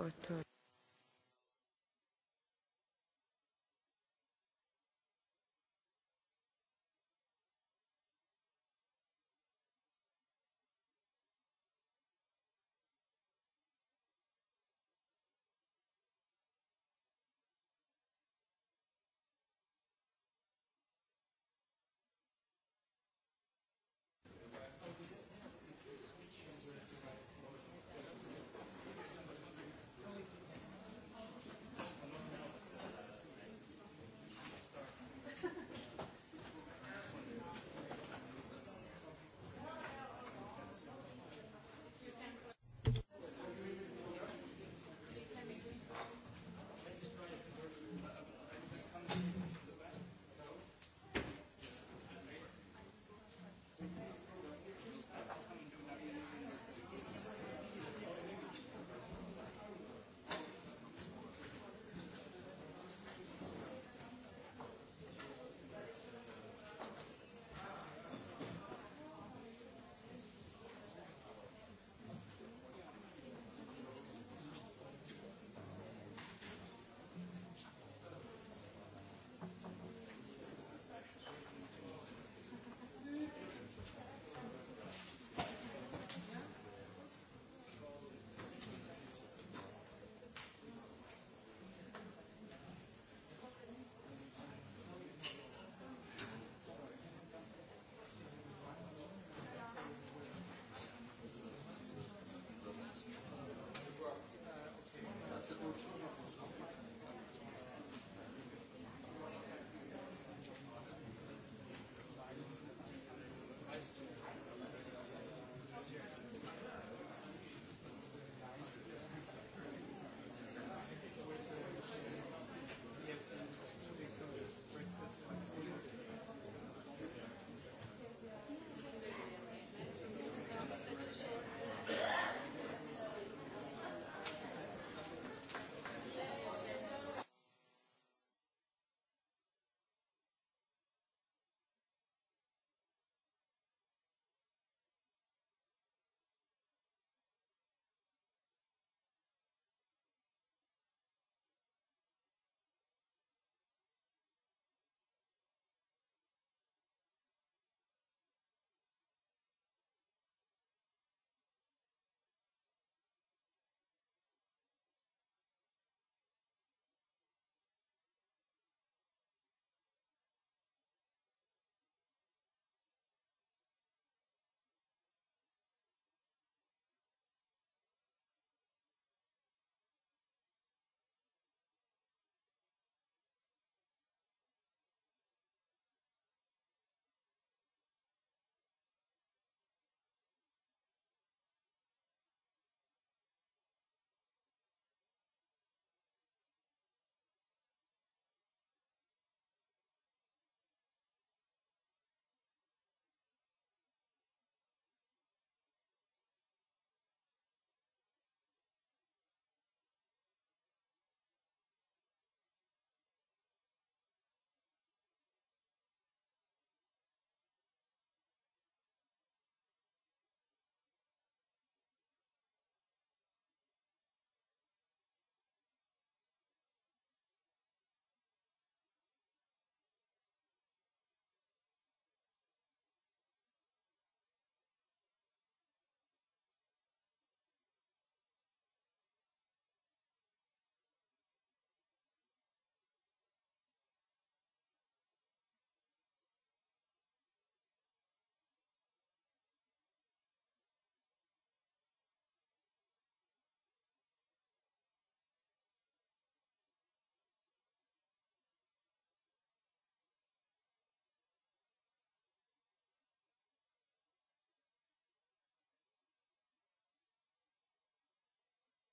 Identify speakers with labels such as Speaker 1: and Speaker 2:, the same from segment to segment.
Speaker 1: autor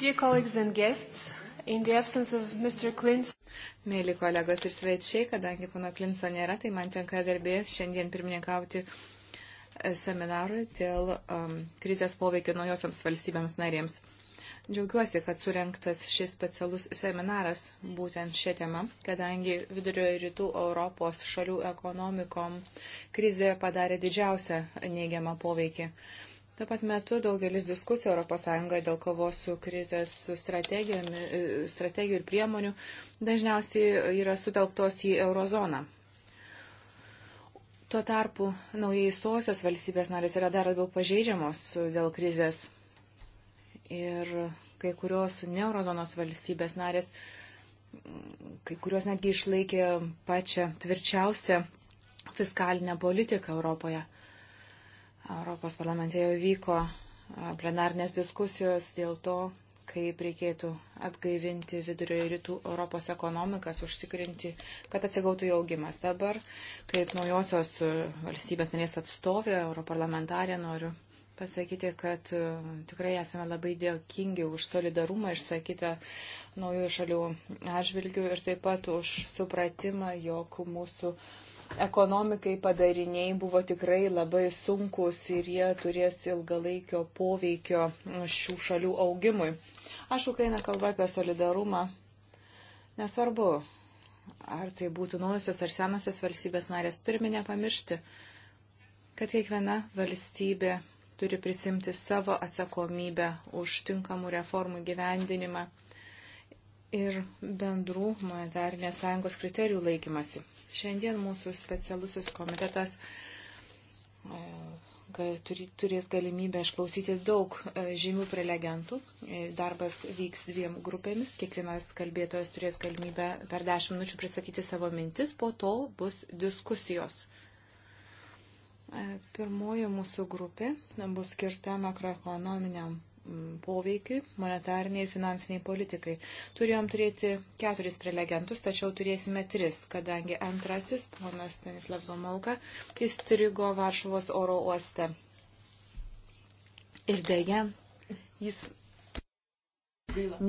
Speaker 1: Dear colleagues
Speaker 2: and guests, in the absence of Mr. Klins. Mėly kolegos ir svečiai, kadangi pana Klinso nėra, tai man tenka garbė šiandien pirmininkauti e, seminarui dėl um, krizės poveikio naujosiams valstybėms narėms. Džiaugiuosi, kad surinktas šis specialus seminaras būtent šią temą, kadangi vidurio ir rytų Europos šalių ekonomikom krizė padarė didžiausią neigiamą poveikį. Uh, Tuo pat metu daugelis diskusijų ES dėl kovos su krizės e, strategijų ir priemonių dažniausiai yra sutelktos į eurozoną. Tuo tarpu naujai įstosios valstybės narės yra dar labiau pažeidžiamos dėl krizės ir kai kurios ne eurozonos valstybės narės, kai kurios netgi išlaikė pačią tvirčiausią fiskalinę politiką Europoje. Europos parlamente jau vyko plenarnės diskusijos dėl to, kaip reikėtų atgaivinti vidurio ir rytų Europos ekonomikas, užtikrinti, kad atsigautų jų augimas. Dabar, kaip naujosios valstybės narės atstovė, europarlamentarė, noriu pasakyti, kad tikrai esame labai dėkingi už solidarumą išsakytą naujų šalių atžvilgių ir taip pat už supratimą, jog mūsų uh, ekonomikai padariniai buvo tikrai labai sunkus ir jie turės ilgalaikio poveikio šių šalių augimui. Aišku, kai eina kalba apie solidarumą, nesvarbu, ar tai būtų naujosios ar senosios valstybės narės, turime nepamiršti, kad kiekviena valstybė turi prisimti savo atsakomybę už tinkamų reformų gyvendinimą ir bendrų monetarinės sąjungos kriterijų laikymasi. Šiandien mūsų specialusis komitetas e, turės galimybę išklausyti daug e, žymių prelegentų. E, darbas vyks dviem grupėmis. Kiekvienas kalbėtojas turės galimybę per 10 minučių pristatyti savo mintis, po to bus diskusijos. Pirmoji mūsų grupė bus skirta makroekonominiam Mm, poveikiui monetariniai ir finansiniai politikai. Turėjom turėti keturis prelegentus, tačiau turėsime tris, kadangi antrasis, ponas Stanislav Gomolka, įstrigo Varšuvos oro uoste. Ir dėja, jis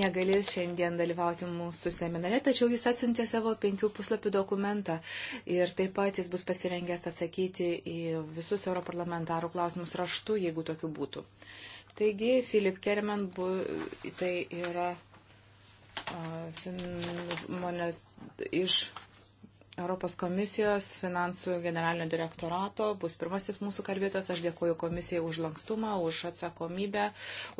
Speaker 2: negalės šiandien dalyvauti mūsų seminare, tačiau jis atsiuntė savo penkių puslapių dokumentą ir taip pat jis bus pasirengęs atsakyti į visus europarlamentarų klausimus raštu, jeigu tokių būtų. Uh, Taigi, Filip Kermen, bu, tai yra monet, iš Europos komisijos finansų generalinio direktorato bus pirmasis mūsų kalbėtos. Aš dėkuoju komisijai už lankstumą, už atsakomybę,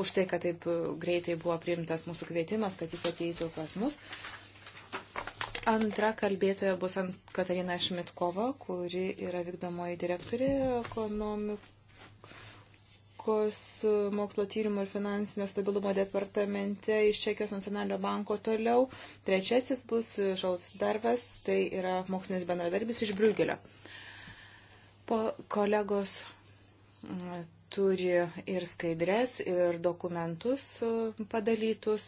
Speaker 2: už tai, kad taip greitai buvo priimtas mūsų kvietimas, kad jis ateitų pas mus. Antra kalbėtoja bus Katarina Šmitkova, kuri yra vykdomoji direktorė ekonomikų ekonomikos mokslo tyrimų ir finansinio stabilumo departamente iš Čekijos nacionalinio banko toliau. Trečiasis bus Žalts Darvas, tai yra mokslinis bendradarbis iš Briugelio. Po kolegos turi ir skaidrės, ir dokumentus e, padalytus.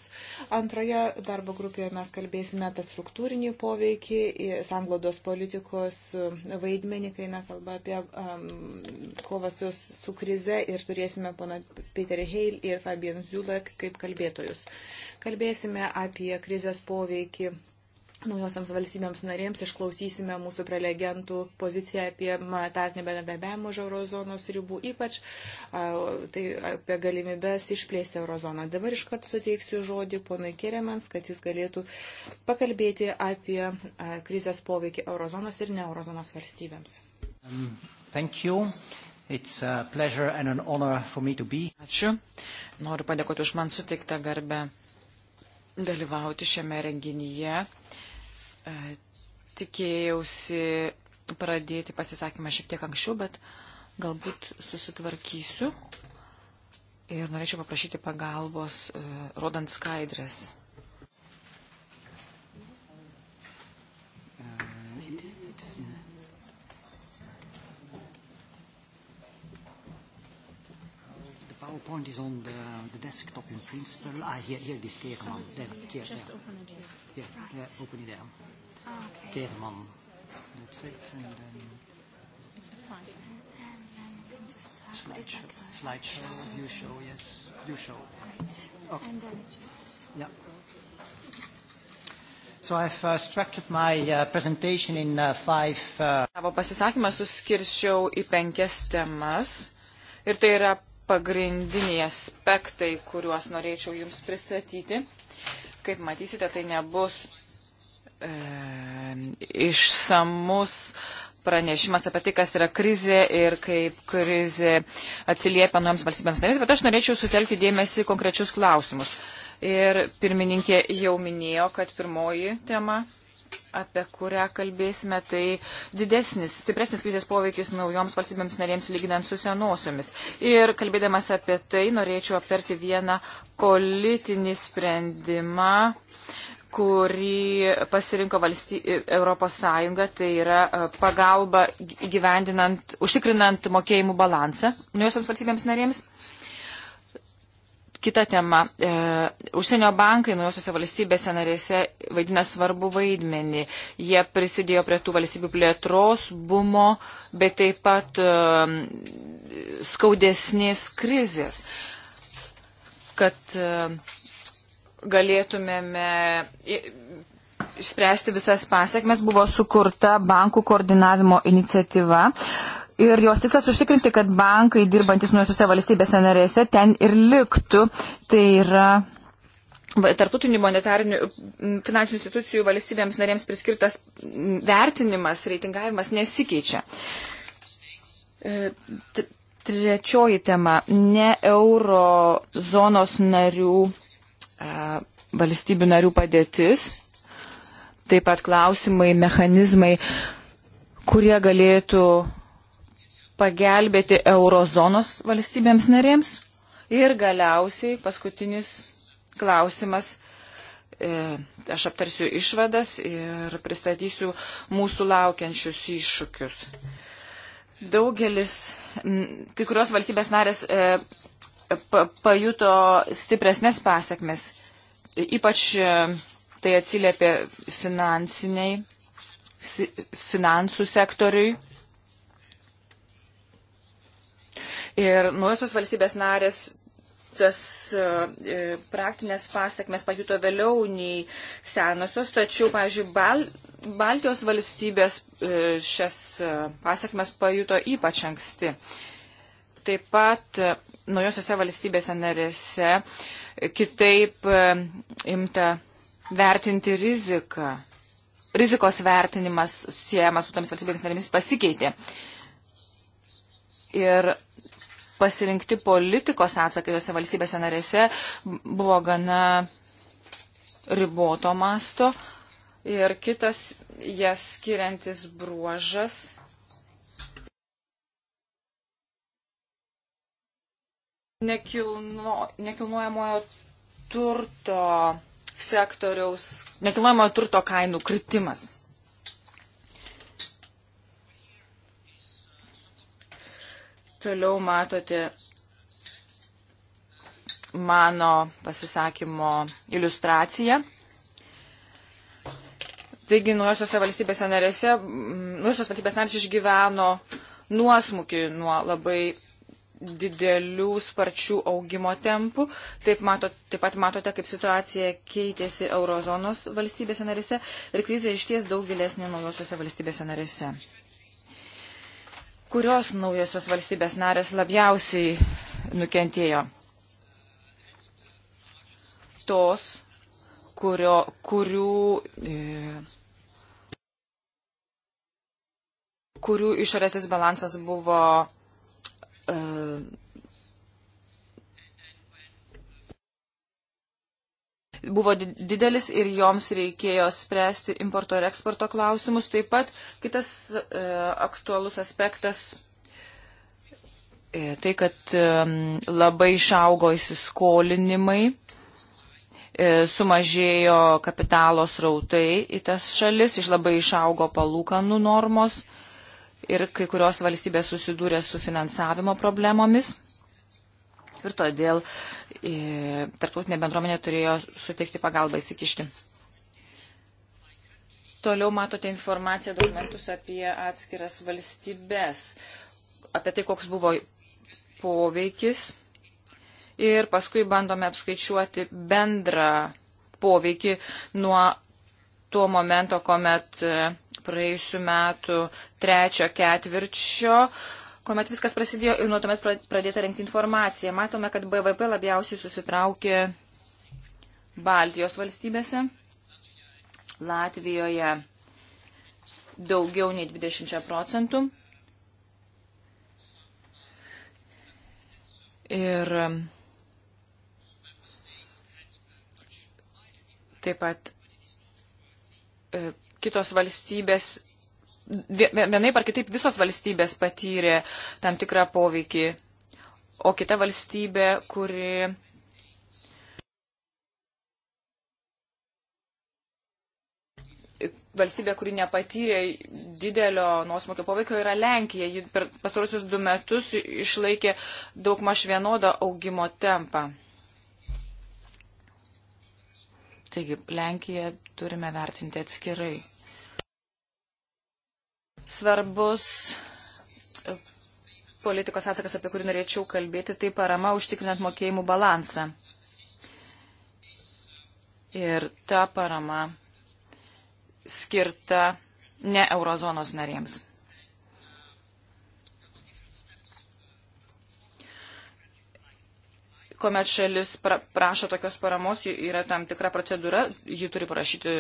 Speaker 2: Antroje darbo grupėje mes kalbėsime apie struktūrinį poveikį, sanglodos politikos e, vaidmenį, kai eina kalba apie um, kovą su, su krize ir turėsime pana Peter Heil ir Fabian Zulek kaip kalbėtojus. Kalbėsime apie krizės poveikį naujosiams valstybėms narėms išklausysime mūsų prelegentų poziciją apie monetarnį bendradarbiavimą už eurozonos ribų, ypač tai apie galimybės išplėsti eurozoną. Dabar iš karto suteiksiu žodį ponui Keremans, kad jis galėtų pakalbėti apie krizės poveikį eurozonos ir ne eurozonos valstybėms.
Speaker 3: Um, It's a pleasure
Speaker 2: and an honor for me to be.
Speaker 3: Ačiū. Noriu padėkoti už man suteiktą garbę dalyvauti šiame renginyje. Uh, E, tikėjausi pradėti pasisakymą šiek tiek anksčiau, bet galbūt susitvarkysiu ir norėčiau paprašyti pagalbos, e, rodant skaidrės. all point is on the, the desktop in principle. Ah, here, here it is, Teerman. Oh, then, here, just yeah. open it. Yeah,
Speaker 1: right. yeah, open it down. Oh, okay. Teerman. That's it, and then...
Speaker 3: It's the fine. Slideshow,
Speaker 1: slideshow, you show, yes, you show. Okay. And then it just is. Yeah.
Speaker 3: So I've uh, structured my uh, presentation in uh, five. Savo uh pasisakymą suskirščiau į penkias temas. Ir tai yra pagrindiniai aspektai, kuriuos norėčiau Jums pristatyti. Kaip matysite, tai nebus e, išsamus pranešimas apie tai, kas yra krizė ir kaip krizė atsiliepia nuoms valstybėms narėms, bet aš norėčiau sutelkti dėmesį konkrečius klausimus. Ir pirmininkė jau minėjo, kad pirmoji tema apie kurią kalbėsime, tai didesnis, stipresnis krizės poveikis naujoms valstybėms narėms lyginant su senosiomis. Ir kalbėdamas apie tai, norėčiau aptarti vieną politinį sprendimą kurį pasirinko valsty, Europos Sąjunga, tai yra e, pagalba gyvendinant, užtikrinant mokėjimų balansą naujosioms valstybėms narėms. Kita tema. E, užsienio bankai naujosiuose valstybėse narėse vaidina svarbu vaidmenį. Jie prisidėjo prie tų valstybių plėtros, bumo, bet taip pat e, skaudesnės krizės. Kad e, galėtumėme išspręsti visas pasiekmes, buvo sukurta bankų koordinavimo iniciatyva. E, Ir jos tikslas užtikrinti, kad bankai dirbantis nuosiuose valstybėse narėse ten ir liktų. Tai yra tarptautinių monetarinių finansinių institucijų valstybėms narėms priskirtas vertinimas, reitingavimas nesikeičia. E, trečioji tema - ne euro zonos narių, e, valstybių narių padėtis, taip pat klausimai, mechanizmai, kurie galėtų pagelbėti eurozonos valstybėms narėms. Ir galiausiai paskutinis klausimas. E, aš aptarsiu išvadas ir pristatysiu mūsų laukiančius iššūkius. Daugelis, kai kurios valstybės narės e, pajuto stipresnės pasiekmes. E, ypač tai atsiliepė finansiniai, finansų sektoriui Ir nuosios valstybės narės tas e, praktinės pasiekmes pajuto vėliau nei senosios, tačiau, pavyzdžiui, Bal Baltijos valstybės e, šias e, pasiekmes pajuto ypač anksti. Taip pat e, naujosiose valstybėse narėse e, kitaip e, imta vertinti riziką. Rizikos vertinimas siejamas su tomis valstybėmis narėmis pasikeitė. Ir pasirinkti politikos atsakai jose valstybėse narėse buvo gana riboto masto. Ir kitas jas skiriantis bruožas. Nekilno, nekilnojamojo turto sektoriaus, nekilnojamojo turto kainų kritimas. Toliau matote mano pasisakymo iliustraciją. Taigi, nuosiuose valstybėse narėse, mm, nuosios valstybės narės išgyveno nuosmukį nuo labai didelių sparčių augimo tempų. Taip, matot, taip pat matote, kaip situacija keitėsi eurozonos valstybėse narėse ir krizė išties daug gilesnė naujosiuose valstybėse narėse kurios naujosios valstybės narės labiausiai nukentėjo. Tos, kurio, kurių, e, kurių išorės disbalansas buvo e, buvo didelis ir joms reikėjo spręsti importo ir eksporto klausimus. Taip pat kitas e, aktualus aspektas e, tai, kad e, labai išaugo įsiskolinimai, e, sumažėjo kapitalo srautai į tas šalis, iš labai išaugo palūkanų normos ir kai kurios valstybės susidūrė su finansavimo problemomis ir todėl e, tarptautinė bendruomenė turėjo suteikti pagalbą įsikišti. Toliau matote informaciją dokumentus apie atskiras valstybės, apie tai, koks buvo poveikis. Ir paskui bandome apskaičiuoti bendrą poveikį nuo tuo momento, kuomet e, praėjusiu metu trečio ketvirčio uh, kuomet viskas prasidėjo ir nuo tuomet pradėta renkti informaciją. Matome, kad BVP labiausiai susitraukė Baltijos valstybėse, Latvijoje daugiau nei 20 procentų. Ir taip pat e, kitos valstybės vienaip ar kitaip visos valstybės patyrė tam tikrą poveikį, o kita valstybė, kuri. Valstybė, kuri nepatyrė didelio nuosmokio poveikio, yra Lenkija. Ji per pasarusius du metus išlaikė daugmaž vienodą augimo tempą. Taigi, Lenkiją turime vertinti atskirai svarbus e, politikos atsakas, apie kurį norėčiau kalbėti, tai parama užtikrinant mokėjimų balansą. Ir ta parama skirta ne eurozonos narėms. kuomet šalis prašo tokios paramos, yra tam tikra procedūra, ji turi parašyti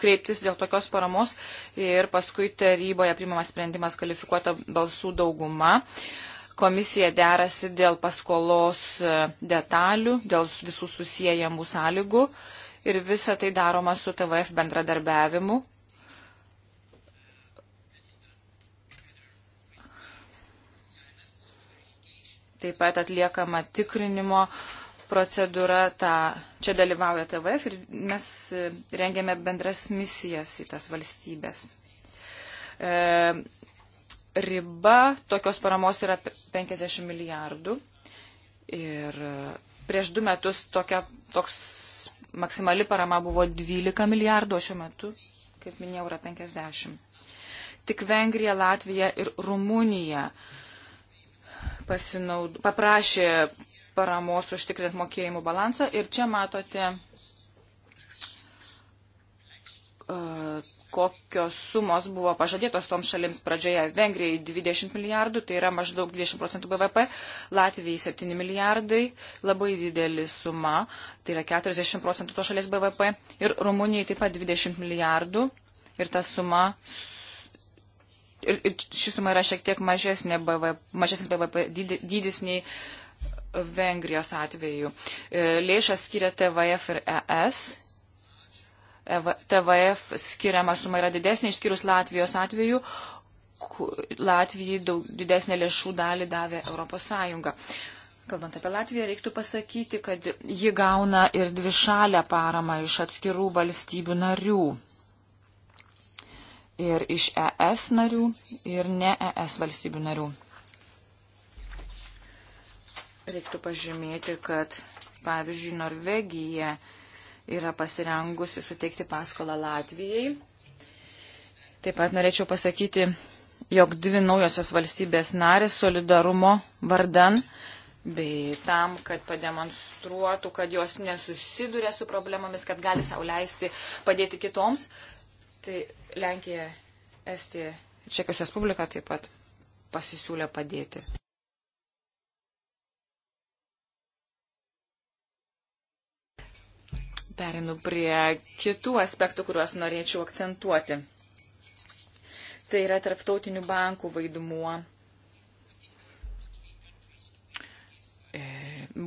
Speaker 3: kreiptis dėl tokios paramos ir paskui taryboje primamas sprendimas kvalifikuota balsų dauguma. Komisija derasi dėl paskolos e, detalių, dėl visų susijęjamų sąlygų ir visa tai daroma su TVF bendradarbiavimu. Taip pat atliekama tikrinimo uh, procedūra, ta, čia dalyvauja TVF ir mes e, rengiame bendras misijas į tas valstybės. E, riba tokios paramos yra 50 milijardų ir e, prieš du metus tokia, toks maksimali parama buvo 12 milijardų, o šiuo metu, kaip minėjau, yra 50. Tik Vengrija, Latvija ir Rumunija pasinaud... paprašė paramos užtikrinant mokėjimų balansą. Ir čia matote, e, kokios sumos buvo pažadėtos toms šalims pradžioje. Vengrijai 20 milijardų, tai yra maždaug 20 procentų BVP, Latvijai 7 milijardai, labai didelį suma, tai yra 40 procentų to šalies BVP, ir Rumunijai taip pat 20 milijardų, ir ta suma ir, ir ši suma yra šiek tiek mažesnė BVP, mažesnis BVP dydis nei Vengrijos atveju. E, lėšas skiria TVF ir ES. E TVF skiriama suma yra didesnė, išskyrus Latvijos atveju. Latvijai daug didesnė lėšų dalį davė Europos Sąjunga. Kalbant apie Latviją, reiktų pasakyti, kad ji gauna ir dvišalę paramą iš atskirų valstybių narių. Ir iš ES narių, ir ne ES valstybių narių reiktų pažymėti, kad pavyzdžiui Norvegija yra pasirengusi suteikti paskolą Latvijai. Taip pat norėčiau pasakyti, jog dvi naujosios valstybės narės solidarumo vardan bei tam, kad pademonstruotų, kad jos nesusiduria su problemomis, kad gali sauliaisti padėti kitoms. Tai Lenkija, Estija, Čekijos Respublika taip pat pasisiūlė padėti. Perinu prie kitų aspektų, kuriuos norėčiau akcentuoti. Tai yra tarptautinių bankų vaidmuo. E,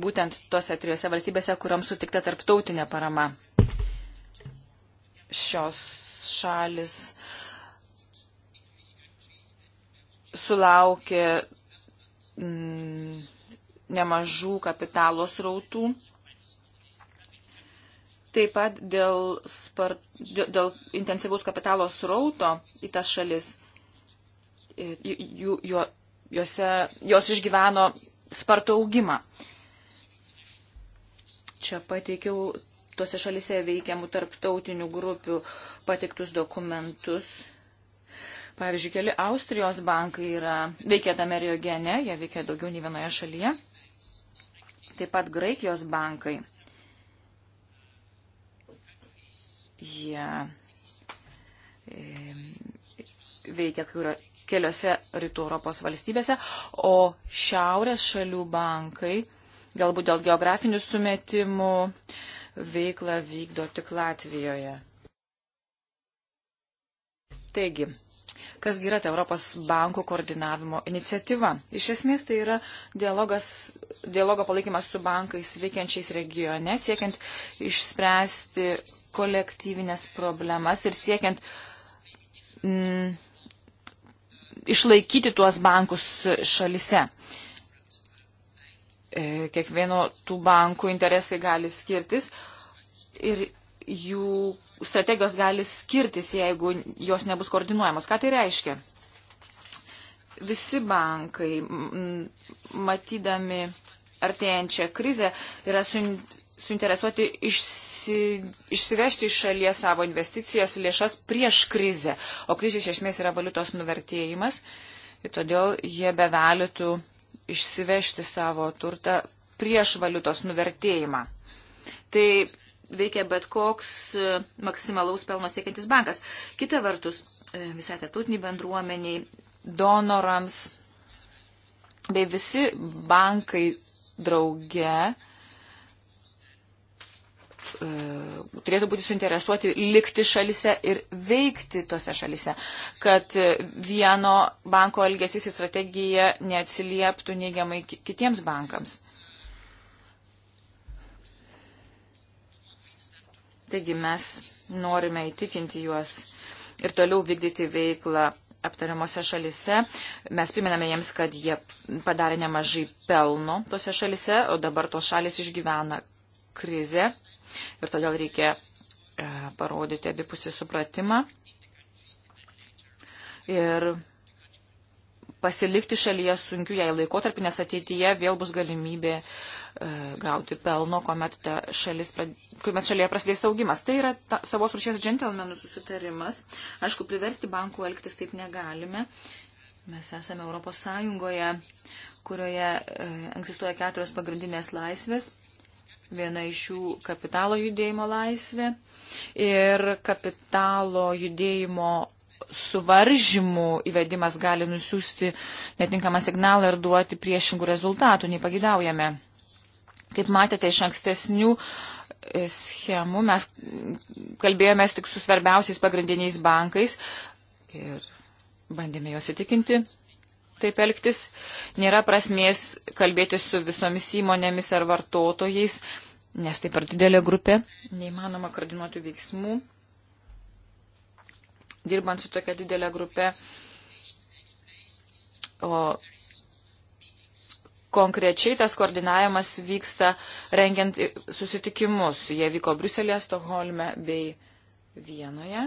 Speaker 3: būtent tose trijose valstybėse, kuriuoms sutikta tarptautinė parama. Šios šalis sulaukė mm, nemažų kapitalo srautų Taip pat dėl, spar, dėl intensyvaus kapitalo srauto į tas šalis, jų, e, jo, jose, jos išgyveno spartų augimą. Čia pateikiau tuose šalise veikiamų tarptautinių grupių patiktus dokumentus. Pavyzdžiui, keli Austrijos bankai yra, veikia tame regione, jie veikia daugiau nei vienoje šalyje. Taip pat Graikijos bankai Jie e, veikia keliose rytų Europos valstybėse, o šiaurės šalių bankai galbūt dėl geografinių sumetimų veiklą vykdo tik Latvijoje. Taigi, kas yra ta Europos bankų koordinavimo iniciatyva. Iš esmės tai yra dialogas, dialogo palaikymas su bankais veikiančiais regione, siekiant išspręsti kolektyvinės problemas ir siekiant mm, išlaikyti tuos bankus šalise e, kiekvieno tų bankų interesai gali skirtis ir jų strategijos gali skirtis, jeigu jos nebus koordinuojamos. Ką tai reiškia? Visi bankai, matydami artėjančią krizę, yra suinteresuoti išsi, išsivežti iš šalies savo investicijas lėšas prieš krizę. O krizė iš esmės yra valiutos nuvertėjimas ir todėl jie bevelytų išsivežti savo turtą prieš valiutos nuvertėjimą. Tai veikia bet koks e, maksimalaus pelno siekiantis bankas. Kita vertus, e, visai tatutiniai bendruomeniai, donorams bei visi bankai drauge e, turėtų būti suinteresuoti likti šalise ir veikti tose šalise, kad vieno banko elgesys į strategiją neatsilieptų neigiamai kitiems bankams. Taigi mes norime įtikinti juos ir toliau vykdyti veiklą aptariamose šalise. Mes priminame jiems, kad jie padarė nemažai pelno tose šalise, o dabar tos šalis išgyvena krizę ir todėl reikia e, parodyti abipusį supratimą. Ir pasilikti šalyje sunkiu jai laikotarpiu, nes ateityje vėl bus galimybė e, gauti pelno, kuomet, šalis, kuomet šalyje prasidės augimas. Tai yra ta, savos rušies džentelmenų susitarimas. Aišku, priversti bankų elgtis taip negalime. Mes esame Europos Sąjungoje, kurioje e, egzistuoja keturios pagrindinės laisvės. Viena iš jų kapitalo judėjimo laisvė ir kapitalo judėjimo suvaržymų įvedimas gali nusiųsti netinkamą signalą ir duoti priešingų rezultatų, nei pagidaujame. Kaip matėte iš ankstesnių e, schemų, mes kalbėjome tik su svarbiausiais pagrindiniais bankais ir bandėme juos įtikinti taip elgtis. Nėra prasmės kalbėti su visomis įmonėmis ar vartotojais, nes tai per didelė grupė, neįmanoma koordinuoti veiksmų dirbant su tokia didelė grupė. O konkrečiai tas koordinavimas vyksta rengiant susitikimus. Jie vyko Bruselėje, Stokholme bei Vienoje.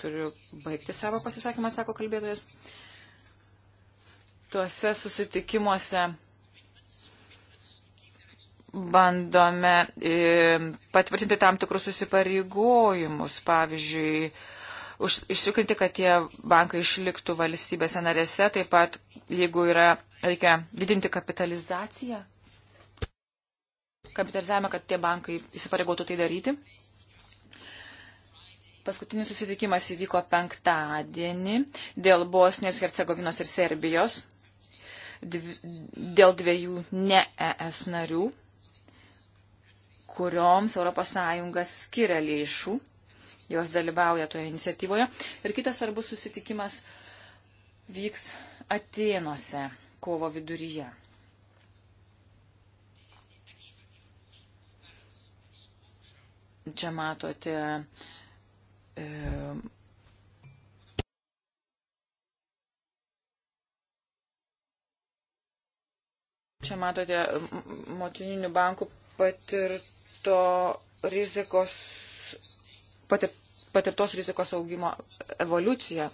Speaker 3: Turiu baigti savo pasisakymą, sako kalbėtojas. Tuose susitikimuose bandome e, patvirtinti tam tikrus susipareigojimus, pavyzdžiui, už, išsiūkinti, kad tie bankai išliktų valstybėse narėse, taip pat jeigu yra, reikia didinti kapitalizaciją, kapitalizavimą, kad tie bankai įsipareigotų tai daryti. Paskutinis susitikimas įvyko penktadienį dėl Bosnijos, Hercegovinos ir Serbijos, dv dėl dviejų ne ES narių kurioms ES skiria lėšų, jos dalyvauja toje iniciatyvoje. Ir kitas svarbus susitikimas vyks Atenuose kovo viduryje. Čia matote e, Čia matote motininių bankų patirtų to rizikos, patirtos rizikos augimo evoliucija.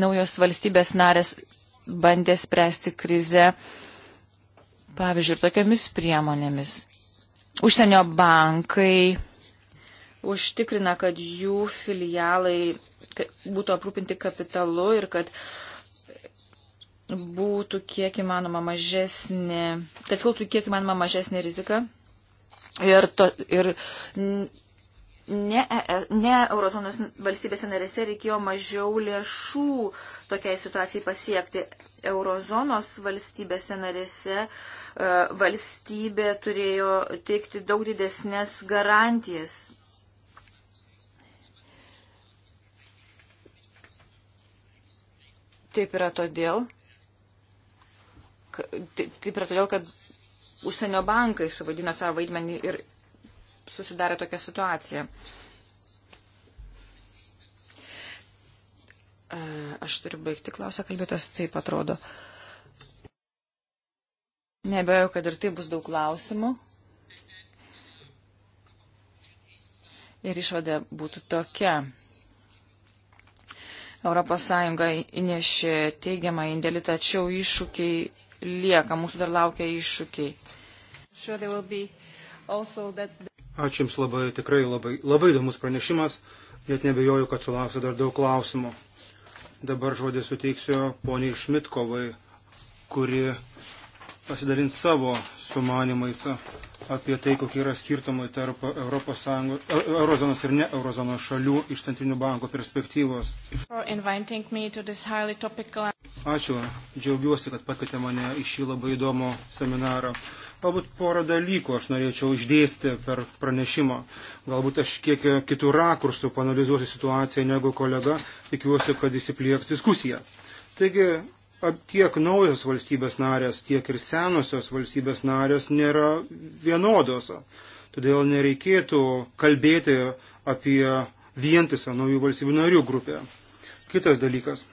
Speaker 3: Naujos valstybės narės bandė spręsti krizę, pavyzdžiui, ir tokiamis priemonėmis. Užsienio bankai užtikrina, kad jų filialai būtų aprūpinti kapitalu ir kad uh, būtų kiek įmanoma mažesnė, kad kiltų kiek įmanoma mažesnė rizika ir, to, ir ne, ne Eurozonos valstybėse narėse reikėjo mažiau lėšų tokiai situacijai pasiekti. Eurozonos valstybėse narėse e, valstybė turėjo teikti daug didesnės garantijas Taip yra todėl, taip tai yra todėl, kad užsienio bankai suvadino savo vaidmenį ir susidarė tokia situacija. Aš turiu baigti klausę, kalbėtas taip atrodo. Nebejoju, kad ir tai bus daug klausimų. Ir išvada būtų tokia. ES įnešė teigiamą indėlį, tačiau iššūkiai lieka, mūsų dar laukia iššūkiai.
Speaker 1: Ačiū Jums labai, tikrai labai, labai įdomus pranešimas, net nebejoju, kad sulauksiu dar daug klausimų. Dabar žodį suteiksiu poniai Šmitkovai, kuri pasidalins savo sumanimais apie tai, kokie yra skirtumai tarp Sąjungos, e, eurozonos ir ne eurozonos šalių iš centrinių banko perspektyvos. Topical... Ačiū, džiaugiuosi, kad pakvietė mane į šį labai įdomų seminarą. Galbūt porą dalykų aš norėčiau išdėsti per pranešimą. Galbūt aš kiek kitų rakursų panalizuosiu situaciją negu kolega, tikiuosi, kad įsiplieks diskusija. Taigi, tiek naujos valstybės narės, tiek ir senosios valstybės narės nėra vienodos. Todėl nereikėtų kalbėti apie vientisą naujų valstybių narių grupę. Kitas dalykas.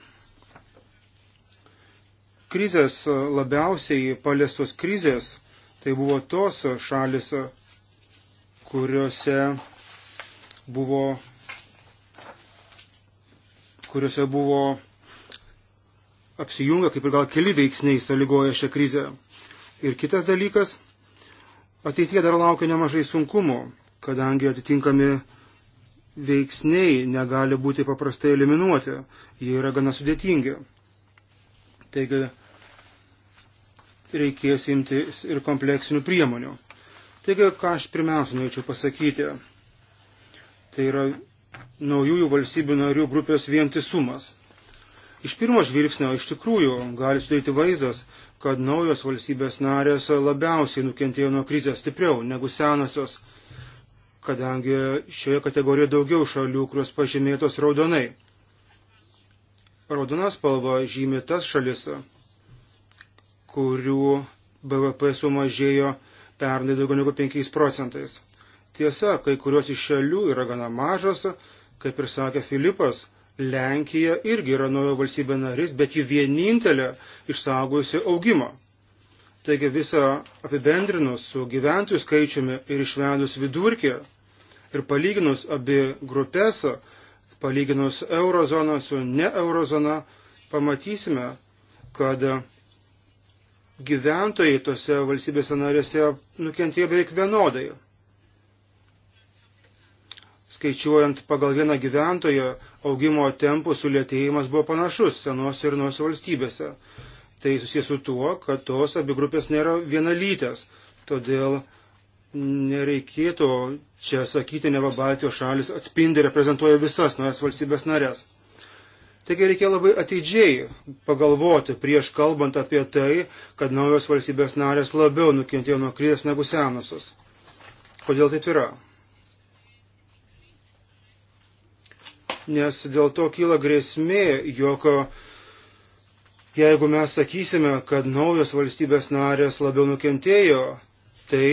Speaker 1: Krizės labiausiai paliestos krizės tai buvo tos šalis, kuriuose buvo, kuriuose buvo apsijungia, kaip ir gal keli veiksniai sąlygoja šią krizę. Ir kitas dalykas, ateitie dar laukia nemažai sunkumų, kadangi atitinkami veiksniai negali būti paprastai eliminuoti, jie yra gana sudėtingi. Taigi reikės imtis ir kompleksinių priemonių. Taigi, ką aš pirmiausia norėčiau pasakyti, tai yra naujųjų valstybių narių grupės vientisumas iš pirmo žvilgsnio iš tikrųjų gali sudaryti vaizdas, kad naujos valstybės narės labiausiai nukentėjo nuo krizės stipriau negu senosios, kadangi šioje kategorijoje daugiau šalių, kurios pažymėtos raudonai. Raudona spalva žymi tas šalis, kurių BVP sumažėjo pernai daugiau negu 5 procentais. Tiesa, kai kurios iš šalių yra gana mažos, kaip ir sakė Filipas, Lenkija irgi yra nauja valstybė narys, bet ji vienintelė išsaugojusi augimą. Taigi visą apibendrinus su gyventojų skaičiumi ir išvedus vidurkį ir palyginus abi grupės, palyginus eurozoną su ne eurozona, pamatysime, kad gyventojai tose valstybėse narėse nukentėjo beveik vienodai. Skaičiuojant pagal vieną gyventoją, augimo tempų sulėtėjimas buvo panašus senose ir nuose valstybėse. Tai susijęs su tuo, kad tos abi grupės nėra vienalytės. Todėl nereikėtų čia sakyti, neva Baltijos šalis atspindi reprezentuoja visas nuojas valstybės narės. Taigi reikia labai ateidžiai pagalvoti prieš kalbant apie tai, kad naujos valstybės narės labiau nukentėjo nuo krizės negu senosios. Kodėl taip yra? nes dėl to kyla grėsmė, jog jeigu mes sakysime, kad naujos valstybės narės labiau nukentėjo, tai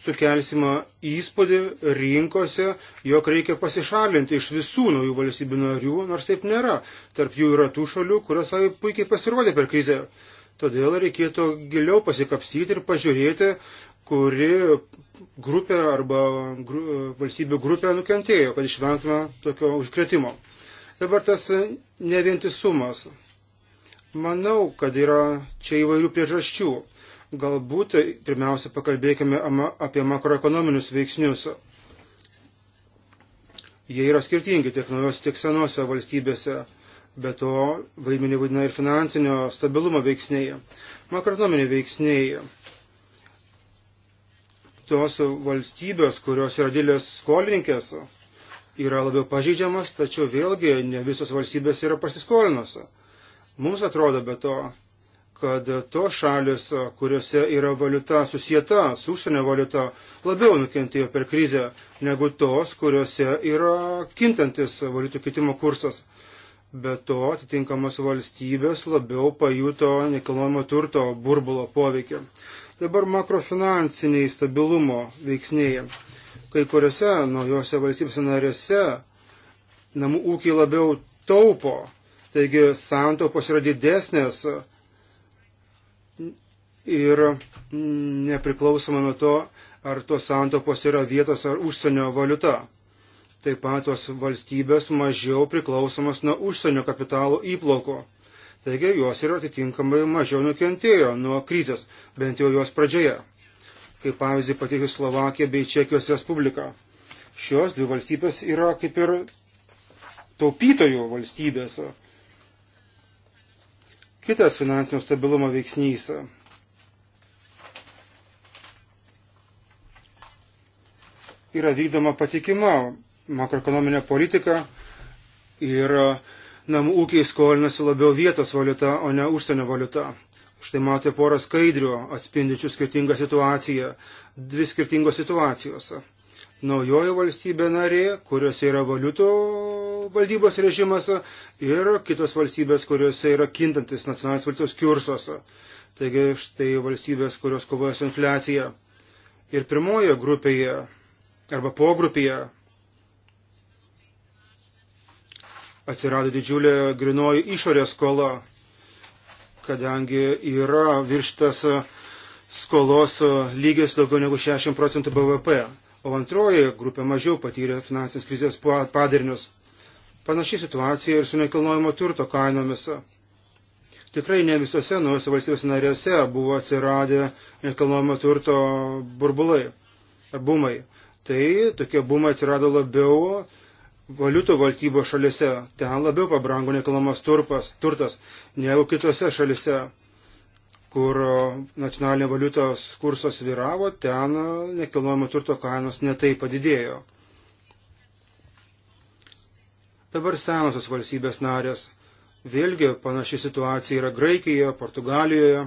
Speaker 1: sukelsime įspūdį rinkose, jog reikia pasišalinti iš visų naujų valstybių narių, nors taip nėra. Tarp jų yra tų šalių, kurios puikiai pasirodė per krizę. Todėl reikėtų giliau pasikapsyti ir pažiūrėti, kuri grupė arba gru, valstybių grupė nukentėjo, kad išvengtume tokio užkretimo. Dabar tas nevientisumas. Manau, kad yra čia įvairių priežasčių. Galbūt pirmiausia pakalbėkime apie makroekonominius veiksnius. Jie yra skirtingi tiek naujos, tiek senose valstybėse. Be to, vaidmenį vaidina ir finansinio stabilumo veiksniai. Makroekonominiai veiksniai tos valstybės, kurios yra didelės skolininkės, yra labiau pažydžiamas, tačiau vėlgi ne visos valstybės yra pasiskolinusi. Mums atrodo be to, kad tos šalis, kuriuose yra valiuta susijęta su užsienio valiuta, labiau nukentėjo per krizę negu tos, kuriuose yra kintantis valiutų kitimo kursas. Be to, atitinkamos valstybės labiau pajuto nekilnojamo turto burbulo poveikį. Dabar makrofinansiniai stabilumo veiksniai. Kai kuriuose naujose valstybėse narėse namų ūkiai labiau taupo, taigi santaupos yra didesnės ir nepriklausoma nuo to, ar tos santaupos yra vietos ar užsienio valiuta. Taip pat tos valstybės mažiau priklausomas nuo užsienio kapitalo įplauko. Taigi jos ir atitinkamai mažiau nukentėjo nuo krizės, bent jau jos pradžioje. Kaip pavyzdį pateikiu Slovakiją bei Čekijos Respubliką. Šios dvi valstybės yra kaip ir taupytojų valstybės. Kitas finansinio stabilumo veiksnys yra vykdoma patikima makroekonominė politika ir namų ūkiai skolinasi labiau vietos valiuta, o ne užsienio valiuta. Štai matote porą skaidrių atspindinčių skirtingą situaciją. Dvi skirtingos situacijos. Naujoji valstybė narė, kuriuose yra valiutų valdybos režimas ir kitos valstybės, kuriuose yra kintantis nacionalinis valiutos kursos. Taigi štai valstybės, kurios kovoja su infliacija. Ir pirmoje grupėje arba pogrupėje atsirado didžiulė grinoji išorės skola, kadangi yra virštas skolos lygis daugiau negu 60 procentų BVP, o antroji grupė mažiau patyrė finansinės krizės padarinius. Panaši situacija ir su nekilnojamo turto kainomis. Tikrai ne visose naujose valstybės narėse buvo atsiradę nekilnojamo turto burbulai ar bumai. Tai tokie bumai atsirado labiau valiutų valdybo šalise. Ten labiau pabrango nekilnojamas turtas negu kitose šalise, kur nacionalinė valiutos kursas vyravo, ten nekilnojamo turto kainos netai padidėjo. Dabar senosios valstybės narės. Vėlgi panaši situacija yra Graikijoje, Portugalijoje.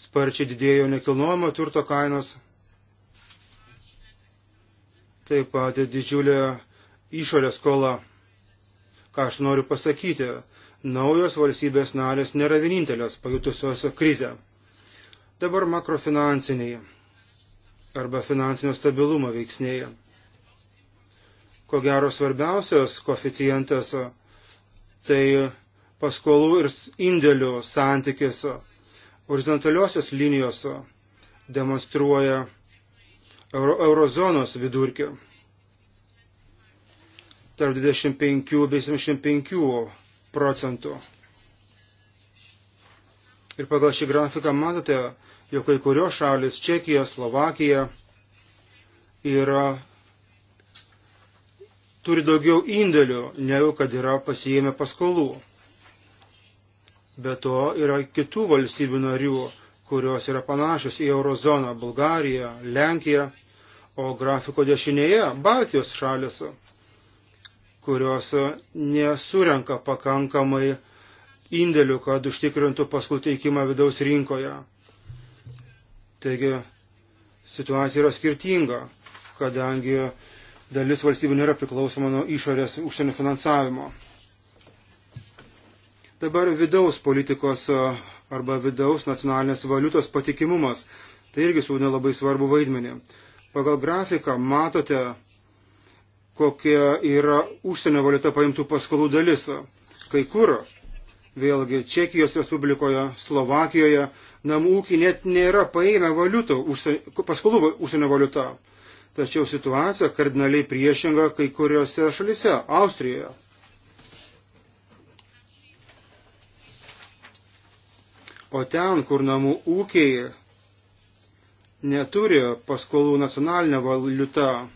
Speaker 1: Sparčiai didėjo nekilnojamo turto kainos, taip pat didžiulė išorės skola. Ką aš noriu pasakyti, naujos valstybės narės nėra vienintelės pajutusios krizę. Dabar makrofinansiniai arba finansinio stabilumo veiksniai. Ko gero svarbiausias koficijantas tai paskolų ir indėlių santykis horizontaliosios linijos demonstruoja euro, eurozonos vidurkio tarp 25 bei 75 procentų. Ir pagal šį grafiką matote, jog kai kurios šalis - Čekija, Slovakija - yra turi daugiau indėlių, negu kad yra pasijėmę paskolų. Be to yra kitų valstybių narių, kurios yra panašios į eurozoną - Bulgarija, Lenkija o grafiko dešinėje Baltijos šalis, kurios nesurenka pakankamai indėlių, kad užtikrintų paskolų teikimą vidaus rinkoje. Taigi situacija yra skirtinga, kadangi dalis valstybių nėra priklausoma nuo išorės užsienio finansavimo. Dabar vidaus politikos e, arba vidaus nacionalinės valiutos patikimumas. Tai irgi suvaidina labai svarbu vaidmenį. Pagal grafiką matote, kokia yra užsienio valiuta paimtų paskolų dalis. Kai kur, vėlgi Čekijos Respublikoje, Slovakijoje, namų ūkiai net nėra paėmę valiutų, užsienio, paskolų užsienio valiuta. Tačiau situacija kardinaliai priešinga kai kuriuose šalise - Austrijoje. O ten, kur namų ūkiai neturi paskolų nacionalinė valiuta.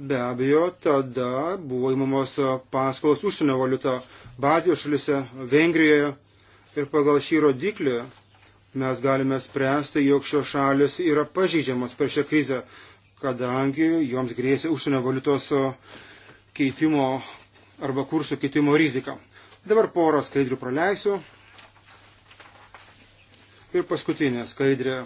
Speaker 1: Be abejo, tada buvo įmamos paskolos užsienio valiuta Baltijos šalise, Vengrijoje ir pagal šį rodiklį mes galime spręsti, jog šios šalis yra pažydžiamos per šią krizę, kadangi joms grėsia užsienio valiutos keitimo arba kursų keitimo rizika. Dabar porą skaidrių praleisiu. Ir paskutinė skaidrė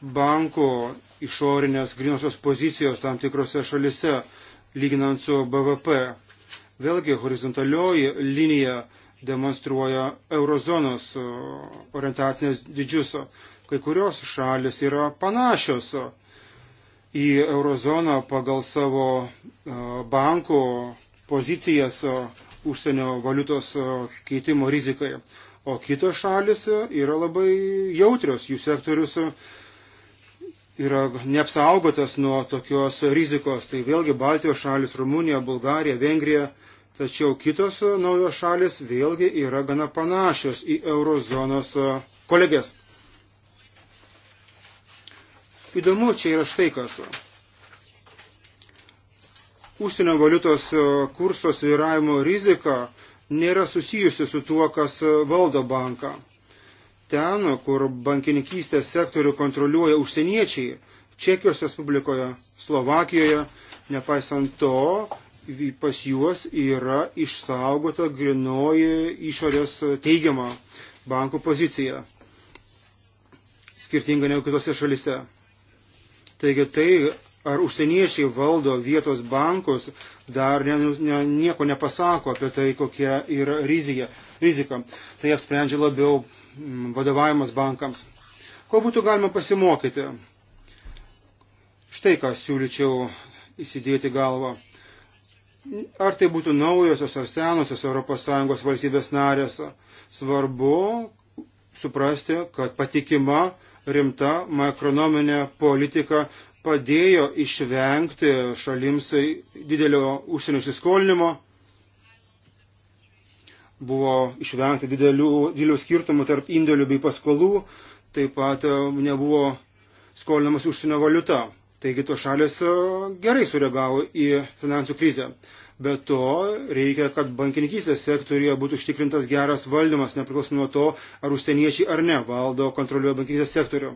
Speaker 1: banko išorinės grinosios pozicijos tam tikrose šalise, lyginant su BVP. Vėlgi horizontalioji linija demonstruoja eurozonos orientacinės didžius. Kai kurios šalis yra panašios į eurozoną pagal savo bankų pozicijas užsienio valiutos keitimo rizikai. O kitos šalis yra labai jautrios, jų sektorius yra neapsaugotas nuo tokios rizikos. Tai vėlgi Baltijos šalis - Rumunija, Bulgarija, Vengrija, tačiau kitos naujos šalis vėlgi yra gana panašios į eurozonos e, kolegės. Įdomu čia yra štai kas. Užsienio valiutos e, kurso sviravimo rizika nėra susijusi su tuo, kas valdo banką ten, kur bankininkystės sektorių kontroliuoja užsieniečiai, Čekijos Respublikoje, Slovakijoje, nepaisant to, pas juos yra išsaugota grinoji išorės teigiama bankų pozicija, skirtinga negu kitose šalise. Taigi tai, ar užsieniečiai valdo vietos bankus, dar ne, ne, nieko nepasako apie tai, kokia yra rizija, rizika. Tai apsprendžia labiau Mm, vadovavimas bankams. Ko būtų galima pasimokyti? Štai ką siūlyčiau įsidėti galvą. Ar tai būtų naujosios ar senosios ES valstybės narės, svarbu suprasti, kad patikima, rimta makronominė politika padėjo išvengti šalims didelio užsienio įsiskolinimo buvo išvengta didelių, didelių skirtumų tarp indėlių bei paskolų, taip pat e, nebuvo skolinamas užsienio valiuta. Taigi to šalis e, gerai sureagavo į finansų krizę. Be to, reikia, kad bankininkystės sektorija būtų užtikrintas geras valdymas, nepriklausomai nuo to, ar užsieniečiai ar ne valdo, kontroliuoja bankininkystės sektorių.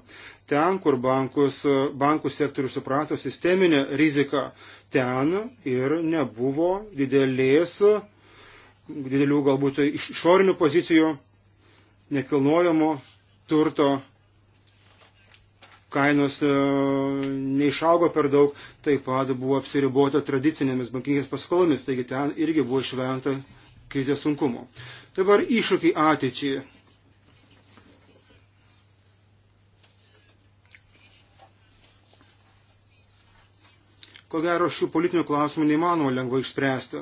Speaker 1: Ten, kur bankus, e, bankų sektorius suprato sisteminę riziką, ten ir nebuvo didelės uh, didelių galbūt išorinių pozicijų, nekilnojamo turto kainos e, neišaugo per daug, taip pat buvo apsiribota tradicinėmis bankinės paskolomis, taigi ten irgi buvo išvengta krizės sunkumo. Dabar iššūkiai ateičiai. Ko gero, šių politinių klausimų neįmanoma lengvai išspręsti.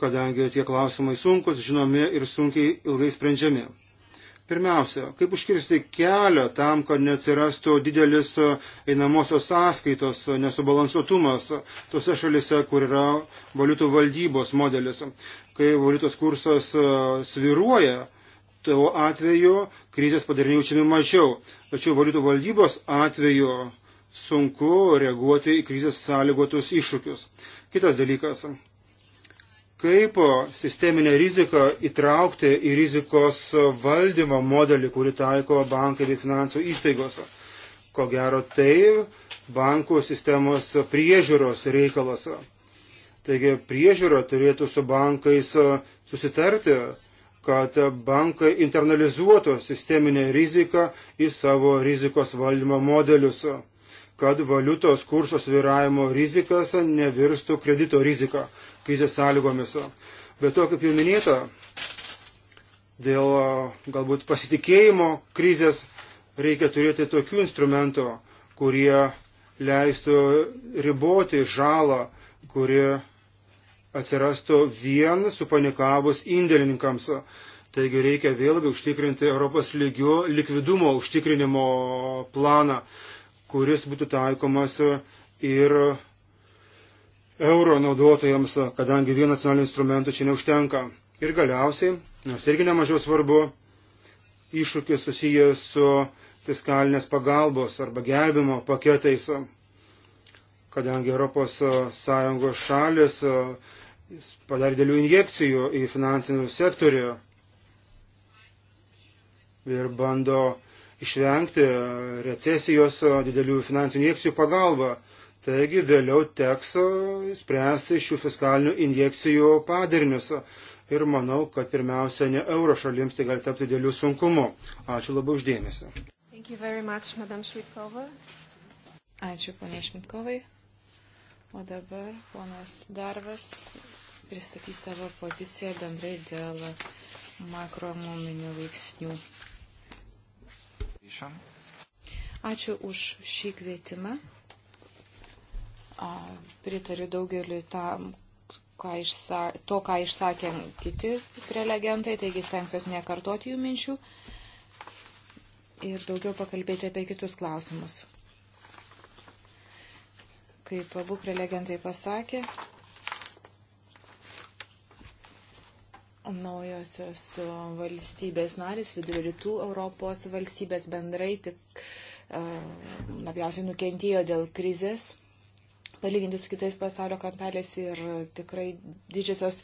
Speaker 1: kadangi tie klausimai sunkus, žinomi ir sunkiai ilgai sprendžiami. Pirmiausia, kaip užkirsti kelią tam, kad neatsirastų didelis einamosios sąskaitos nesubalansuotumas tose šalise, kur yra valiutų valdybos modelis. Kai valiutos kursas e, sviruoja, tuo atveju krizės padariniai jaučiami mažiau. Tačiau valiutų valdybos atveju sunku reaguoti į krizės sąlygotus iššūkius. Kitas dalykas kaip sisteminę riziką įtraukti į rizikos valdymo modelį, kurį taiko bankai bei finansų įstaigos. Ko gero tai bankų sistemos priežiūros reikalas. Taigi priežiūra turėtų su bankais susitarti, kad bankai internalizuotų sisteminę riziką į savo rizikos valdymo modelius, kad valiutos kurso sviravimo rizikas nevirstų kredito riziką krizės sąlygomis. Bet to, kaip jau minėta, dėl galbūt pasitikėjimo krizės reikia turėti tokių instrumentų, kurie leistų riboti žalą, kuri atsirastų vien supanikavus indėlininkams. Taigi reikia vėlgi užtikrinti Europos lygių likvidumo užtikrinimo planą, kuris būtų taikomas ir euro naudotojams, kadangi vien nacionalinių instrumentų čia neužtenka. Ir galiausiai, nors irgi nemažiau svarbu, iššūkis susijęs su fiskalinės pagalbos arba gelbimo paketais, kadangi ES e, šalis e, padarė dėlių injekcijų į finansinių sektorių ir bando išvengti recesijos e, didelių finansinių injekcijų pagalba. Taigi vėliau teks spręsti šių fiskalinių injekcijų padarinius. Ir manau, kad pirmiausia, ne euro šalims tai gali tapti dėlių sunkumu. Ačiū labai uždėmesi.
Speaker 2: Ačiū, ponė Šmitkovai. O dabar ponas Darvas pristatys savo poziciją bendrai dėl makromuminių veiksnių. Ačiū už šį kvietimą. Pritariu daugeliu tam, ką išsa, to, ką išsakė kiti prelegentai, taigi stengsiuosi nekartoti jų minčių ir daugiau pakalbėti apie kitus klausimus. Kaip abu prelegentai pasakė, naujosios valstybės narys, vidurio rytų Europos valstybės bendrai tik labiausiai nukentėjo dėl krizės palyginti su kitais pasaulio kampeliais ir tikrai didžiosios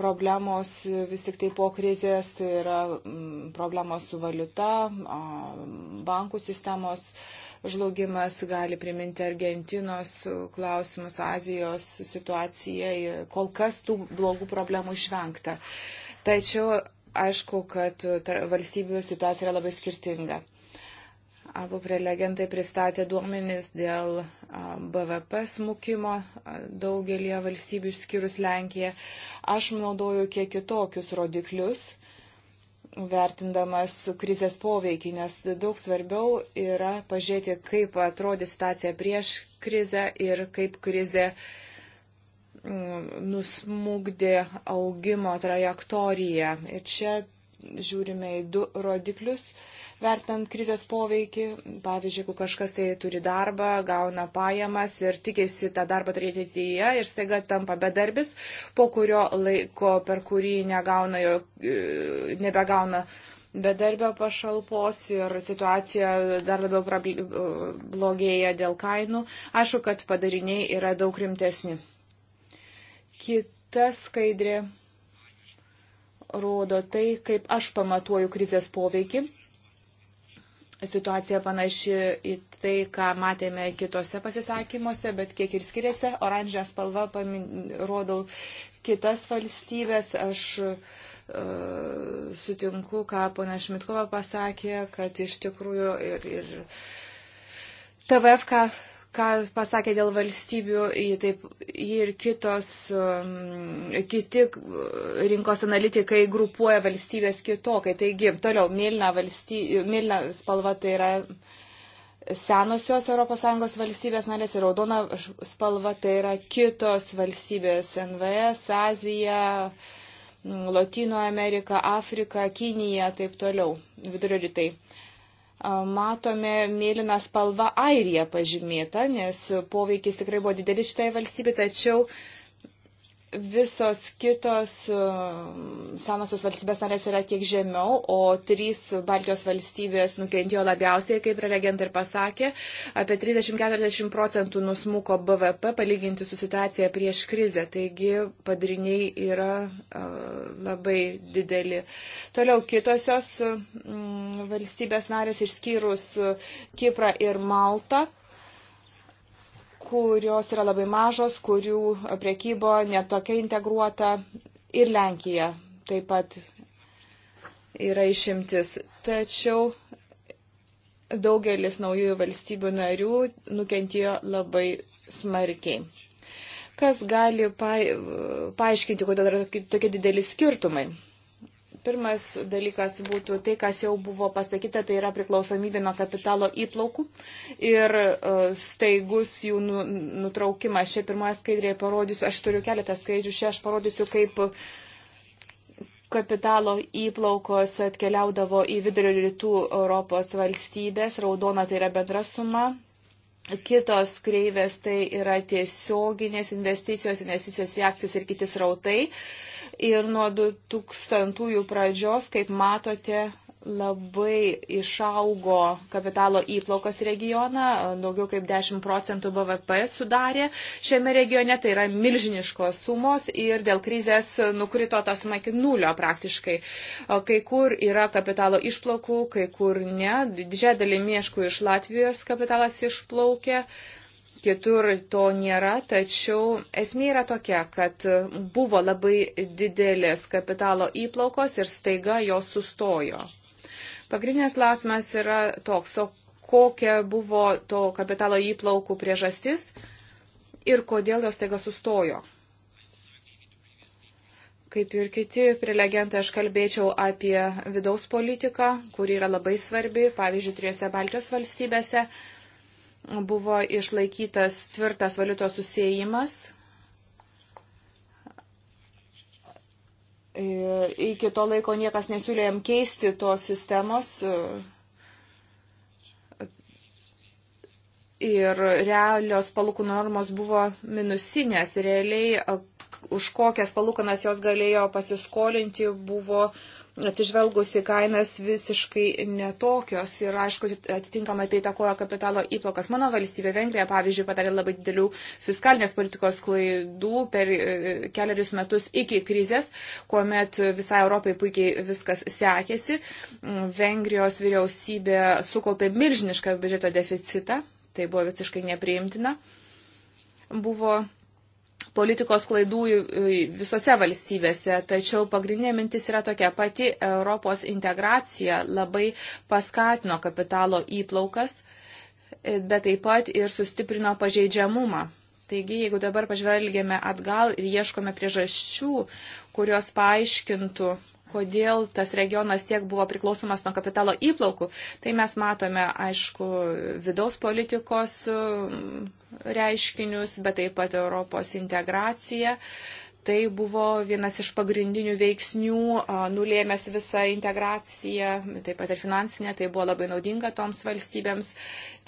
Speaker 2: problemos vis tik tai po krizės tai yra mm, problemos su valiuta, bankų sistemos žlugimas gali priminti Argentinos klausimus, Azijos situaciją, kol kas tų blogų problemų išvengta. Tačiau aišku, kad valstybių situacija yra labai skirtinga. Abu prelegentai pristatė duomenis dėl BVP smukimo daugelie valstybių išskyrus Lenkiją. Aš naudoju kiek kitokius rodiklius, vertindamas krizės poveikį, nes daug svarbiau yra pažiūrėti, kaip atrodė situacija prieš krizę ir kaip krizė mm, nusmugdė augimo trajektoriją. Ir čia žiūrime į du rodiklius, vertant krizės poveikį. Pavyzdžiui, jeigu kažkas tai turi darbą, gauna pajamas ir tikėsi tą darbą turėti ateityje ir staiga tampa bedarbis, po kurio laiko, per kurį negauna jo, e, nebegauna bedarbio pašalpos ir situacija dar labiau e, blogėja dėl kainų, aišku, kad padariniai yra daug rimtesni. Kita skaidrė rodo tai, kaip aš pamatuoju krizės poveikį. Situacija panaši į tai, ką matėme kitose pasisakymuose, bet kiek ir skiriasi. Oranžinė spalva pamin... rodau kitas valstybės. Aš uh, sutinku, ką pana Šmitkova pasakė, kad iš tikrųjų ir, ir TVF, ką ką pasakė dėl valstybių, jį, taip, jį ir kitos, um, kiti uh, rinkos analitikai grupuoja valstybės kitokai. Taigi, toliau, mėlyna, valsty, mėlyna spalva tai yra senosios ES valstybės narės ir raudona spalva tai yra kitos valstybės - NVS, Azija, Latino Amerika, Afrika, Kinija, taip toliau, vidurio rytai matome mėlyną spalvą Airiją pažymėtą, nes poveikis tikrai buvo didelis šitai valstybei, tačiau uh, visos kitos e, senosios valstybės narės yra kiek žemiau, o trys Baltijos valstybės nukentėjo labiausiai, kaip prelegentai ir pasakė, apie 30-40 procentų nusmuko BVP palyginti su situacija prieš krizę, taigi padariniai yra e, labai dideli. Toliau kitosios valstybės narės išskyrus Kiprą ir Maltą kurios yra labai mažos, kurių priekybo netokia integruota ir Lenkija taip pat yra išimtis. Tačiau daugelis naujųjų valstybių narių nukentėjo labai smarkiai. Kas gali paaiškinti, kodėl yra tokie dideli skirtumai? Pirmas dalykas būtų tai, kas jau buvo pasakyta, tai yra priklausomybė nuo kapitalo įplaukų ir e, staigus jų nu, nutraukimas. Šią pirmoje skaidrėje parodysiu, aš turiu keletą skaidžių, šią aš parodysiu, kaip kapitalo įplaukos atkeliaudavo į vidurio rytų Europos valstybės, raudona tai yra bendra suma, Kitos kreivės tai yra tiesioginės investicijos, investicijos į akcijas ir kiti srautai. Ir nuo 2000 pradžios, kaip matote, labai išaugo kapitalo įplaukas regioną, daugiau kaip 10 procentų BVP sudarė šiame regione, tai yra milžiniškos sumos ir dėl krizės nukrito tą sumą iki nulio praktiškai. Kai kur yra kapitalo išplaukų, kai kur ne. Didžia dalimi, aišku, iš Latvijos kapitalas išplaukė kitur to nėra, tačiau esmė yra tokia, kad buvo labai didelės kapitalo įplaukos ir staiga jos sustojo. Pagrindinės klausimas yra toks, o kokia buvo to kapitalo įplaukų priežastis ir kodėl jos taiga sustojo. Kaip ir kiti prelegentai, aš kalbėčiau apie vidaus politiką, kuri yra labai svarbi, pavyzdžiui, trijose Baltijos valstybėse buvo išlaikytas tvirtas valiutos susijimas, E, iki to laiko niekas nesiūlė jam keisti tos sistemos. E, ir realios palūkų normos buvo minusinės. Realiai e, už kokias palūkanas jos galėjo pasiskolinti buvo atsižvelgus į kainas visiškai netokios ir, aišku, atitinkamai tai takoja kapitalo įplokas. Mano valstybė Vengrija, pavyzdžiui, padarė labai didelių fiskalinės politikos klaidų per e, keliarius metus iki krizės, kuomet visai Europai puikiai viskas sekėsi. Mm, Vengrijos vyriausybė sukaupė milžinišką biudžeto deficitą, tai buvo visiškai nepriimtina. Buvo politikos klaidų visose valstybėse, tačiau pagrindinė mintis yra tokia pati Europos integracija labai paskatino kapitalo įplaukas, bet taip pat ir sustiprino pažeidžiamumą. Taigi, jeigu dabar pažvelgėme atgal ir ieškome priežasčių, kurios paaiškintų kodėl tas regionas tiek buvo priklausomas nuo kapitalo įplaukų. Tai mes matome, aišku, vidaus politikos mm, reiškinius, bet taip pat Europos integraciją. Tai buvo vienas iš pagrindinių veiksnių, nulėmęs visą integraciją, taip pat ir finansinę, tai buvo labai naudinga toms valstybėms,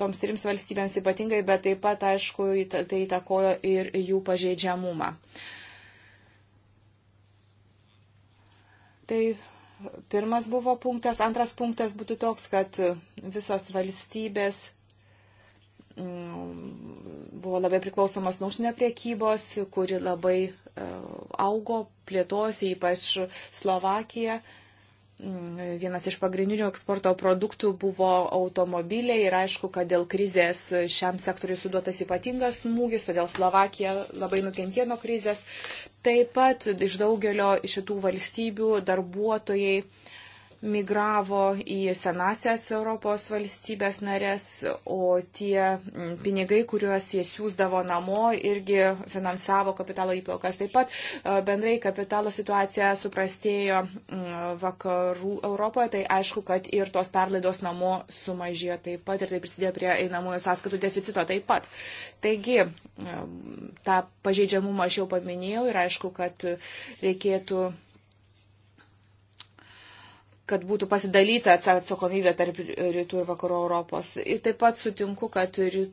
Speaker 2: toms trims valstybėms ypatingai, bet taip pat, aišku, tai įtakojo ir jų pažeidžiamumą. Uh, Tai pirmas buvo punktas. Antras punktas būtų toks, kad visos valstybės mm, buvo labai priklausomas nuo užsienio priekybos, kuri labai e, augo, plėtosi, ypač Slovakija. Mm, vienas iš pagrindinių eksporto produktų buvo automobiliai ir aišku, kad dėl krizės šiam sektoriu suduotas ypatingas smūgis, todėl Slovakija labai nukentėjo nuo krizės. Taip pat iš daugelio šitų valstybių darbuotojai uh, migravo į senasias Europos valstybės narės, o tie pinigai, kuriuos jie siūsdavo namo, irgi finansavo kapitalo įplaukas. Taip pat e, bendrai kapitalo situacija suprastėjo vakarų Europoje, tai aišku, kad ir tos perlaidos namo sumažėjo taip pat ir tai prisidėjo prie einamųjų sąskaitų deficito taip pat. Taigi, tą pažeidžiamumą aš jau paminėjau ir aišku, kad reikėtų kad būtų pasidalyta atsakomybė tarp rytų ir vakarų Europos. Ir taip pat sutinku, kad rytų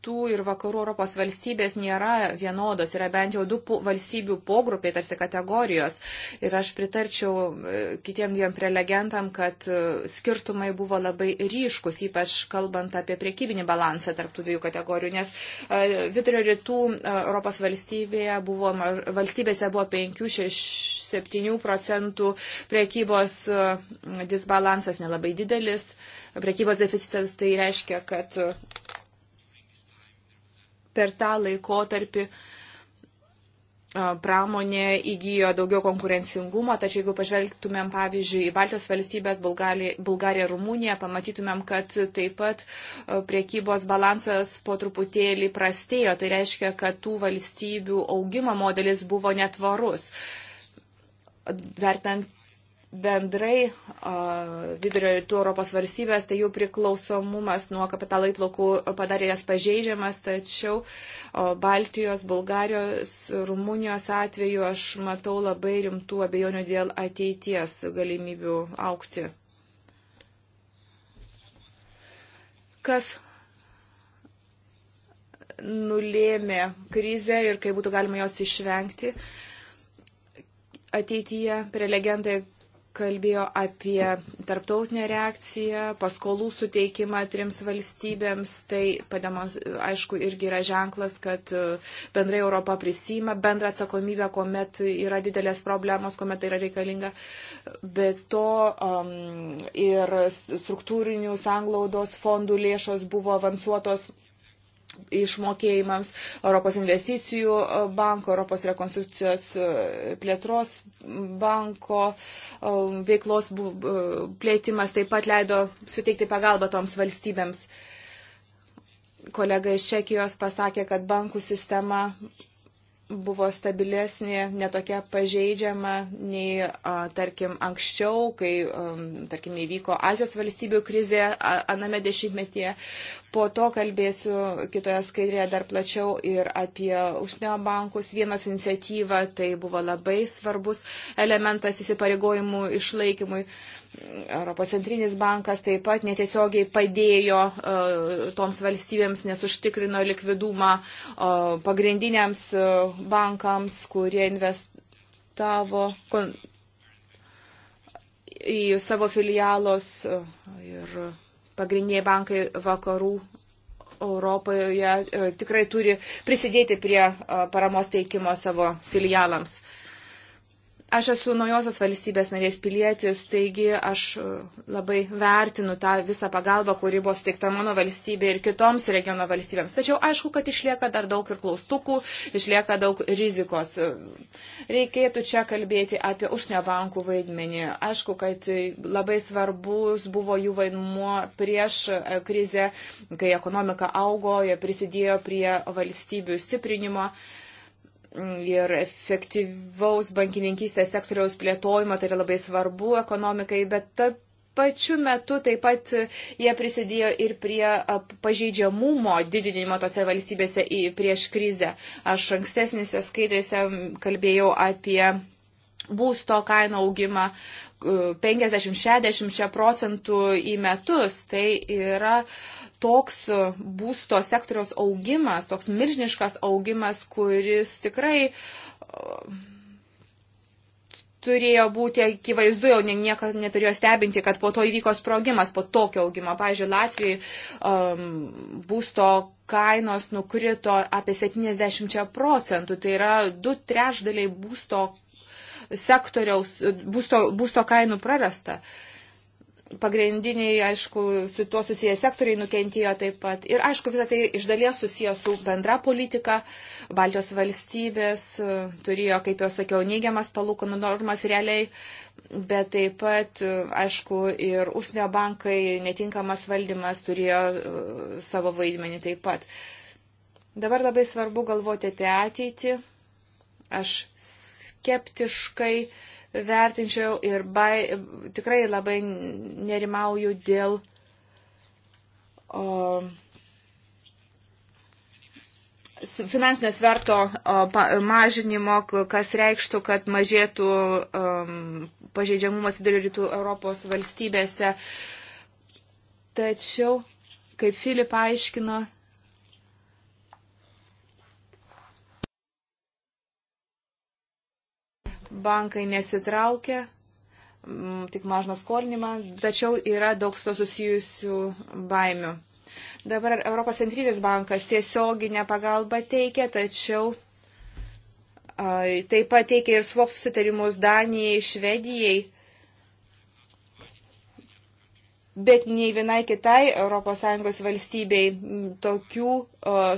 Speaker 2: rytų ir vakarų Europos valstybės nėra vienodos, yra bent jau du valstybių pogrupiai, tarsi kategorijos. Ir aš pritarčiau e, kitiem dviem prelegentam, kad e, skirtumai buvo labai ryškus, ypač kalbant apie priekybinį balansą tarptų dviejų kategorijų, nes e, vidurio rytų Europos valstybėje buvo, valstybėse buvo 5-7 procentų priekybos disbalansas nelabai didelis. Priekybos deficitas tai reiškia, kad per tą laikotarpį pramonė įgyjo daugiau konkurencingumo, tačiau jeigu pažvelgtumėm pavyzdžiui į Baltijos valstybės, Bulgariją, Bulgariją Rumuniją, pamatytumėm, kad taip pat priekybos balansas po truputėlį prastėjo. Tai reiškia, kad tų valstybių augimo modelis buvo netvarus. Vertant bendrai vidurio rytų Europos valstybės, tai jų priklausomumas nuo kapitalo įplaukų padarė jas pažeidžiamas, tačiau Baltijos, Bulgarijos, Rumunijos atveju aš matau labai rimtų abejonių dėl ateities galimybių aukti. Kas nulėmė krizę ir kaip būtų galima jos išvengti? ateityje prelegentai kalbėjo apie tarptautinę reakciją, paskolų suteikimą trims valstybėms, tai pademos, aišku irgi yra ženklas, kad e, bendrai Europa prisima bendrą atsakomybę, kuomet yra didelės problemos, kuomet tai yra reikalinga. Be to um, ir struktūrinių sanglaudos fondų lėšos buvo avansuotos išmokėjimams, Europos investicijų e, banko, Europos rekonstrukcijos e, plėtros banko e, veiklos plėtimas taip pat leido suteikti pagalbą toms valstybėms. Kolega iš Čekijos pasakė, kad bankų sistema buvo stabilesnė, netokia pažeidžiama nei, a, tarkim, anksčiau, kai, a, um, tarkim, įvyko Azijos valstybių krizė a, aname dešimtmetyje. Po to kalbėsiu kitoje skaidrėje dar plačiau ir apie užsienio bankus. Vienos iniciatyva tai buvo labai svarbus elementas įsipareigojimų išlaikymui. A, Europos centrinis bankas taip pat netiesiogiai padėjo e, toms valstybėms, nes užtikrino likvidumą e, pagrindiniams e, bankams, kurie investavo į savo filialos ir pagrindiniai bankai vakarų Europoje tikrai turi prisidėti prie paramos teikimo savo filialams. Aš esu naujosios valstybės narės pilietis, taigi aš e, labai vertinu tą visą pagalbą, kuri buvo suteikta mano valstybė ir kitoms regiono valstybėms. Tačiau aišku, kad išlieka dar daug ir klaustukų, išlieka daug rizikos. Reikėtų čia kalbėti apie užsienio bankų vaidmenį. Aišku, kad labai svarbus buvo jų vaidmuo prieš e, krizę, kai ekonomika augo, jie prisidėjo prie valstybių stiprinimo ir efektyvaus bankininkystės sektoriaus plėtojimo, tai yra labai svarbu ekonomikai, bet ta pačiu metu taip pat jie prisidėjo ir prie pažeidžiamumo didinimo tose valstybėse prieš krizę. Aš ankstesnėse skaitėse kalbėjau apie būsto kainų augimą 50-60 e, procentų į metus. Tai yra toks būsto sektoriaus augimas, toks milžiniškas augimas, kuris tikrai e, turėjo būti akivaizdu, jau niekas neturėjo stebinti, kad po to įvyko sprogimas, po tokio augimo. Pavyzdžiui, Latvijai um, būsto kainos nukrito apie 70 procentų, tai yra du trešdaliai būsto sektoriaus būsto, būsto kainų prarasta. Pagrindiniai, aišku, su tuo susiję sektoriai nukentėjo taip pat. Ir, aišku, visą tai iš dalies susiję su bendra politika. Baltijos valstybės e, turėjo, kaip jau sakiau, neigiamas palūkanų normas realiai bet taip pat, e, aišku, ir užsienio bankai, netinkamas valdymas turėjo e, savo vaidmenį taip pat. Dabar labai svarbu galvoti apie ateitį. Aš skeptiškai vertinčiau ir bai, tikrai labai nerimauju dėl o, finansinio sverto o, pa, mažinimo, kas reikštų, kad mažėtų o, um, pažeidžiamumas vidurio rytų Europos valstybėse. Tačiau, kaip Filip aiškino, bankai nesitraukia, tik mažną skolinimą, tačiau yra daug su to susijusių baimių. Dabar Europos centrinis bankas tiesioginę pagalbą teikia, tačiau taip pat teikia ir svoks susitarimus Danijai, Švedijai bet nei vienai kitai ES valstybei tokių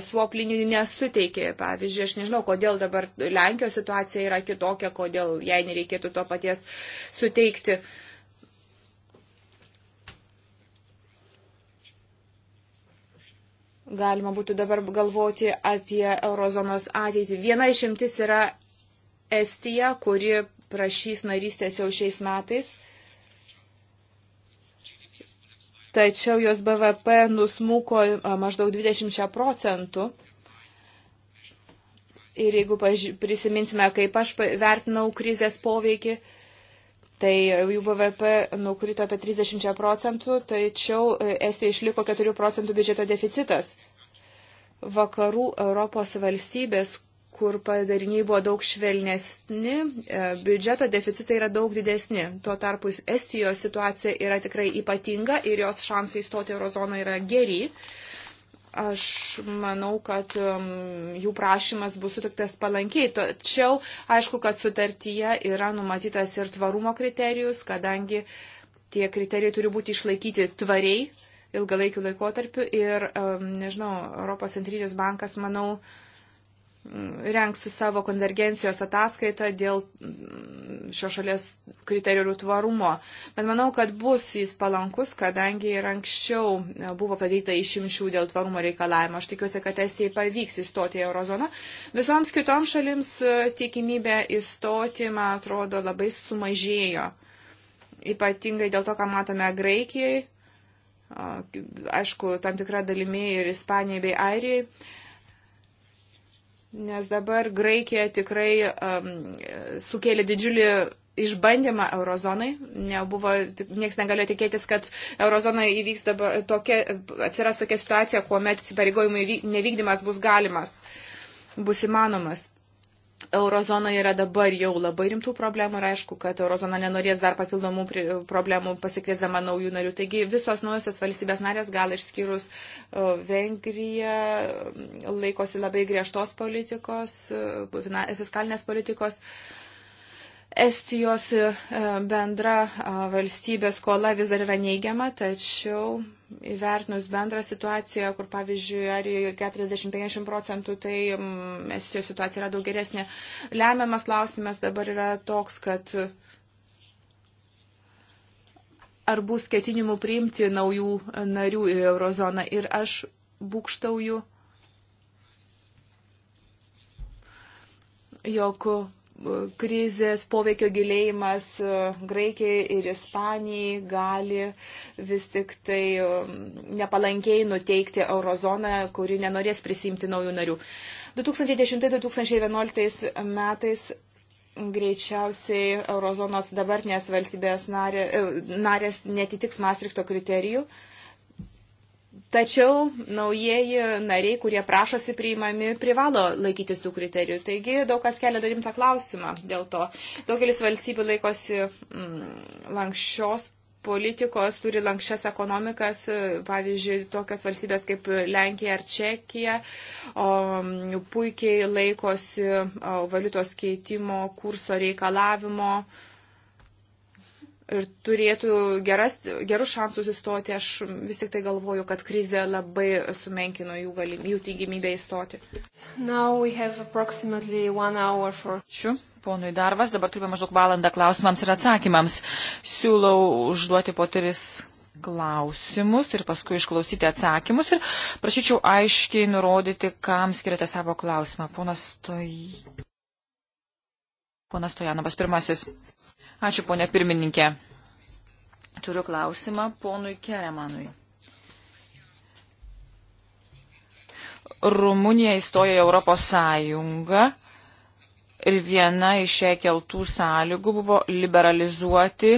Speaker 2: suoplinių nesuteikė. Pavyzdžiui, aš nežinau, kodėl dabar Lenkijos situacija yra kitokia, kodėl jai nereikėtų to paties suteikti. Galima būtų dabar galvoti apie eurozonos ateitį. Viena išimtis yra Estija, kuri prašys narystės jau šiais metais tačiau jos BVP nusmuko maždaug 20 procentų. Ir jeigu prisiminsime, kaip aš vertinau krizės poveikį, tai jų BVP nukrito apie 30 procentų, tačiau e, Estija išliko 4 procentų biudžeto deficitas. Vakarų Europos valstybės, kur padariniai buvo daug švelnesni, e, biudžeto deficitai yra daug didesni. Tuo tarpu Estijos situacija yra tikrai ypatinga ir jos šansai įstoti eurozoną yra geri. Aš manau, kad um, jų prašymas bus sutiktas palankiai. Tačiau aišku, kad sutartyje yra numatytas ir tvarumo kriterijus, kadangi tie kriterijai turi būti išlaikyti tvariai ilgalaikiu laikotarpiu ir, um, nežinau, Europos centrinis bankas, manau, uh, rengs savo konvergencijos ataskaitą dėl mm, šios šalies kriterijų tvarumo. Bet manau, kad bus jis palankus, kadangi ir anksčiau e, buvo padaryta išimčių dėl tvarumo reikalavimo. Aš tikiuosi, kad Estijai pavyks įstoti į eurozoną. Visoms kitoms šalims e, tikimybė įstoti, man atrodo, labai sumažėjo. Ypatingai dėl to, ką matome Graikijai, aišku, tam tikra dalimi ir Ispanijai bei Airijai Nes dabar Graikija tikrai um, sukėlė didžiulį išbandymą eurozonai. Nebuvo, nieks negalėjo tikėtis, kad eurozonai įvyks dabar tokia, atsiras tokia situacija, kuomet įsipareigojimų nevykdymas bus galimas, bus įmanomas. Eurozona yra dabar jau labai rimtų problemų ir aišku, kad Eurozona nenorės dar papildomų problemų pasikviesdama naujų narių. Taigi visos naujosios valstybės narės, gal išskyrus Vengrija, laikosi labai griežtos politikos, fiskalinės politikos. Uh, Estijos e, bendra valstybės skola vis dar yra neigiama, tačiau įvertinus bendrą situaciją, kur pavyzdžiui, ar 40-50 procentų, tai Estijos situacija yra daug geresnė. Lemiamas klausimas dabar yra toks, kad ar bus ketinimų priimti naujų narių į eurozoną. Ir aš būkštauju, jog krizės poveikio gilėjimas e, Graikijai ir Ispanijai gali vis tik tai e, nepalankiai nuteikti eurozoną, kuri nenorės prisimti naujų narių. 2010-2011 metais greičiausiai eurozonos dabartinės valstybės narė, e, narės netitiks Maastrichto kriterijų. Tačiau naujieji nariai, kurie prašosi priimami, privalo laikytis tų kriterijų. Taigi daug kas kelia dar rimtą klausimą dėl to. Daugelis valstybių laikosi mm, lankščios politikos, turi lankščias ekonomikas, pavyzdžiui, tokias valstybės kaip Lenkija ar Čekija, o, mm, puikiai laikosi o, valiutos keitimo kurso reikalavimo. O, ir turėtų geras, gerus šansus įstoti. Aš vis tik tai galvoju, kad krizė labai sumenkino jų, galim, jų tikimybę įstoti. For... Ačiū,
Speaker 3: ponui Darvas. Dabar turime maždaug valandą klausimams ir atsakymams. Siūlau užduoti po tris klausimus ir paskui išklausyti atsakymus ir prašyčiau aiškiai nurodyti, kam skiriate savo klausimą. Ponas, Stoj... Ponas Stojanovas pirmasis. Ačiū, ponė pirmininkė. Turiu klausimą ponui Keremanui. Rumunija įstojo į Europos Sąjungą ir viena iš šiai keltų sąlygų buvo liberalizuoti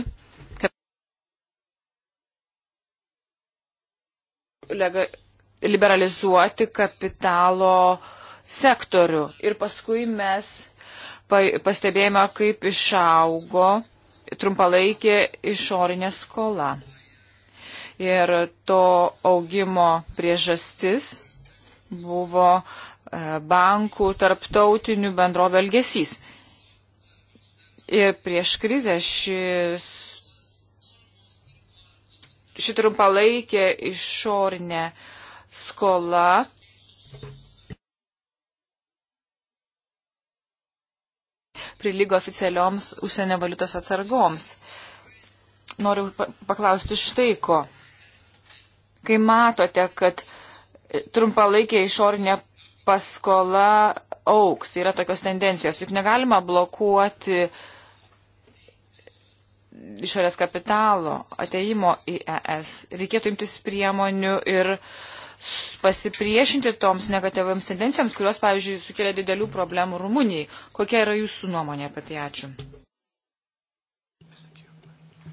Speaker 3: lega, liberalizuoti kapitalo sektorių. Ir paskui mes pastebėjome, kaip išaugo trumpalaikė išorinė skola. Ir to augimo priežastis buvo e, bankų tarptautinių bendrovė elgesys. Ir prieš krizę šis, ši trumpalaikė išorinė skola prilygo oficialioms užsienio valiutos atsargoms. Noriu paklausti štai ko. Kai matote, kad e, trumpalaikė išorinė paskola auks, yra tokios tendencijos, juk negalima blokuoti išorės kapitalo ateimo į ES. Reikėtų imtis priemonių ir uh, pasipriešinti toms negatyviams tendencijoms, kurios, pavyzdžiui, sukelia didelių problemų Rumunijai. Kokia yra jūsų nuomonė apie tai? Ačiū.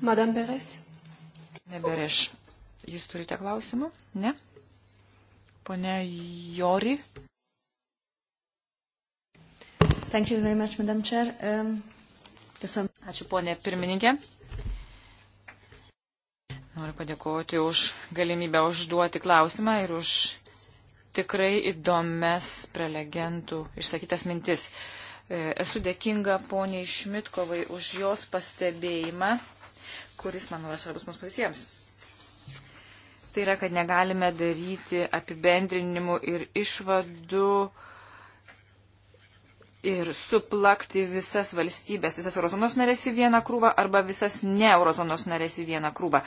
Speaker 3: Madame Beres. Nebereš. Jūs turite klausimų? Ne? Pone Jori. Thank you very much, Madam Chair. Um, Ačiū, ponė pirmininkė. Noriu padėkoti už galimybę užduoti klausimą ir už tikrai įdomias prelegentų išsakytas mintis. E, esu dėkinga poniai Šmitkovai už jos pastebėjimą, kuris, manau, yra svarbus mums visiems. Tai yra, kad negalime daryti apibendrinimų ir išvadų, uh, ir suplakti visas valstybės, visas eurozonos narės į vieną krūvą arba visas ne eurozonos narės į vieną krūvą.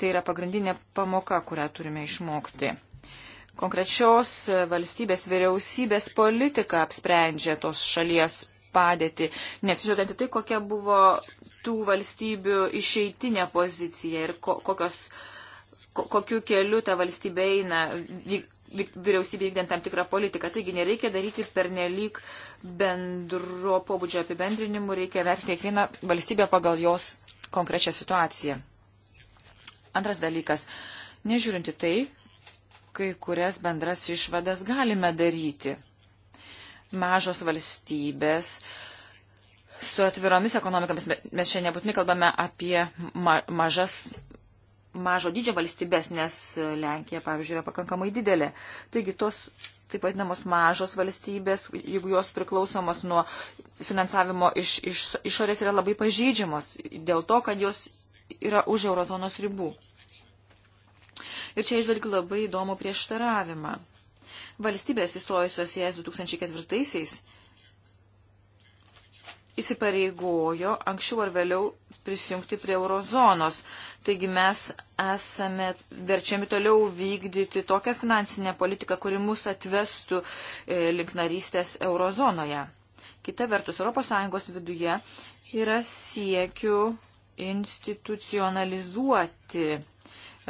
Speaker 3: Tai yra pagrindinė pamoka, kurią turime išmokti. Konkrečios valstybės vyriausybės politika apsprendžia tos šalies padėtį, neatsižiūrint į tai, kokia buvo tų valstybių išeitinė pozicija ir ko, kokios kokiu keliu ta valstybė eina, vyriausybė vykdant tam tikrą politiką. Taigi nereikia daryti pernelyg bendro pobūdžio apibendrinimų, reikia vertinti kiekvieną valstybę pagal jos konkrečią situaciją. Antras dalykas. Nežiūrinti tai, kai kurias bendras išvadas galime daryti. Mažos valstybės su atviromis ekonomikomis, mes čia nebūtinai kalbame apie ma mažas mažo dydžio valstybės, nes Lenkija, pavyzdžiui, yra pakankamai didelė. Taigi tos taip vadinamos mažos valstybės, jeigu jos priklausomos nuo finansavimo iš, iš išorės, yra labai pažydžiamos dėl to, kad jos yra už eurozonos ribų. Ir čia išvelgiu labai įdomų prieštaravimą. Valstybės įstojusios į ES 2004-aisiais įsipareigojo anksčiau ar vėliau prisijungti prie eurozonos. Taigi mes esame verčiami toliau vykdyti tokią finansinę politiką, kuri mus atvestų e, link narystės eurozonoje. Kita vertus, ES viduje yra siekių institucionalizuoti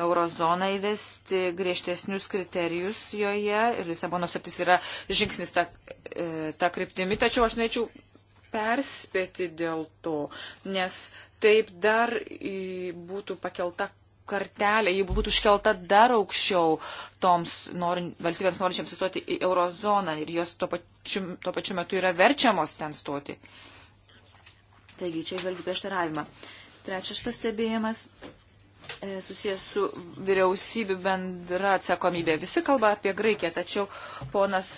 Speaker 3: eurozoną įvesti griežtesnius kriterijus joje ir Lisabono sutartis yra žingsnis tą, e, tą kryptimį, tačiau aš norėčiau perspėti dėl to, nes taip dar būtų pakelta kartelė, jeigu būtų iškelta dar aukščiau toms norin, valstybėms norinčiams įstoti į eurozoną ir jos tuo pačiu, tuo pačiu metu yra verčiamos ten stoti. Taigi čia žvelgiu prieštaravimą. Trečias pastebėjimas e, susijęs su vyriausybių bendra atsakomybė. Visi kalba apie Graikiją, tačiau ponas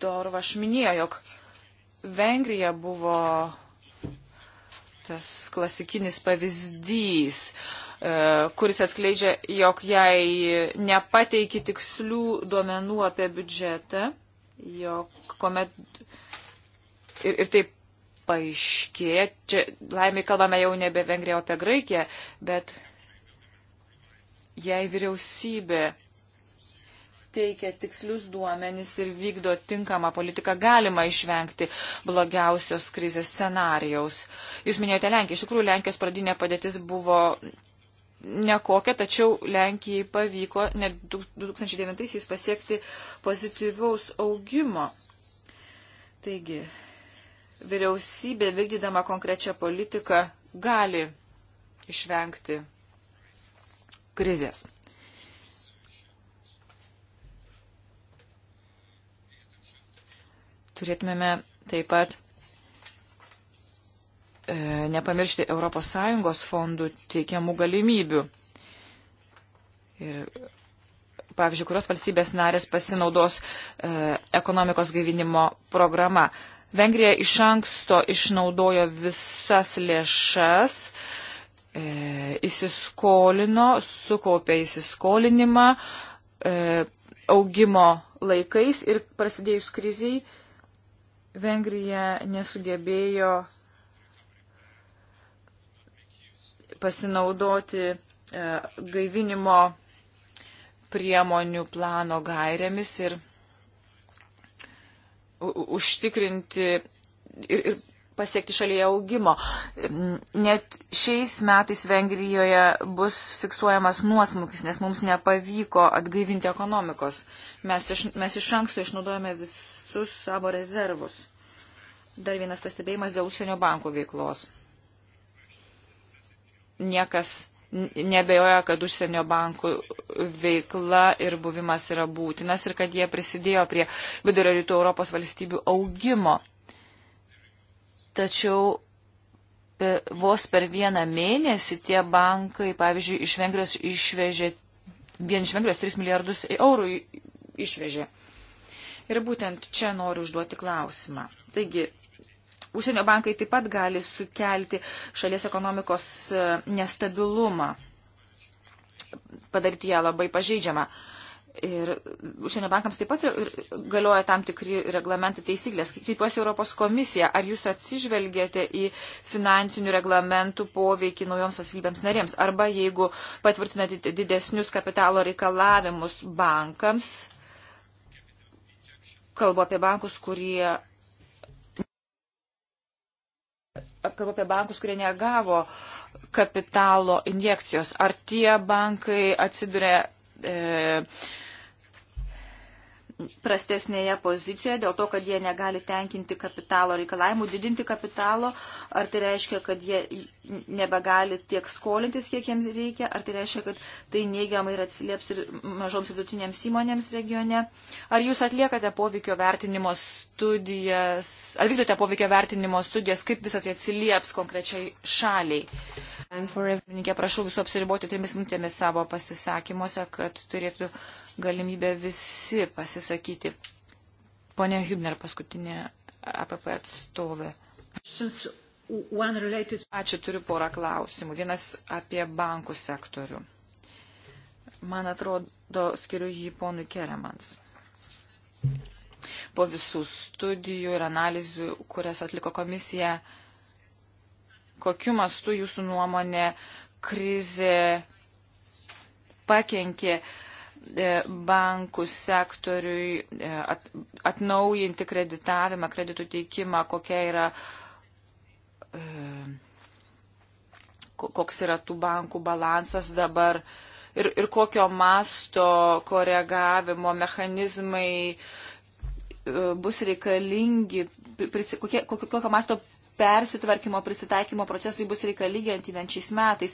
Speaker 3: Dorvaš minėjo, jog Vengrija buvo tas klasikinis pavyzdys, e, kuris atskleidžia, jog jei nepateiki tikslių duomenų apie biudžetą, jog kuomet ir, ir taip paaiškėja, čia laimiai kalbame jau nebe Vengriją, o apie Graikiją, bet jei vyriausybė teikia tikslius duomenys ir vykdo tinkamą politiką, galima išvengti blogiausios krizės scenarijaus. Jūs minėjote Lenkiją. Iš tikrųjų, Lenkijos pradinė padėtis buvo nekokia, tačiau Lenkijai pavyko net 2009-aisiais pasiekti pozityvaus augimo. Taigi, vyriausybė vykdydama konkrečią politiką gali išvengti krizės. Turėtumėme taip pat e, nepamiršti ES fondų teikiamų galimybių. Ir, pavyzdžiui, kurios valstybės narės pasinaudos e, ekonomikos gaivinimo programa. Vengrija iš anksto išnaudojo visas lėšas, e, įsiskolino, sukaupė įsiskolinimą e, augimo laikais ir prasidėjus kriziai Vengrija nesugebėjo pasinaudoti e, gaivinimo priemonių plano gairėmis ir užtikrinti ir, ir pasiekti šalyje augimo. Net šiais metais Vengrijoje bus fiksuojamas nuosmukis, nes mums nepavyko atgaivinti ekonomikos. Mes iš, mes iš anksto išnaudojame vis, visus savo rezervus. Dar vienas pastebėjimas dėl užsienio bankų veiklos. Niekas nebejoja, kad užsienio bankų veikla ir buvimas yra būtinas ir kad jie prisidėjo prie vidurio rytų Europos valstybių augimo. Tačiau vos per vieną mėnesį tie bankai, pavyzdžiui, iš Vengrijos išvežė, vien iš Vengrijos 3 milijardus eurų išvežė. Ir būtent čia noriu užduoti klausimą. Taigi, užsienio bankai taip pat gali sukelti šalies ekonomikos e, nestabilumą, padaryti ją labai pažeidžiamą. Ir užsienio bankams taip pat galioja tam tikri reglamentai teisyklės. Kreipiuosi Europos komisiją, ar jūs atsižvelgėte į finansinių reglamentų poveikį naujoms valstybėms narėms? Arba jeigu patvirtinate didesnius kapitalo reikalavimus bankams, kalbu apie bankus, kurie. Kalbu apie bankus, kurie negavo kapitalo injekcijos. Ar tie bankai atsiduria e, prastesnėje pozicijoje dėl to, kad jie negali tenkinti kapitalo reikalavimų, didinti kapitalo, ar tai reiškia, kad jie nebegali tiek skolintis, kiek jiems reikia, ar tai reiškia, kad tai neigiamai ir atsilieps ir mažoms vidutinėms įmonėms regione. Ar jūs atliekate poveikio vertinimo studijas, ar vykdote poveikio vertinimo studijas, kaip visą tai atsilieps konkrečiai šaliai? Pirmininkė, prašau visų apsiriboti trimis minutėmis savo pasisakymuose, kad turėtų galimybę visi pasisakyti. Pone Hübner, paskutinė APP atstovė. Ačiū, turiu porą klausimų. Vienas apie bankų sektorių. Man atrodo, skiriu jį ponui Keremans. Po visų studijų ir analizių, kurias atliko komisija, kokiu mastu jūsų nuomonė krizė pakenkė uh, E, bankų sektoriui, e, at, atnaujinti kreditavimą, kreditų teikimą, kokia yra, e, koks yra tų bankų balansas dabar ir, ir kokio masto koregavimo mechanizmai bus reikalingi, kokie, kokio masto persitvarkymo, prisitaikymo procesui bus reikalingi antinančiais metais.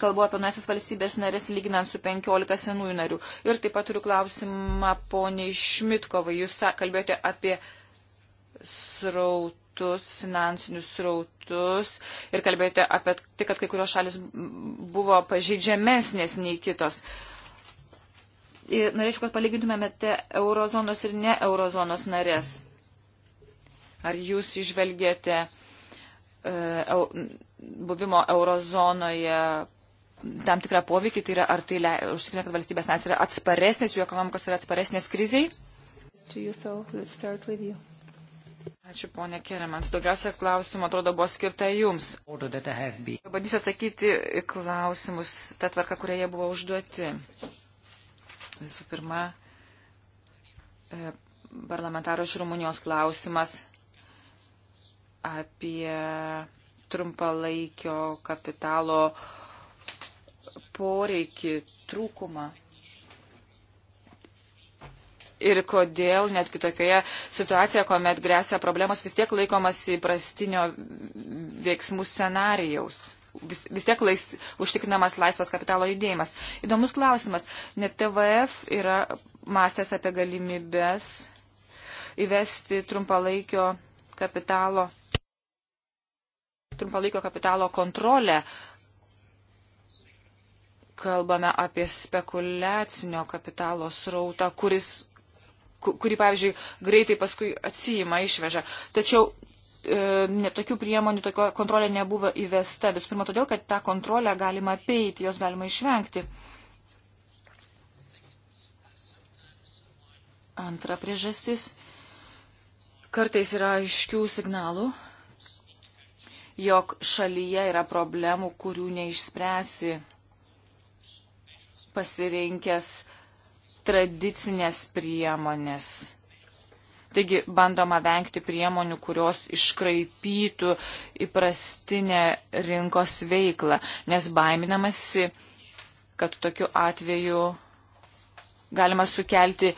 Speaker 3: Kalbu apie nuosias valstybės narės lyginant su 15 senųjų narių. Ir taip pat turiu klausimą poniai Šmitkovai. Jūs kalbėjote apie srautus, finansinius srautus ir kalbėjote apie tai, kad kai kurios šalis buvo pažeidžiamesnės nei kitos. Ir norėčiau, kad palygintumėte eurozonos ir ne eurozonos narės. Ar jūs išvelgėte e, buvimo eurozonoje tam tikrą poveikį, tai yra ar tai užtikrina, kad valstybės nes yra atsparesnės, jų ekonomikos yra atsparesnės kriziai? Ačiū ponė Keremans. Daugiausia klausimų, atrodo, buvo skirta jums. Pabandysiu atsakyti klausimus tą tvarką, kurie jie buvo užduoti. Visų pirma, e, parlamentaro iš Rumunijos klausimas apie trumpalaikio kapitalo poreikį, trūkumą. Ir kodėl net kitokioje situacijoje, kuomet grėsia problemos, vis tiek laikomas įprastinio veiksmų scenarijaus. Vis, vis tiek lais, užtikrinamas laisvas kapitalo judėjimas. Įdomus klausimas. Net TVF yra mąstęs apie galimybės įvesti trumpalaikio kapitalo trumpalaikio kapitalo kontrolę. Kalbame apie spekulacinio kapitalo srautą, kuris, kurį, pavyzdžiui, greitai paskui atsijima, išveža. Tačiau e, ne, tokių priemonių, tokio kontrolė nebuvo įvesta. Visų pirma, todėl, kad tą kontrolę galima apeiti, jos galima išvengti. Antra priežastis. Kartais yra aiškių signalų jog šalyje yra problemų, kurių neišspręsi pasirinkęs tradicinės priemonės. Taigi bandoma vengti priemonių, kurios iškraipytų įprastinę rinkos veiklą, nes baiminamasi, kad tokiu atveju galima sukelti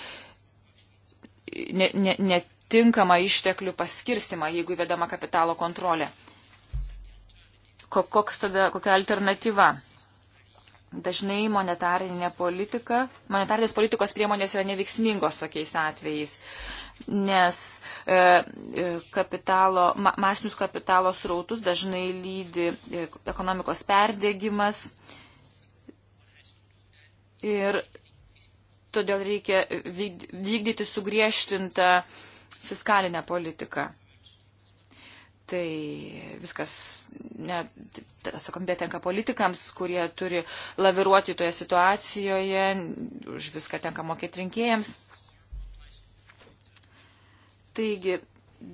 Speaker 3: netinkamą išteklių paskirstimą, jeigu įvedama kapitalo kontrolė koks tada, kokia alternatyva. Dažnai monetarinė politika, monetarinės politikos priemonės yra neveiksmingos tokiais atvejais, nes e, e kapitalo, ma, masinius kapitalo srautus dažnai lydi e, ekonomikos perdėgymas ir todėl reikia vykdyti sugriežtintą fiskalinę politiką tai viskas, ne, atsakomybė tenka politikams, kurie turi laviruoti toje situacijoje, už viską tenka mokėti rinkėjams. Taigi,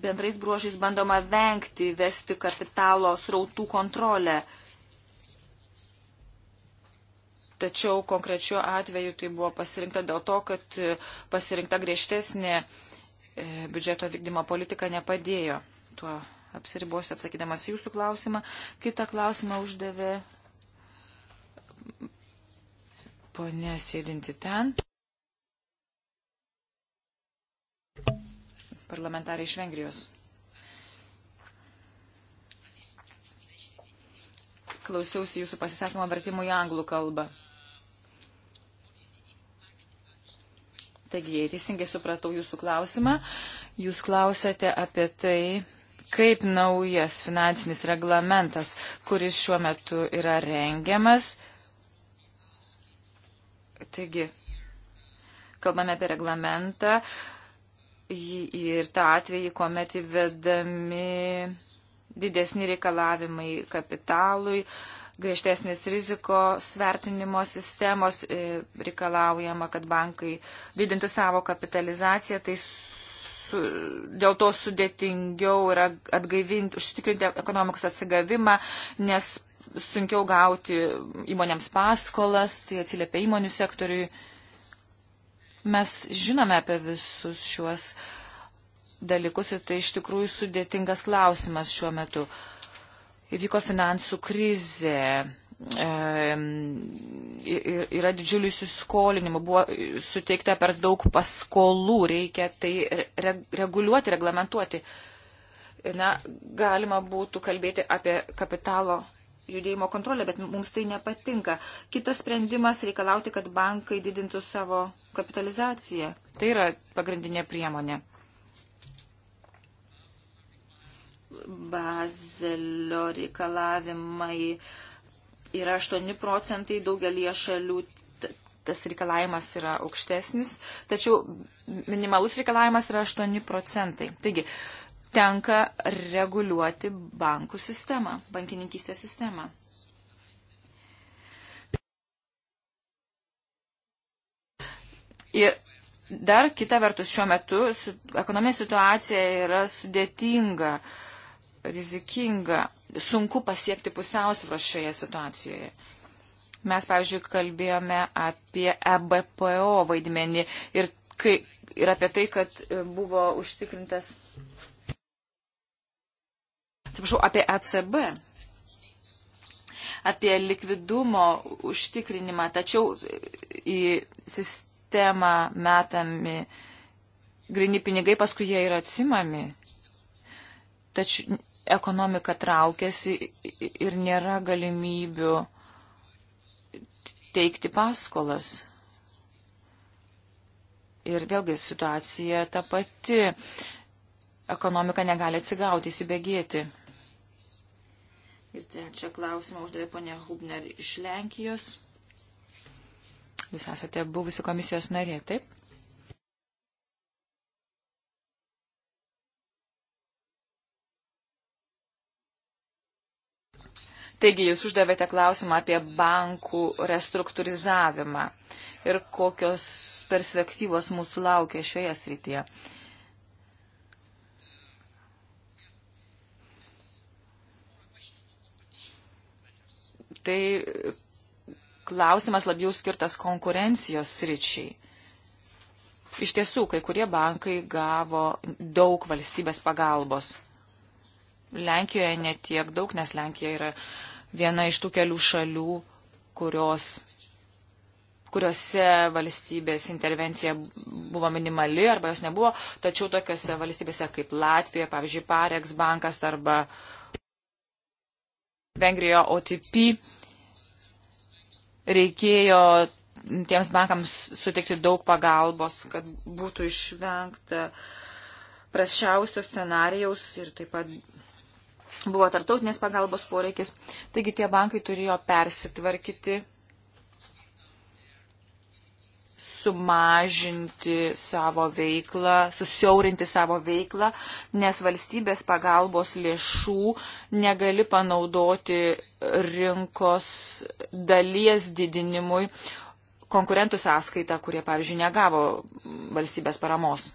Speaker 3: bendrais bruožais bandoma vengti vesti kapitalo srautų kontrolę. Tačiau konkrečiu atveju tai buvo pasirinkta dėl to, kad pasirinkta griežtesnė e, biudžeto vykdymo politika nepadėjo tuo apsiribosiu atsakydamas jūsų klausimą. Kita klausimą uždavė ponė sėdinti ten. Parlamentarai iš Vengrijos. Klausiausi jūsų pasisakymo vertimų į anglų kalbą. Taigi, jei teisingai supratau jūsų klausimą, jūs klausėte apie tai, kaip naujas finansinis reglamentas, kuris šiuo metu yra rengiamas. Taigi, kalbame apie reglamentą ir tą atvejį, kuomet įvedami didesni reikalavimai kapitalui, griežtesnis rizikos vertinimo sistemos, e, reikalaujama, kad bankai didintų savo kapitalizaciją, tai su, dėl to sudėtingiau yra atgaivinti, užtikrinti ekonomikos atsigavimą, nes sunkiau gauti įmonėms paskolas, tai atsiliepia įmonių sektoriui. Mes žinome apie visus šiuos dalykus ir tai iš tikrųjų sudėtingas klausimas šiuo metu. Įvyko finansų krizė yra didžiulių įsiskolinimų, buvo suteikta per daug paskolų, reikia tai reguliuoti, reglamentuoti. Na, galima būtų kalbėti apie kapitalo judėjimo kontrolę, bet mums tai nepatinka. Kitas sprendimas reikalauti, kad bankai didintų savo kapitalizaciją. Tai yra pagrindinė priemonė. Bazelio reikalavimai uh, yra 8 procentai daugelie šalių tas reikalavimas yra aukštesnis, tačiau minimalus reikalavimas yra 8 procentai. Taigi, tenka reguliuoti bankų sistemą, bankininkystės sistemą. Ir dar kita vertus šiuo metu ekonominė situacija yra sudėtinga. Uh, rizikinga, sunku pasiekti pusiausvros šioje situacijoje. Mes, pavyzdžiui, kalbėjome apie EBPO vaidmenį ir, kai, ir apie tai, kad e, buvo užtikrintas. Atsiprašau, apie ECB, apie likvidumo užtikrinimą, tačiau e, į sistemą metami grini pinigai, paskui jie yra atsimami. Tačiau ekonomika traukiasi ir nėra galimybių teikti paskolas. Ir vėlgi situacija ta pati. Ekonomika negali atsigauti, įsibėgėti. Ir trečią klausimą uždavė ponė Hubner iš Lenkijos. Jūs esate buvusi komisijos narė, taip? Taigi, jūs uždavėte klausimą apie bankų restruktūrizavimą ir kokios perspektyvos mūsų laukia šioje srityje. Tai klausimas labiau skirtas konkurencijos sričiai. Iš tiesų, kai kurie bankai gavo daug valstybės pagalbos. Lenkijoje netiek daug, nes Lenkija yra uh, viena iš tų kelių šalių, kurios, kuriuose valstybės intervencija buvo minimali arba jos nebuvo, tačiau tokiuose valstybėse kaip Latvija, pavyzdžiui, Pareks bankas arba Vengrijoje OTP reikėjo tiems bankams sutikti daug pagalbos, kad būtų išvengta prasčiausios scenarijaus ir taip pat buvo tartautinės pagalbos poreikis. Taigi tie bankai turėjo persitvarkyti, sumažinti savo veiklą, susiaurinti savo veiklą, nes valstybės pagalbos lėšų negali panaudoti rinkos dalies didinimui konkurentų sąskaitą, kurie, pavyzdžiui, negavo valstybės paramos.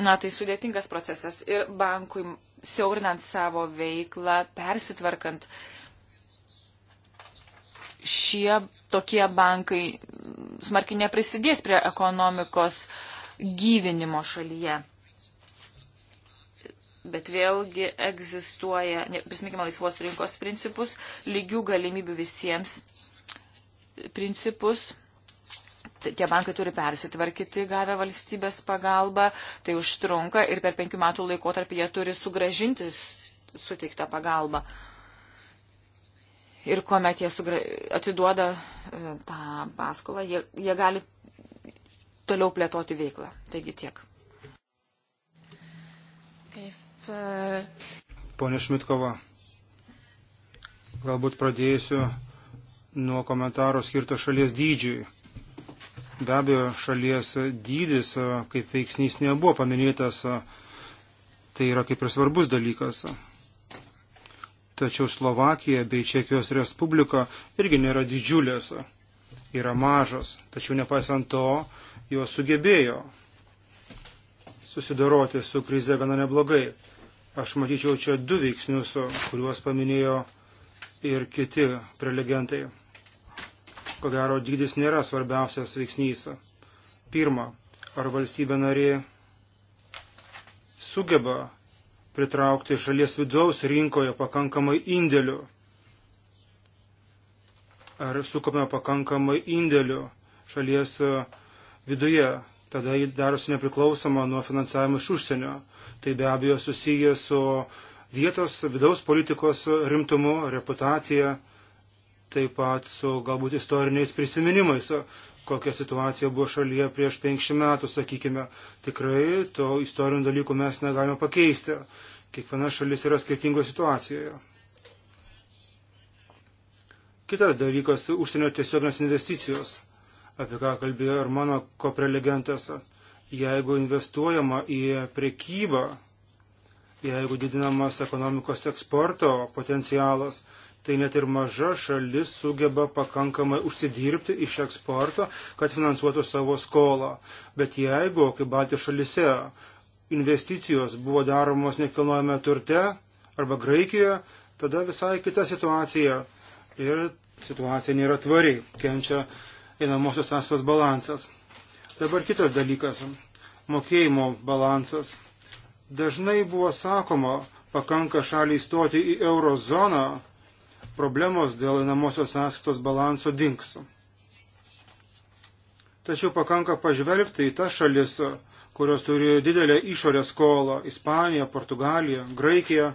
Speaker 3: Na, tai sudėtingas procesas ir bankui siaurinant savo veiklą, persitvarkant. Šie tokie bankai smarkiai neprisidės prie ekonomikos gyvinimo šalyje. Bet vėlgi egzistuoja, prisiminkime laisvos rinkos principus, lygių galimybių visiems principus tie bankai turi persitvarkyti gavę valstybės pagalbą, tai užtrunka ir per penkių metų laikotarpį jie turi sugražinti suteiktą pagalbą. Ir kuomet jie sugra... atiduoda e, tą paskolą, jie, jie gali toliau plėtoti veiklą. Taigi tiek.
Speaker 2: Kaip. E,
Speaker 1: Pone Šmitkova, galbūt pradėsiu nuo komentaro skirto šalies dydžiui Be abejo, šalies dydis kaip veiksnys nebuvo paminėtas, tai yra kaip ir svarbus dalykas. Tačiau Slovakija bei Čekijos Respublika irgi nėra didžiulės, yra mažos, tačiau nepaisant to, jos sugebėjo susidoroti su krize gana neblogai. Aš matyčiau čia du veiksnius, kuriuos paminėjo ir kiti prelegentai ko gero, dydis nėra svarbiausias veiksnys. Pirma, ar valstybė narė sugeba pritraukti šalies vidaus rinkoje pakankamai indėlių? Ar sukame pakankamai indėlių šalies e, viduje? Tada jį darosi nepriklausoma nuo finansavimo iš užsienio. Tai be abejo susiję su vietos vidaus politikos rimtumu, reputacija taip pat su galbūt istoriniais prisiminimais, kokia situacija buvo šalyje prieš 50 metų, sakykime. Tikrai to istorinių dalykų mes negalime pakeisti. Kiekviena šalis yra skirtingoje situacijoje. Kitas dalykas - užsienio tiesioginės investicijos, apie ką kalbėjo ir mano koprelegentas. Jeigu investuojama į prekybą, jeigu didinamas ekonomikos eksporto potencialas, tai net ir maža šalis sugeba pakankamai užsidirbti iš eksporto, kad finansuotų savo skolą. Bet jeigu, kaip Baltijos šalise, investicijos buvo daromos nekilnojame turte arba Graikijoje, tada visai kita situacija. Ir situacija nėra tvari, kenčia einamosios sąskaitos balansas. Dabar kitas dalykas - mokėjimo balansas. Dažnai buvo sakoma, pakanka šaliai įstoti į eurozoną, problemos dėl namosios sąskaitos balanso dinks. Tačiau pakanka pažvelgti į tas šalis, kurios turi didelę išorės skolą - Ispanija, Portugalija, Graikija.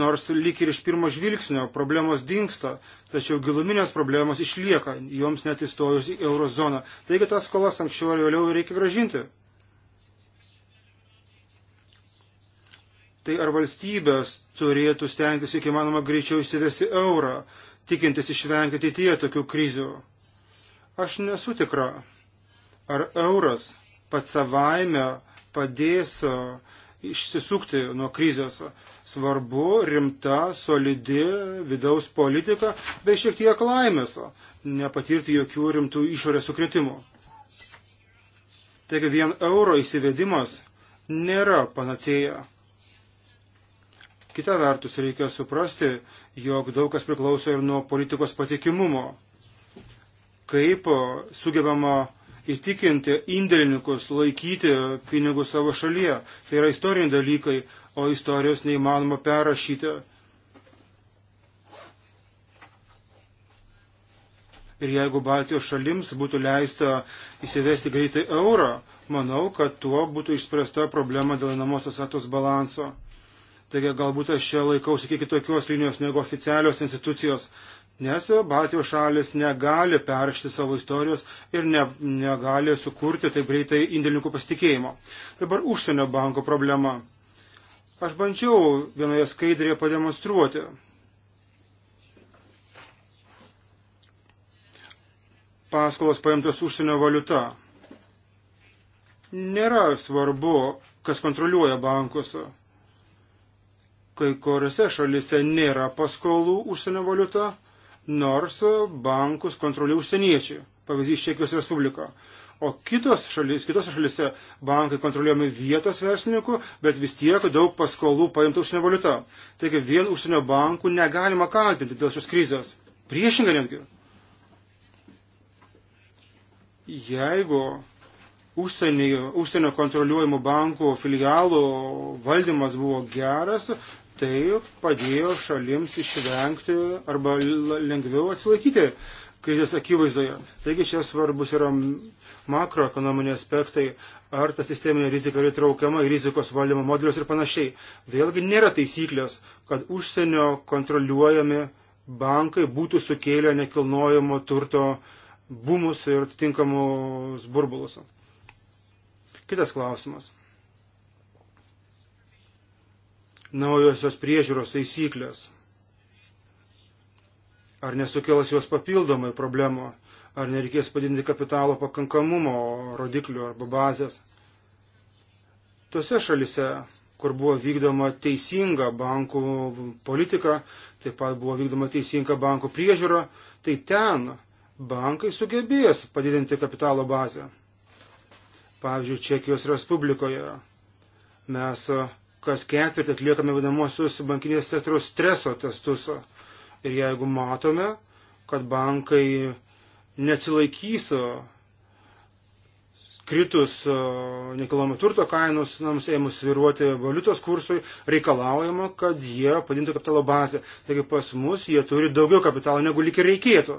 Speaker 1: Nors lyg ir iš pirmo žvilgsnio problemos dinksta, tačiau giluminės problemos išlieka, joms net įstojus į eurozoną. Taigi tas skolas anksčiau ar vėliau reikia gražinti. tai ar valstybės turėtų stengtis kiek įmanoma greičiau įsivesti eurą, tikintis išvengti ateityje tokių krizių? Aš nesu tikra, ar euras pats savaime padės uh, išsisukti nuo krizės. Svarbu rimta, solidi vidaus politika, bei šiek tiek laimėso, nepatirti jokių rimtų išorės sukretimų. Taigi vien euro įsivedimas nėra panacėja. Kita vertus, reikia suprasti, jog daug kas priklauso ir nuo politikos patikimumo. Kaip sugebama įtikinti indėlininkus laikyti pinigus savo šalyje. Tai yra istoriniai dalykai, o istorijos neįmanoma perrašyti. Ir jeigu Baltijos šalims būtų leista įsivesti greitai eurą, manau, kad tuo būtų išspręsta problema dėl namosios atos balanso. Taigi galbūt aš čia laikausi kiek kitokios linijos negu oficialios institucijos, nes Baltijos šalis negali peršti savo istorijos ir ne, negali sukurti taip greitai indėlininkų pasitikėjimo. Dabar užsienio banko problema. Aš bandžiau vienoje skaidrėje pademonstruoti. Paskolos paimtos užsienio valiuta. Nėra svarbu, kas kontroliuoja bankus kai kuriuose šalise nėra paskolų užsienio valiuta, nors bankus kontroliuoja užsieniečiai, pavyzdys Čekijos Respublika. O kitos šalis, kitose šalise bankai kontroliuojami vietos verslininkų, bet vis tiek daug paskolų paimta užsienio valiuta. Taigi vien užsienio bankų negalima kaltinti dėl šios krizės. Priešingai netgi. Jeigu užsienio, užsienio kontroliuojamų bankų filialų valdymas buvo geras, tai padėjo šalims išvengti arba lengviau atsilaikyti krizės akivaizdoje. Taigi čia svarbus yra makroekonominiai aspektai, ar ta sisteminė rizika yra įtraukiama į rizikos valdymo modelius ir panašiai. Vėlgi nėra taisyklės, kad užsienio kontroliuojami bankai būtų sukėlę nekilnojamo turto bumus ir atitinkamus burbulus. Kitas klausimas. naujosios priežiūros taisyklės? Ar nesukels juos papildomai problemų? Ar nereikės padidinti kapitalo pakankamumo rodiklių arba bazės? Tose šalise, kur buvo vykdoma teisinga bankų politika, taip pat buvo vykdoma teisinga bankų priežiūra, tai ten bankai sugebės padidinti kapitalo bazę. Pavyzdžiui, Čekijos Respublikoje mes kas ketvirtį atliekame vadinamosius bankinės sektoriaus streso testus. Ir jeigu matome, kad bankai neatsilaikys kritus nekilnojamo turto kainos, nams ėmus sviruoti valiutos kursui, reikalaujama, kad jie padintų kapitalo bazę. Taigi pas mus jie turi daugiau kapitalo, negu lyg ir reikėtų.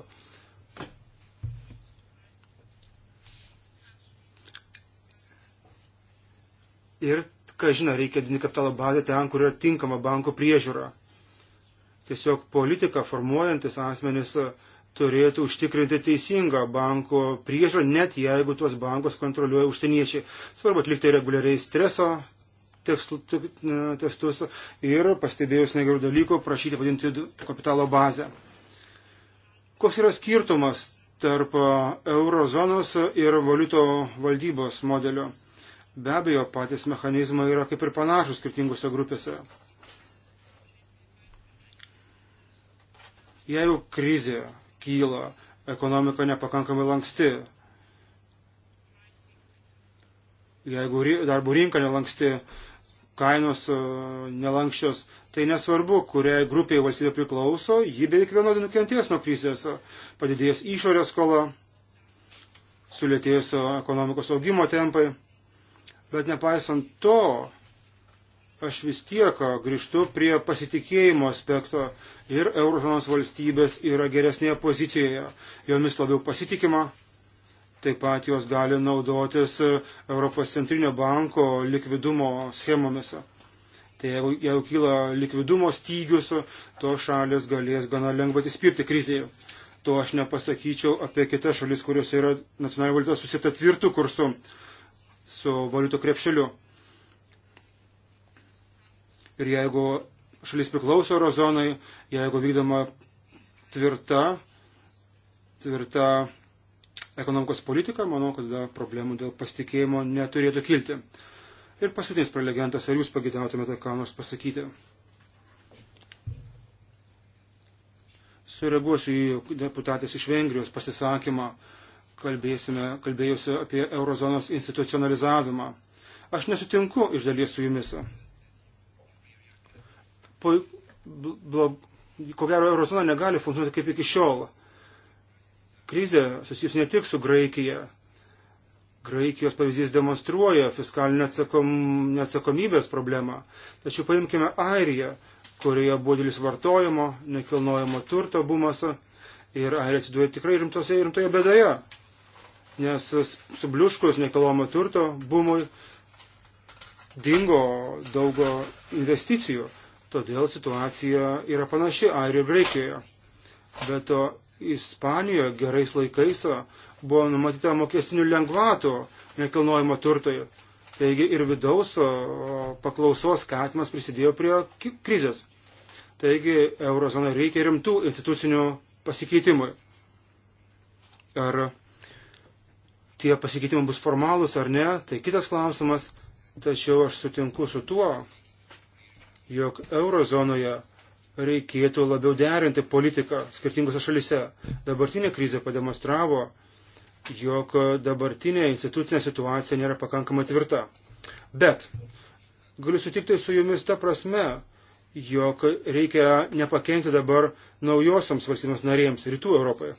Speaker 1: Ir kažina reikia didinti kapitalo bazę ten, kur yra tinkama banko priežiūra. Tiesiog politiką formuojantis asmenis e, turėtų užtikrinti teisingą banko priežą, net jeigu tuos bankus kontroliuoja užsieniečiai. Svarbu atlikti reguliariai streso testus ir pastebėjus negerų dalykų prašyti vadinti kapitalo bazę. Koks yra skirtumas tarp e, eurozonos ir valiuto valdybos modelio? Be abejo, patys mechanizmai yra kaip ir panašus skirtingose grupėse. Jei jau krizė kyla, ekonomika nepakankamai lanksti, jeigu darbo rinka nelanksti, kainos e, nelankščios, tai nesvarbu, kuriai grupiai valstybė priklauso, ji beveik vienodai nukentės nuo krizės, padidėjęs išorės skola, sulėtėjusio ekonomikos augimo tempai bet nepaisant to, aš vis tiek grįžtu prie pasitikėjimo aspekto ir eurozonos valstybės yra geresnėje pozicijoje, jomis labiau pasitikima, taip pat jos gali naudotis Europos centrinio banko likvidumo schemomis. Tai jeigu, jeigu kyla likvidumo stygius, to šalis galės gana lengvai atsispirti krizėje. To aš nepasakyčiau apie kitas šalis, kurios yra nacionalinio valiutos susitą tvirtų kursų su valiutų krepšeliu. Ir jeigu šalis priklauso eurozonai, jeigu vykdoma tvirta, tvirta ekonomikos politika, manau, kad problemų dėl pasitikėjimo neturėtų kilti. Ir paskutinis prelegentas, ar jūs pagidautumėte ką nors pasakyti? Sureaguosiu į deputatės iš Vengrijos pasisakymą kalbėsime, kalbėjusi apie eurozonos institucionalizavimą. Aš nesutinku iš dalies su jumis. Po, bla, ko gero, eurozona negali funkcionuoti kaip iki šiol. Krizė susijusi ne tik su Graikija. Graikijos pavyzdys demonstruoja fiskalinę atsakom, neatsakomybės problemą. Tačiau paimkime Airiją, kurioje buvo dėlis vartojimo, nekilnojamo turto bumas ir Airija atsidūrė tikrai rimtose, rimtoje bėdoje nes subliuškus nekalomo turto bumui dingo daug investicijų, todėl situacija yra panaši Airijoje ir Graikijoje. Bet to Ispanijoje gerais laikais buvo numatyta mokestinių lengvatų nekilnojimo turtoje. Taigi ir vidaus paklausos skatimas prisidėjo prie krizės. Taigi eurozonai reikia rimtų institucinių pasikeitimui. Ar tie pasikeitimai bus formalūs ar ne, tai kitas klausimas, tačiau aš sutinku su tuo, jog eurozonoje reikėtų labiau derinti politiką skirtingose šalise. Dabartinė krizė pademonstravo, jog dabartinė institucinė situacija nėra pakankamai tvirta. Bet galiu sutikti su jumis ta prasme, jog reikia nepakengti dabar naujosioms valstybėms narėms rytų Europoje.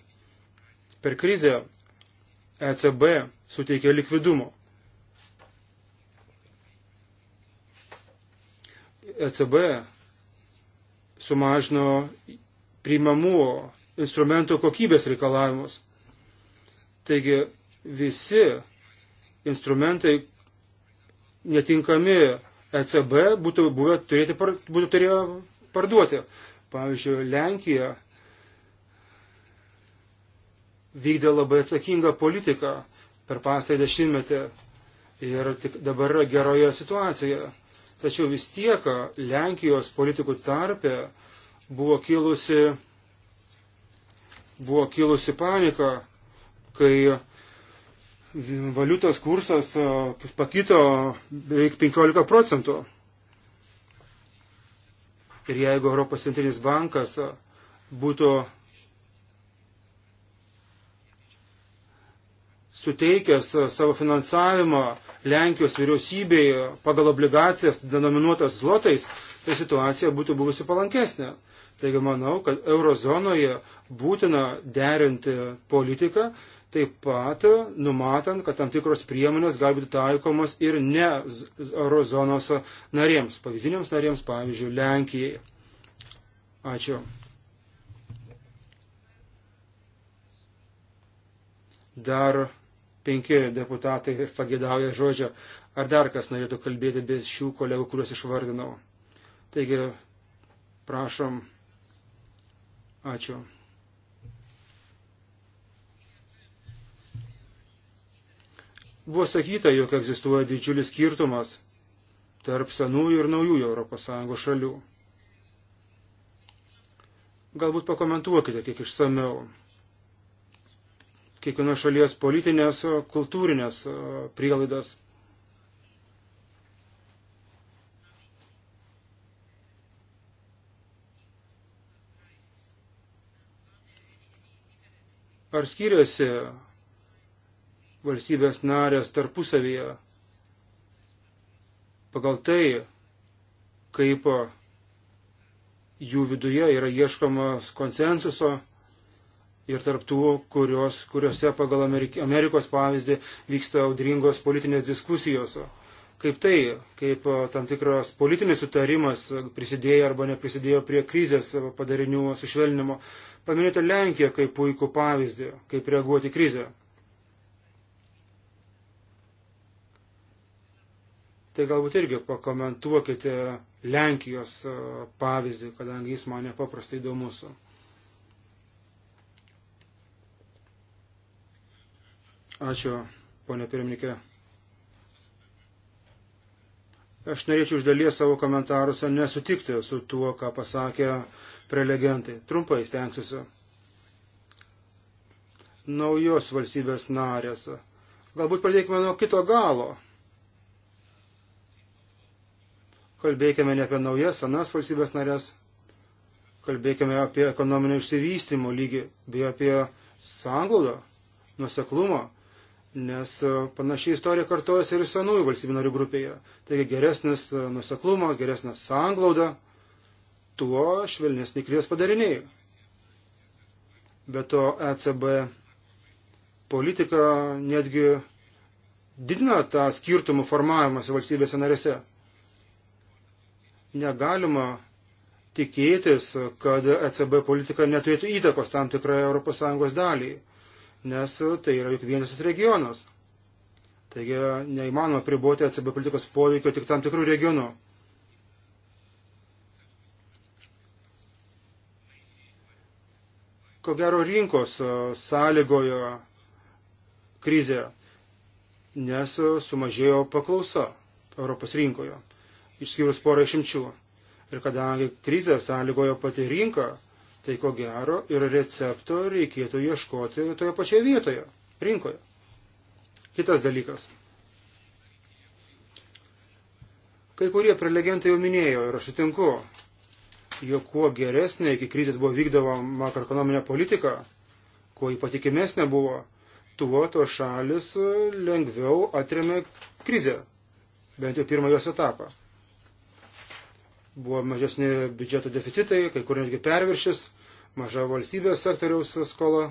Speaker 1: Per krizę ECB suteikia likvidumo. ECB sumažino priimamų instrumentų kokybės reikalavimus. Taigi visi instrumentai netinkami ECB būtų, buvę, turėti, būtų turėjo parduoti. Pavyzdžiui, Lenkija vykdė labai atsakingą politiką per pastarąjį dešimtmetį ir tik dabar yra geroje situacijoje. Tačiau vis tiek Lenkijos politikų tarpe buvo kilusi, buvo kilusi panika, kai valiutos kursas pakito beveik 15 procentų. Ir jeigu Europos centrinis bankas būtų suteikęs e, savo finansavimą Lenkijos vyriausybei pagal obligacijas denominuotas zlotais, tai situacija būtų buvusi palankesnė. Taigi manau, kad eurozonoje būtina derinti politiką, taip pat numatant, kad tam tikros priemonės gali būti taikomos ir ne eurozonos narėms, pavyzdiniams narėms, pavyzdžiui, Lenkijai. Ačiū. Dar penki deputatai pagėdauja žodžio, ar dar kas norėtų kalbėti be šių kolegų, kuriuos išvardinau. Taigi, prašom. Ačiū. Buvo sakyta, jog egzistuoja didžiulis skirtumas tarp senųjų ir naujųjų ES šalių. Galbūt pakomentuokite kiek išsameu kiekvienos šalies politinės, kultūrinės prielaidas. Ar skiriasi valstybės narės tarpusavyje pagal tai, kaip jų viduje yra ieškomas konsensuso ir tarptų, kurios, kuriuose pagal Amerikos pavyzdį vyksta audringos politinės diskusijos. Kaip tai, kaip tam tikras politinis sutarimas prisidėjo arba neprisidėjo prie krizės padarinių sušvelnimo. Paminėjote Lenkiją kaip puikų pavyzdį, kaip reaguoti krizę. Tai galbūt irgi pakomentuokite Lenkijos pavyzdį, kadangi jis man nepaprastai įdomus. Ačiū, ponė pirmininkė. Aš norėčiau iš dalies savo komentaruose nesutikti su tuo, ką pasakė prelegentai. Trumpai stengsiuosi. Naujos valstybės narės. Galbūt pradėkime nuo kito galo. Kalbėkime ne apie naujas, senas valstybės narės. Kalbėkime apie ekonominio išsivystymo lygį bei apie sanglaudą, nuseklumą nes e, panašiai istorija kartojasi ir senųjų valstybių narių grupėje. Taigi geresnis e, nuseklumas, geresnis sanglauda, tuo švelnesni krizės padariniai. Be to ECB politika netgi didina tą skirtumų formavimąsi valstybėse narėse. Negalima tikėtis, kad ECB politika neturėtų įtakos tam tikrai ES daliai nes tai yra juk vienas regionas. Taigi neįmanoma priboti ECB politikos poveikio tik tam tikrų regionų. Ko gero rinkos sąlygojo krizę, nes sumažėjo paklausa Europos rinkoje, išskyrus porą išimčių. Ir kadangi krizę sąlygojo pati rinka, tai ko gero ir recepto reikėtų ieškoti toje pačioje vietoje, rinkoje. Kitas dalykas. Kai kurie prelegentai jau minėjo ir aš sutinku, jog kuo geresnė iki krizės buvo vykdoma makroekonominė politika, kuo įpatikimesnė buvo, tuo to šalis lengviau atremė krizę, bent jau pirmą jos etapą. Buvo mažesni biudžeto deficitai, kai kur netgi perviršis maža valstybės sektoriaus skola,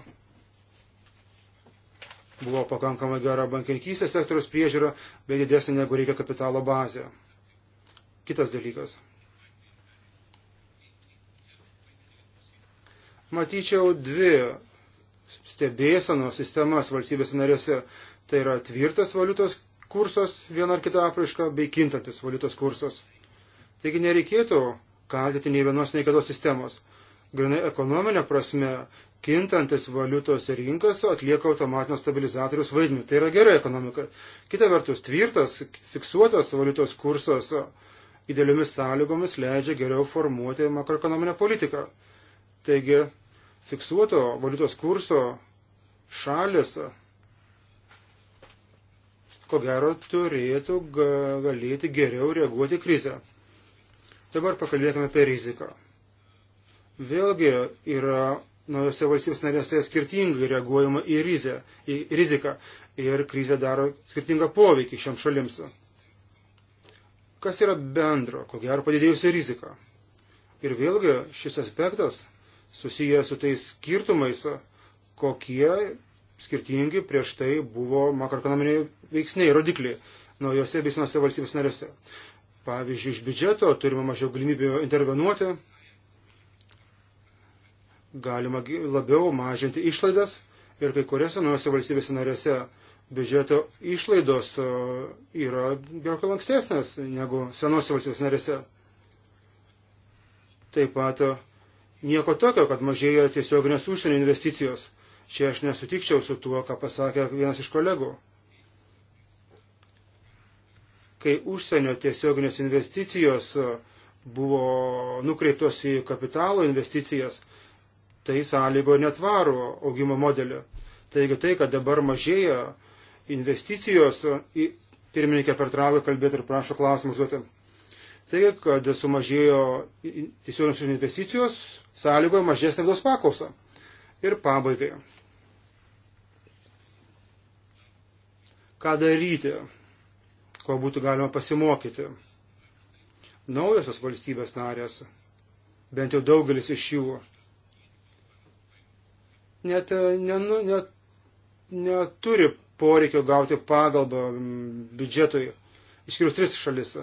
Speaker 1: buvo pakankamai gera bankininkystės sektoriaus priežiūra, bei didesnė negu reikia kapitalo bazė. Kitas dalykas. Matyčiau dvi stebėsenos sistemas valstybės narėse. Tai yra tvirtas valiutos kursas viena ar kita apraiška, bei kintantis valiutos kursas. Taigi nereikėtų kaldyti nei vienos, nei kitos sistemos grinai ekonominė prasme, kintantis valiutos rinkos atlieka automatinio stabilizatorius vaidmenį. Tai yra gerai ekonomika. Kita vertus, tvirtas, fiksuotas valiutos kursas idealiomis sąlygomis leidžia geriau formuoti makroekonominę politiką. Taigi, fiksuoto valiutos kurso šalis, ko gero, turėtų galėti geriau reaguoti krizę. Dabar pakalbėkime apie riziką. Vėlgi yra naujose valstybės narėse skirtingai reaguojama į, rizę, į riziką ir krizė daro skirtingą poveikį šiam šalims. Kas yra bendro, ko gero padidėjusi rizika? Ir vėlgi šis aspektas susijęs su tais skirtumais, kokie skirtingi prieš tai buvo makroekonominiai veiksniai, rodikliai naujose bei senose valstybės narėse. Pavyzdžiui, iš biudžeto turime mažiau galimybių intervenuoti, galima labiau mažinti išlaidas ir kai kuriuose nuose valstybėse narėse biudžeto išlaidos e, yra gerokai lankstesnės negu senose valstybės narėse. Taip pat e, nieko tokio, kad mažėja tiesioginės užsienio investicijos. Čia aš nesutikčiau su tuo, ką pasakė vienas iš kolegų. Kai užsienio tiesioginės investicijos e, buvo nukreiptos į kapitalo investicijas, tai sąlygo netvarų augimo modelį. Taigi tai, kad dabar mažėja investicijos, į, pirmininkė per traukį kalbėti ir prašo klausimus duoti. Taigi, kad sumažėjo tiesioginės investicijos, sąlygoja mažesnė vidaus paklausą. Ir pabaigai. Ką daryti, ko būtų galima pasimokyti? Naujosios valstybės narės, bent jau daugelis iš jų, net, e, ne, net neturi poreikio gauti pagalbą biudžetui, išskyrus tris šalis.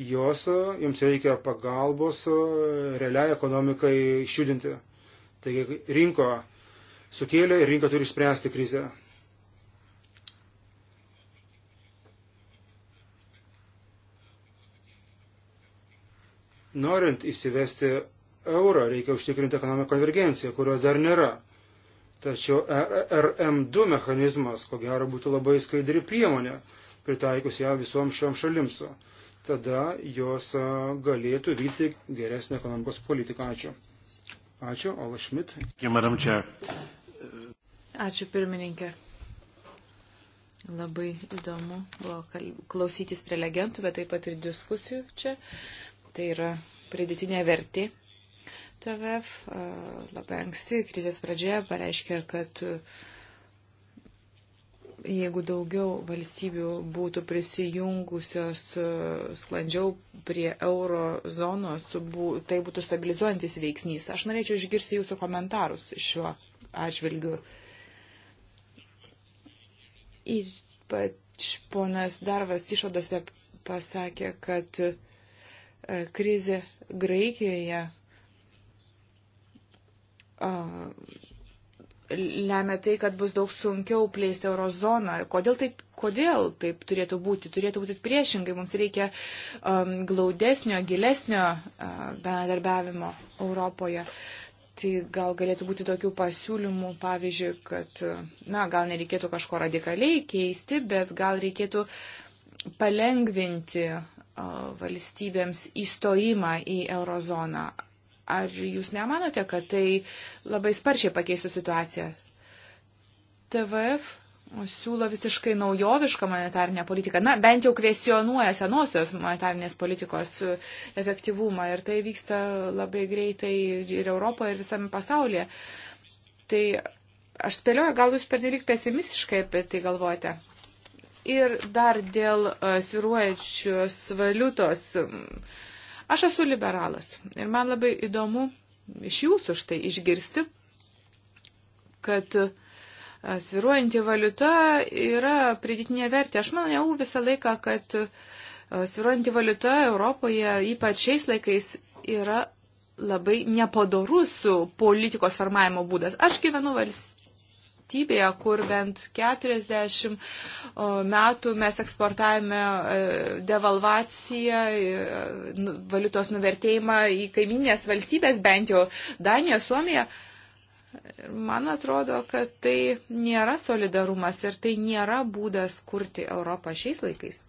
Speaker 1: Jos, e, jums reikia pagalbos e, realiai ekonomikai išjudinti. Taigi rinko sukėlė ir rinka turi spręsti krizę. Norint įsivesti eurą, reikia užtikrinti ekonominę konvergenciją, kurios dar nėra. Tačiau RM2 mechanizmas, ko gero, būtų labai skaidri priemonė, pritaikus ją visom šiom šalims. Tada jos galėtų vykti geresnę ekonomikos politiką. Ačiū. Ačiū, Ola Šmit.
Speaker 2: Ačiū, pirmininkė. Labai įdomu buvo klausytis prelegentų, bet taip pat ir diskusijų čia. Tai yra pridėtinė vertė TVF e, labai anksti krizės pradžioje pareiškė, kad e, jeigu daugiau valstybių būtų prisijungusios e, sklandžiau prie euro zonos, tai būtų stabilizuojantis veiksnys. Aš norėčiau išgirsti jūsų komentarus šiuo atžvilgiu. Ypač ponas Darvas išvadose pasakė, kad krizė Graikijoje lemia tai, kad bus daug sunkiau plėsti eurozoną. Kodėl taip, kodėl taip turėtų būti? Turėtų būti priešingai, mums reikia um, glaudesnio, gilesnio uh, bendarbiavimo Europoje. Tai gal galėtų būti tokių pasiūlymų, pavyzdžiui, kad, na, gal nereikėtų kažko radikaliai keisti, bet gal reikėtų palengvinti valstybėms įstojimą į eurozoną. Ar jūs nemanote, kad tai labai sparčiai pakeistų situaciją? TVF siūlo visiškai naujovišką monetarinę politiką. Na, bent jau kvestionuoja senosios monetarinės politikos efektyvumą ir tai vyksta labai greitai ir Europoje, ir visame pasaulyje. Tai aš spėliauju, gal jūs pernelik pesimistiškai apie tai galvojate. Ir dar dėl e, sviruojančios valiutos. Um, Aš esu liberalas ir man labai įdomu iš jūsų štai išgirsti, kad e, sviruojanti valiuta yra pridėtinė vertė. Aš maniau visą laiką, kad e, sviruojanti valiuta Europoje, ypač šiais laikais, yra labai nepadorus politikos formavimo būdas. Aš gyvenu valstybėje valstybėje, kur bent 40 metų mes eksportavome e, devalvaciją, e, nu, valiutos nuvertėjimą į kaiminės valstybės, bent jau Daniją, Suomiją. Man atrodo, kad tai nėra solidarumas ir tai nėra būdas kurti Europą šiais laikais.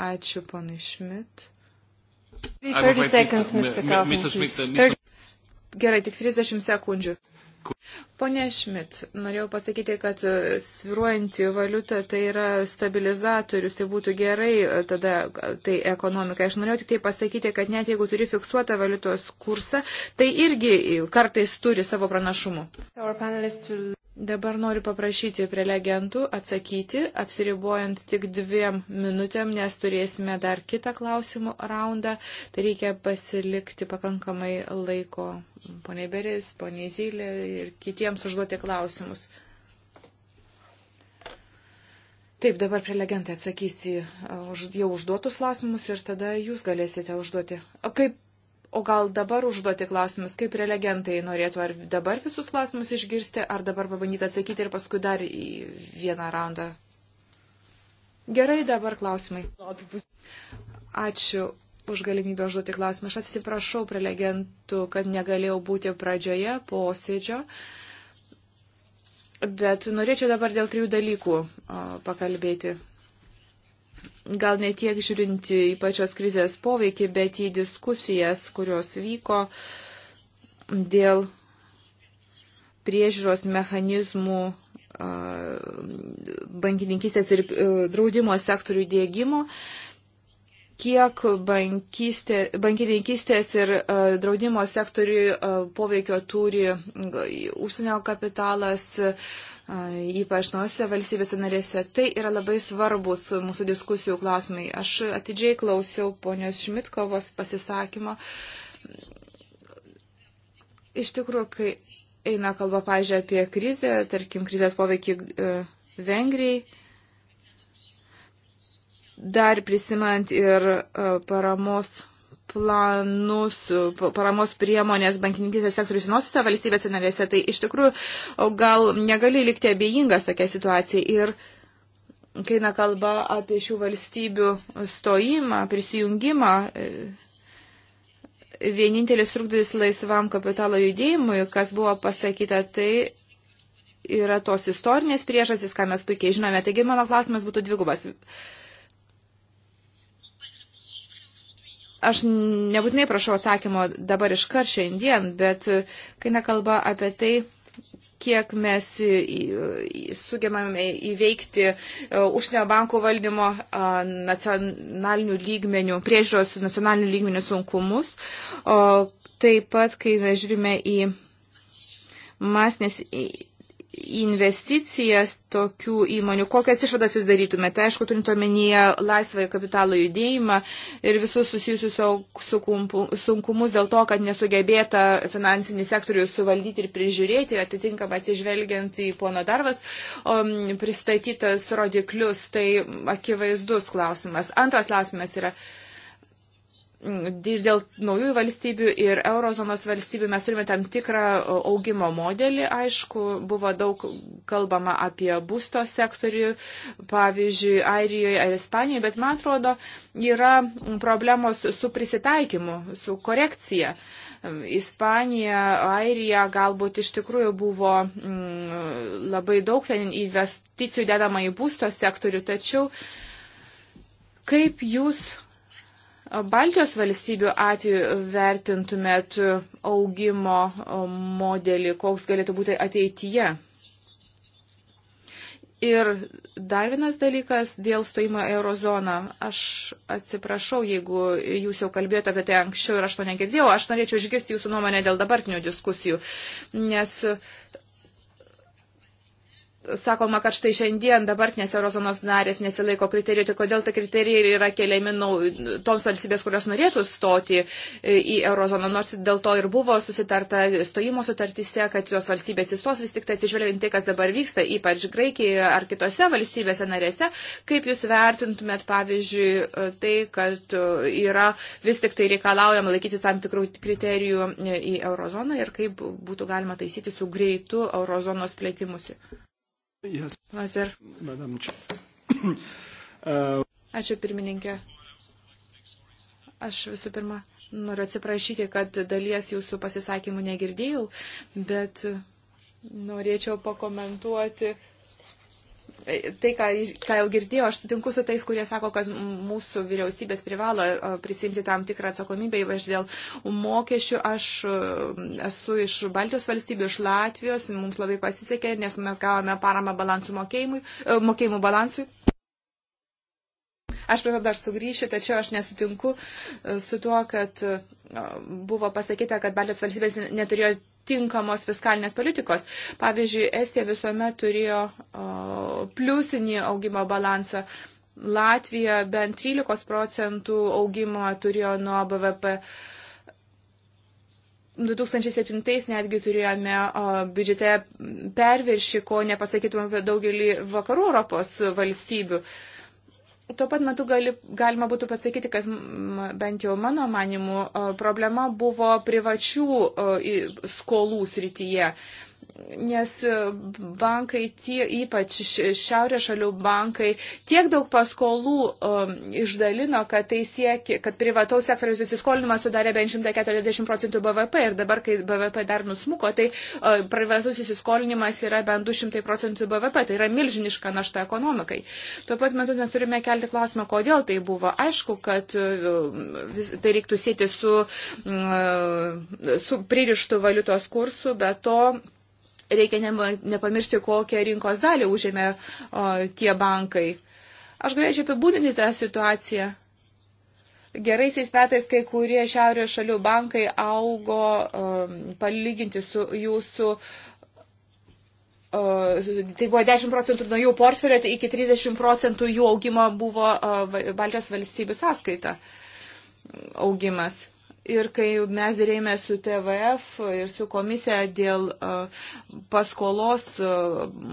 Speaker 2: Ačiū, ponai Šmit. Uh, Gerai, tik 30 sekundžių. Pone Šmit, norėjau pasakyti, kad e, sviruojanti valiuta tai yra stabilizatorius, tai būtų gerai e, tada e, tai ekonomika. Aš norėjau tik tai pasakyti, kad net jeigu turi fiksuotą valiutos kursą, tai irgi kartais turi savo pranašumų. Dabar noriu paprašyti prelegentų atsakyti, apsiribuojant tik dviem minutėm, nes turėsime dar kitą klausimų raundą. Tai reikia pasilikti pakankamai laiko poniai Beris, poniai Zylė ir kitiems užduoti klausimus. Taip, dabar prelegentai atsakys į jau užduotus klausimus ir tada jūs galėsite užduoti. O kaip O gal dabar užduoti klausimus, kaip prelegentai norėtų, ar dabar visus klausimus išgirsti, ar dabar pabandyti atsakyti ir paskui dar į vieną raundą. Gerai, dabar klausimai. Ačiū už galimybę užduoti klausimą. Aš atsiprašau prelegentų, kad negalėjau būti pradžioje posėdžio, bet norėčiau dabar dėl trijų dalykų pakalbėti gal ne tiek žiūrinti į pačios krizės poveikį, bet į diskusijas, kurios vyko dėl priežiūros mechanizmų bankininkistės ir e, draudimo sektorių dėgymo, kiek bankistė, bankininkistės ir e, draudimo sektoriui e, poveikio turi užsienio kapitalas, ypač nuose valstybėse narėse. Tai yra labai svarbus mūsų diskusijų klausimai. Aš atidžiai klausiau ponios Šmitkovos pasisakymo. Iš tikrųjų, kai eina kalba, pažiūrėjau, apie krizę, tarkim, krizės poveikį e, Vengrijai, dar prisimant ir e, paramos planus, paramos priemonės bankininkistės sektorius nuosita valstybėse narėse, tai iš tikrųjų gal negali likti abejingas tokia situacija. Ir kai eina kalba apie šių valstybių stojimą, prisijungimą, e, vienintelis trukdys laisvam kapitalo judėjimui, kas buvo pasakyta, tai yra tos istorinės priežastys, ką mes puikiai žinome. Taigi mano klausimas būtų dvigubas. Aš nebūtinai prašau atsakymo dabar iškart šiandien, bet e, kai nekalba apie tai, kiek mes sugebame įveikti e, užsienio bankų valdymo nacionalinių lygmenių, priežiūros nacionalinių lygmenių sunkumus. O taip pat, kai mes žiūrime į masinės investicijas tokių įmonių, kokias išvadas jūs darytumėte, aišku, turint omenyje laisvąją kapitalo judėjimą ir visus susijusius su sunkumus dėl to, kad nesugebėta finansinį sektorių suvaldyti ir prižiūrėti, atitinkamai atsižvelgiant į pono darbas um, pristatytas rodiklius, tai akivaizdus klausimas. Antras klausimas yra, Mm, ir dėl naujųjų valstybių ir eurozonos valstybių mes turime tam tikrą augimo modelį. Aišku, buvo daug kalbama apie būsto sektorių, pavyzdžiui, Airijoje ar Ispanijoje, bet man atrodo, yra problemos su prisitaikymu, su korekcija. Mm, Ispanija, Airija galbūt iš tikrųjų buvo m, mm, labai daug ten investicijų dedama į būsto sektorių, tačiau kaip jūs Baltijos valstybių atveju vertintumėt augimo modelį, koks galėtų būti ateityje? Ir dar vienas dalykas dėl stojimo eurozoną. Aš atsiprašau, jeigu jūs jau kalbėjote apie tai anksčiau ir aš to negirdėjau. Aš norėčiau išgirsti jūsų nuomonę dėl dabartinių diskusijų, nes sakoma, kad štai šiandien dabartinės eurozonos narės nesilaiko kriterijų, tai kodėl tie kriterijai yra keliami nau, toms valstybės, kurios norėtų stoti e, į eurozoną, nors dėl to ir buvo susitarta stojimo sutartyse, kad jos valstybės įstos vis tik tai atsižvelgiant tai, kas dabar vyksta, ypač Graikijoje ar kitose valstybėse narėse, kaip jūs vertintumėt, pavyzdžiui, e, tai, kad e, yra vis tik tai reikalaujama laikytis tam tikrų kriterijų į eurozoną ir kaip būtų galima taisyti su greitu eurozonos plėtimusi. Yes. Mazer.
Speaker 1: Madam Čia. uh.
Speaker 2: Ačiū pirmininkė. Aš visų pirma noriu atsiprašyti, kad dalies jūsų pasisakymų negirdėjau, bet norėčiau pakomentuoti tai, ką, ką jau girdėjau, aš sutinku su tais, kurie sako, kad mūsų vyriausybės privalo e, prisimti tam tikrą atsakomybę, ypač dėl mokesčių. Aš e, esu iš Baltijos valstybių, iš Latvijos, mums labai pasisekė, nes mes gavome paramą balansų mokėjimui, e, mokėjimų balansui. Aš prie to dar sugrįšiu, tačiau aš nesutinku su tuo, kad buvo pasakyta, kad Baltijos valstybės neturėjo tinkamos fiskalinės politikos. Pavyzdžiui, Estija visuomet turėjo pliusinį augimo balansą. Latvija bent 13 procentų augimo turėjo nuo BVP. 2007 netgi turėjome biudžete perviršį, ko nepasakytume apie daugelį vakarų Europos valstybių. Uh, Tuo pat metu gali, galima būtų pasakyti, kad bent jau mano manimu problema buvo privačių skolų srityje nes bankai, tie, ypač šiaurės šalių bankai, tiek daug paskolų um, išdalino, kad, tai siekia, kad privataus sektoriaus įsiskolinimas sudarė bent 140 procentų BVP ir dabar, kai BVP dar nusmuko, tai uh, privatus įsiskolinimas yra bent 200 procentų BVP, tai yra milžiniška našta ekonomikai. Tuo pat metu mes turime kelti klausimą, kodėl tai buvo. Aišku, kad uh, vis, tai reiktų sėti su, uh, su pririštų valiutos kursu, bet to reikia nepamiršti, kokią rinkos dalį užėmė o, tie bankai. Aš galėčiau apibūdinti tą situaciją. Geraisiais metais kai kurie šiaurės šalių bankai augo um, palyginti su jūsų, uh, tai buvo 10 procentų nuo jų portfelio, tai iki 30 procentų jų augimo buvo uh, Baltijos valstybių sąskaita augimas. Ir kai mes dėrėjome su TVF ir su komisija dėl paskolos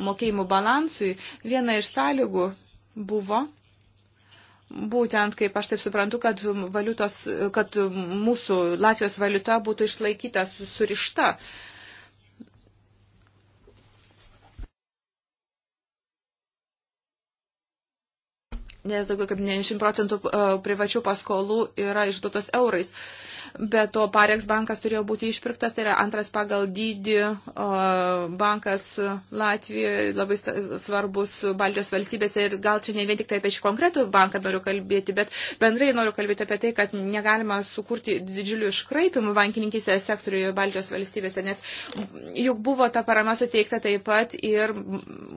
Speaker 2: mokėjimų balansui, viena iš sąlygų buvo Būtent, kaip aš taip suprantu, kad, valiutos, kad mūsų Latvijos valiuta būtų išlaikyta surišta. Nes daugiau kaip 90 procentų privačių paskolų yra išduotos eurais. Uh, bet to Pareks bankas turėjo būti išpirktas, tai yra antras pagal dydį bankas Latvijoje, labai svarbus Baltijos valstybės ir gal čia ne vien tik tai apie šį konkretų banką noriu kalbėti, bet bendrai noriu kalbėti apie tai, kad negalima sukurti didžiulių iškraipimų bankininkysės sektoriuje Baltijos valstybėse, nes juk buvo ta parama suteikta taip pat ir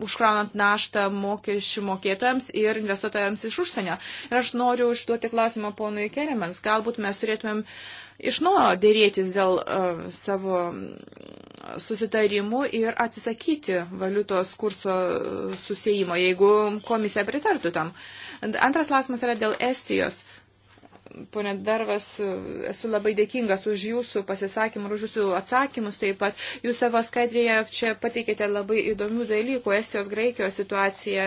Speaker 2: užkraunant naštą mokesčių mokėtojams ir investuotojams iš užsienio. Ir aš noriu užduoti klausimą ponui Kerimans. Galbūt mes turėtumėm uh, iš naujo dėrėtis dėl uh, savo susitarimų ir atsisakyti valiutos kurso susijimo, jeigu komisija pritartų tam. Antras klausimas yra dėl Estijos. Pone Darvas, esu labai dėkingas už jūsų pasisakymą ir už jūsų atsakymus taip pat. Jūs savo skaidrėje čia pateikėte labai įdomių dalykų, Estijos, Graikijos situaciją,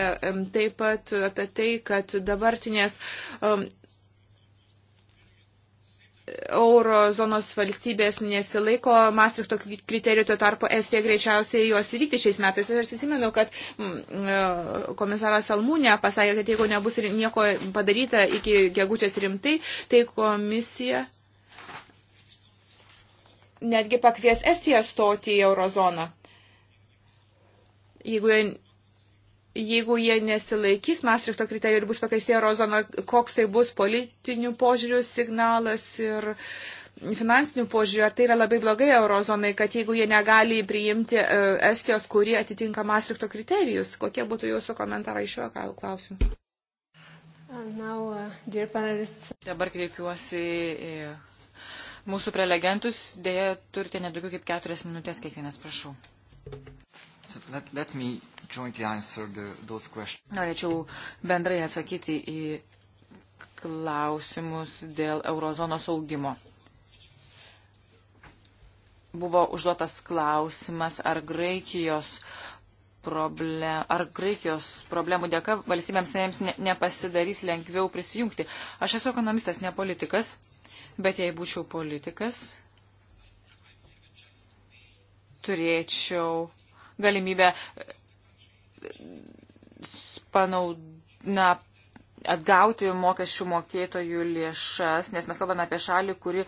Speaker 2: taip pat apie tai, kad dabartinės eurozonos valstybės nesilaiko Maastrichto kriterijų, tuo tarpu Estija greičiausiai juos įvykti šiais metais. Aš prisimenu, kad mm, e, komisaras Almūnė pasakė, kad jeigu nebus nieko padaryta iki gegužės rimtai, tai komisija netgi pakvies Estiją stoti į eurozoną. Jeigu jie jeigu jie nesilaikys Maastrichto kriterijų ir bus pakeisti Eurozoną, koks tai bus politinių požiūrių signalas ir finansinių požiūrių, ar tai yra labai blogai Eurozonai, kad jeigu jie negali priimti e, Estijos, kuri atitinka Maastrichto kriterijus, kokie būtų jūsų komentarai šiuo klausimu? Uh, now, uh,
Speaker 3: Dabar kreipiuosi į mūsų prelegentus, dėja turite nedaugiau kaip keturias minutės kiekvienas, prašau. So let, let me Norėčiau bendrai atsakyti į klausimus dėl eurozonos augimo. Buvo užduotas klausimas, ar Graikijos, problem, ar Graikijos problemų dėka valstybėms narėms ne, nepasidarys lengviau prisijungti. Aš esu ekonomistas, ne politikas, bet jei būčiau politikas, turėčiau galimybę panaud, na, atgauti mokesčių mokėtojų lėšas, nes mes kalbame apie šalį, kuri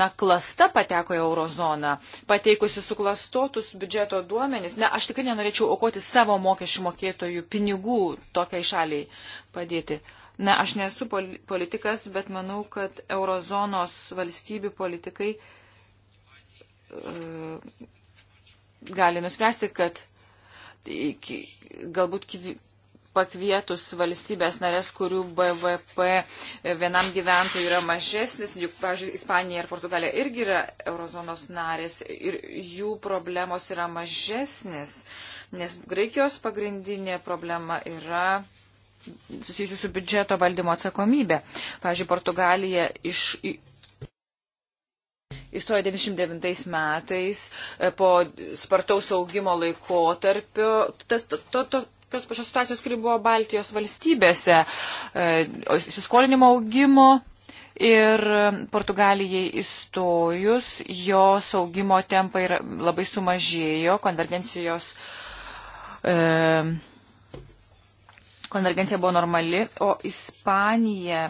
Speaker 3: na, klasta pateko į eurozoną, pateikusi suklastotus biudžeto duomenys. Na, aš tikrai nenorėčiau aukoti savo mokesčių mokėtojų pinigų tokiai šaliai padėti. Na, aš nesu politikas, bet manau, kad eurozonos valstybių politikai e, gali nuspręsti, kad iki, galbūt pakvietus valstybės narės, kurių BVP vienam gyventojui yra mažesnis, juk, pavyzdžiui, Ispanija ir Portugalija irgi yra eurozonos narės ir jų problemos yra mažesnis, nes Graikijos pagrindinė problema yra susijusių su biudžeto valdymo atsakomybė. Pavyzdžiui, Portugalija iš, įstojo 99 metais e, po spartaus augimo laikotarpio. Tas, to, to, tokios pačios situacijos, kuri buvo Baltijos valstybėse, e, įsiskolinimo augimo ir e, Portugalijai įstojus, jos augimo tempai labai sumažėjo, konvergencijos. E, Konvergencija buvo normali, o Ispanija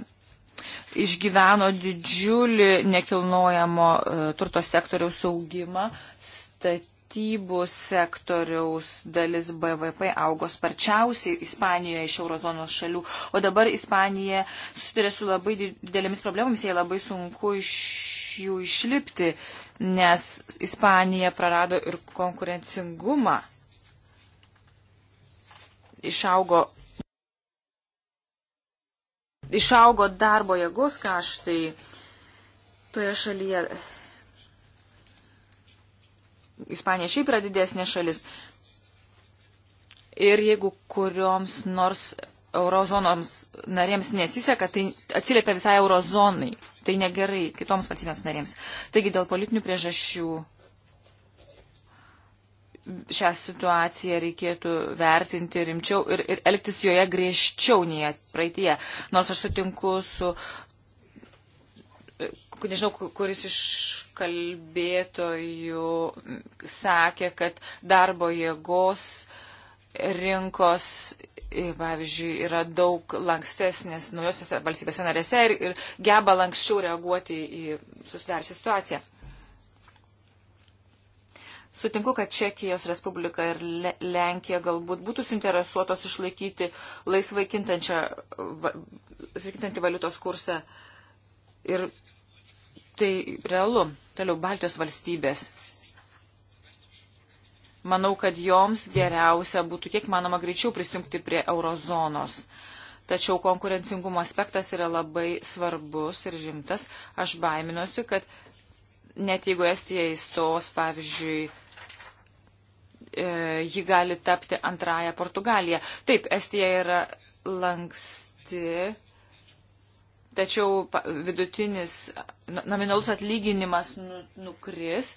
Speaker 3: išgyveno didžiulį nekilnojamo e, turto sektoriaus augimą, statybų sektoriaus dalis BVP augo sparčiausiai Ispanijoje iš eurozonos šalių, o dabar Ispanija susiduria su labai didelėmis problemomis, jai labai sunku iš jų išlipti, nes Ispanija prarado ir konkurencingumą. Išaugo išaugo darbo jėgos kaštai toje šalyje. Ispanija šiaip yra didesnė šalis. Ir jeigu kurioms nors eurozonoms narėms nesiseka, tai atsiliepia visai eurozonai. Tai negerai kitoms valstybėms narėms. Taigi dėl politinių priežasčių šią situaciją reikėtų vertinti rimčiau ir, ir elgtis joje griežčiau nei praeitie. Nors aš sutinku su, nežinau, kuris iš kalbėtojų sakė, kad darbo jėgos rinkos, pavyzdžiui, yra daug lankstesnės naujosios valstybėse narėse ir, ir geba lankščiau reaguoti į susidariusią situaciją. Sutinku, kad Čekijos Respublika ir Lenkija galbūt būtų suinteresuotos išlaikyti laisvai kintantį valiutos kursą. Ir tai realu. Toliau Baltijos valstybės. Manau, kad joms geriausia būtų kiek manoma greičiau prisijungti prie eurozonos. Tačiau konkurencingumo aspektas yra labai svarbus ir rimtas. Aš baiminuosi, kad net jeigu Estija įstos, pavyzdžiui, E, ji gali tapti antrąją Portugaliją. Taip, Estija yra lanksti, tačiau vidutinis nominalus atlyginimas nu, nukris,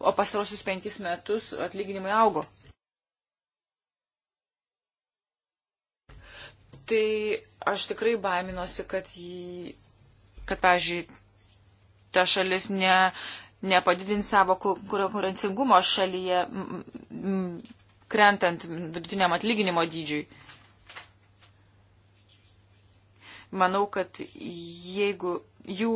Speaker 3: o pastarosius penkis metus atlyginimai augo. Tai aš tikrai baiminosi, kad, jį, kad pažiūrėjau, ta šalis ne, nepadidins savo konkurencingumo šalyje, krentant vidutiniam atlyginimo dydžiui. Manau, kad jeigu jų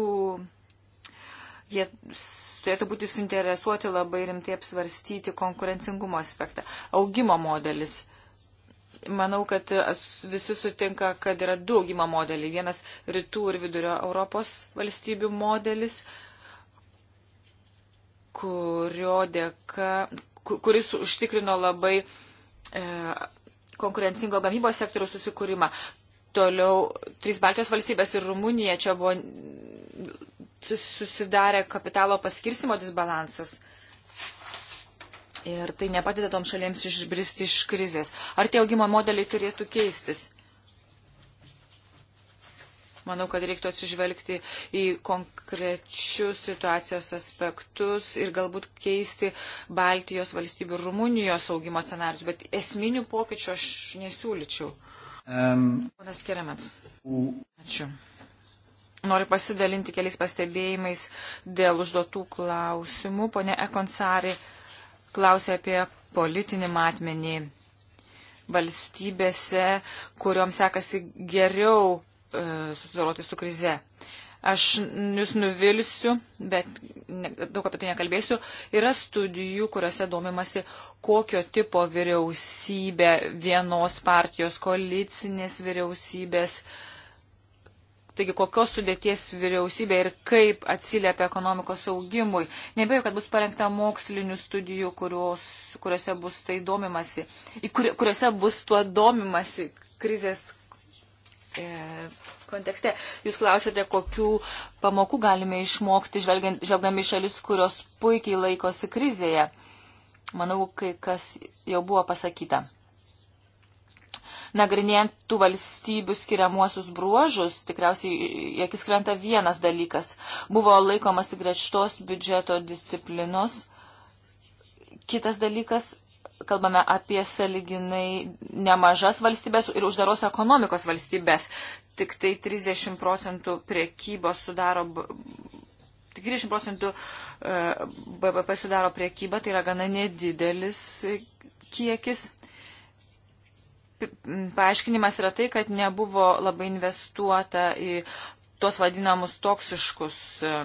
Speaker 3: jie turėtų būti suinteresuoti labai rimtai apsvarstyti konkurencingumo aspektą. Augimo modelis. Manau, kad visi sutinka, kad yra du augimo modeliai. Vienas rytų ir vidurio Europos valstybių modelis, kurio dėka, kuris užtikrino labai e, konkurencingo gamybos sektorių susikūrimą. Toliau trys Baltijos valstybės ir Rumunija čia buvo susidarė kapitalo paskirstimo disbalansas. Ir tai nepadeda tom šalėms išbristi iš krizės. Ar tie augimo modeliai turėtų keistis? Manau, kad reiktų atsižvelgti į konkrečius situacijos aspektus ir galbūt keisti Baltijos valstybių ir Rumunijos augimo scenarius, bet esminių pokyčių aš nesiūlyčiau. Um, Ponas Keremets. Ačiū. Noriu pasidalinti keliais pastebėjimais dėl užduotų klausimų. Pone Ekonsari klausė apie politinį matmenį valstybėse, kuriuom sekasi geriau E, susidoroti su krize. Aš jūs nuvilsiu, bet daug apie tai nekalbėsiu. Yra studijų, kuriuose domimasi, kokio tipo vyriausybė vienos partijos, koalicinės vyriausybės, Taigi, kokios sudėties vyriausybė ir kaip atsiliepia ekonomikos augimui. Nebėjau, kad bus parengta mokslinių studijų, kurios, kuriuose bus tai domimasi, kur, kuriuose bus tuo domimasi krizės E, kontekste. Jūs klausėte, kokių pamokų galime išmokti, žvelgdami šalis, kurios puikiai laikosi krizėje. Manau, kai kas jau buvo pasakyta. Nagrinėjant tų valstybių skiriamuosius bruožus, tikriausiai akis krenta vienas dalykas. Buvo laikomasi grečtos biudžeto disciplinos. Kitas dalykas kalbame apie saliginai nemažas valstybės ir uždaros ekonomikos valstybės. Tik tai 30 procentų priekybos sudaro. Tik 30 procentų e, BVP sudaro priekyba, tai yra gana nedidelis kiekis. Paaiškinimas yra tai, kad nebuvo labai investuota į tuos vadinamus toksiškus e,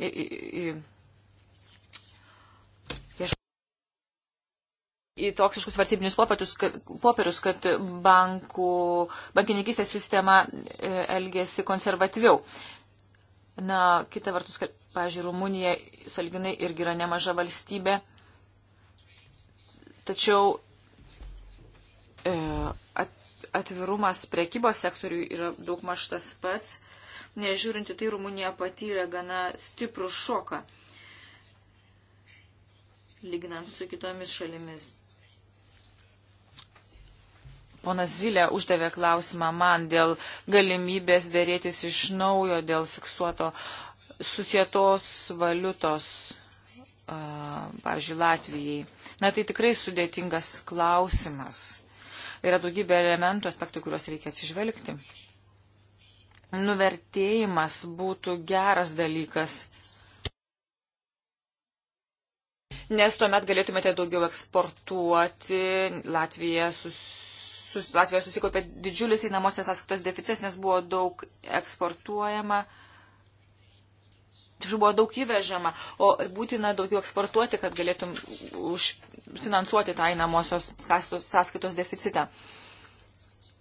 Speaker 3: į, į, į į toksiškus vertybinius popierius, popierius kad bankų, bankininkistės sistema e, elgėsi konservatyviau. Na, kita vertus, kad, pažiūrėjau, Rumunija salginai irgi yra nemaža valstybė, tačiau e, atvirumas prekybos sektoriui yra daug maž tas pats. Nežiūrinti tai, Rumunija patyrė gana stiprų šoką, lyginant su kitomis šalimis Ponas Zilė uždavė klausimą man dėl galimybės dėrėtis iš naujo dėl fiksuoto susietos valiutos, pavyzdžiui, Latvijai. Na, tai tikrai sudėtingas klausimas. Yra daugybė elementų, aspektų, kuriuos reikia atsižvelgti. Nuvertėjimas būtų geras dalykas nes tuomet galėtumėte daugiau eksportuoti, Latvija sus, sus, Latvijos susikaupė didžiulis einamosios sąskaitos deficitas, nes buvo daug eksportuojama. Tačiau buvo daug įvežama, o būtina daugiau eksportuoti, kad galėtum finansuoti tą einamosios sąskaitos deficitą.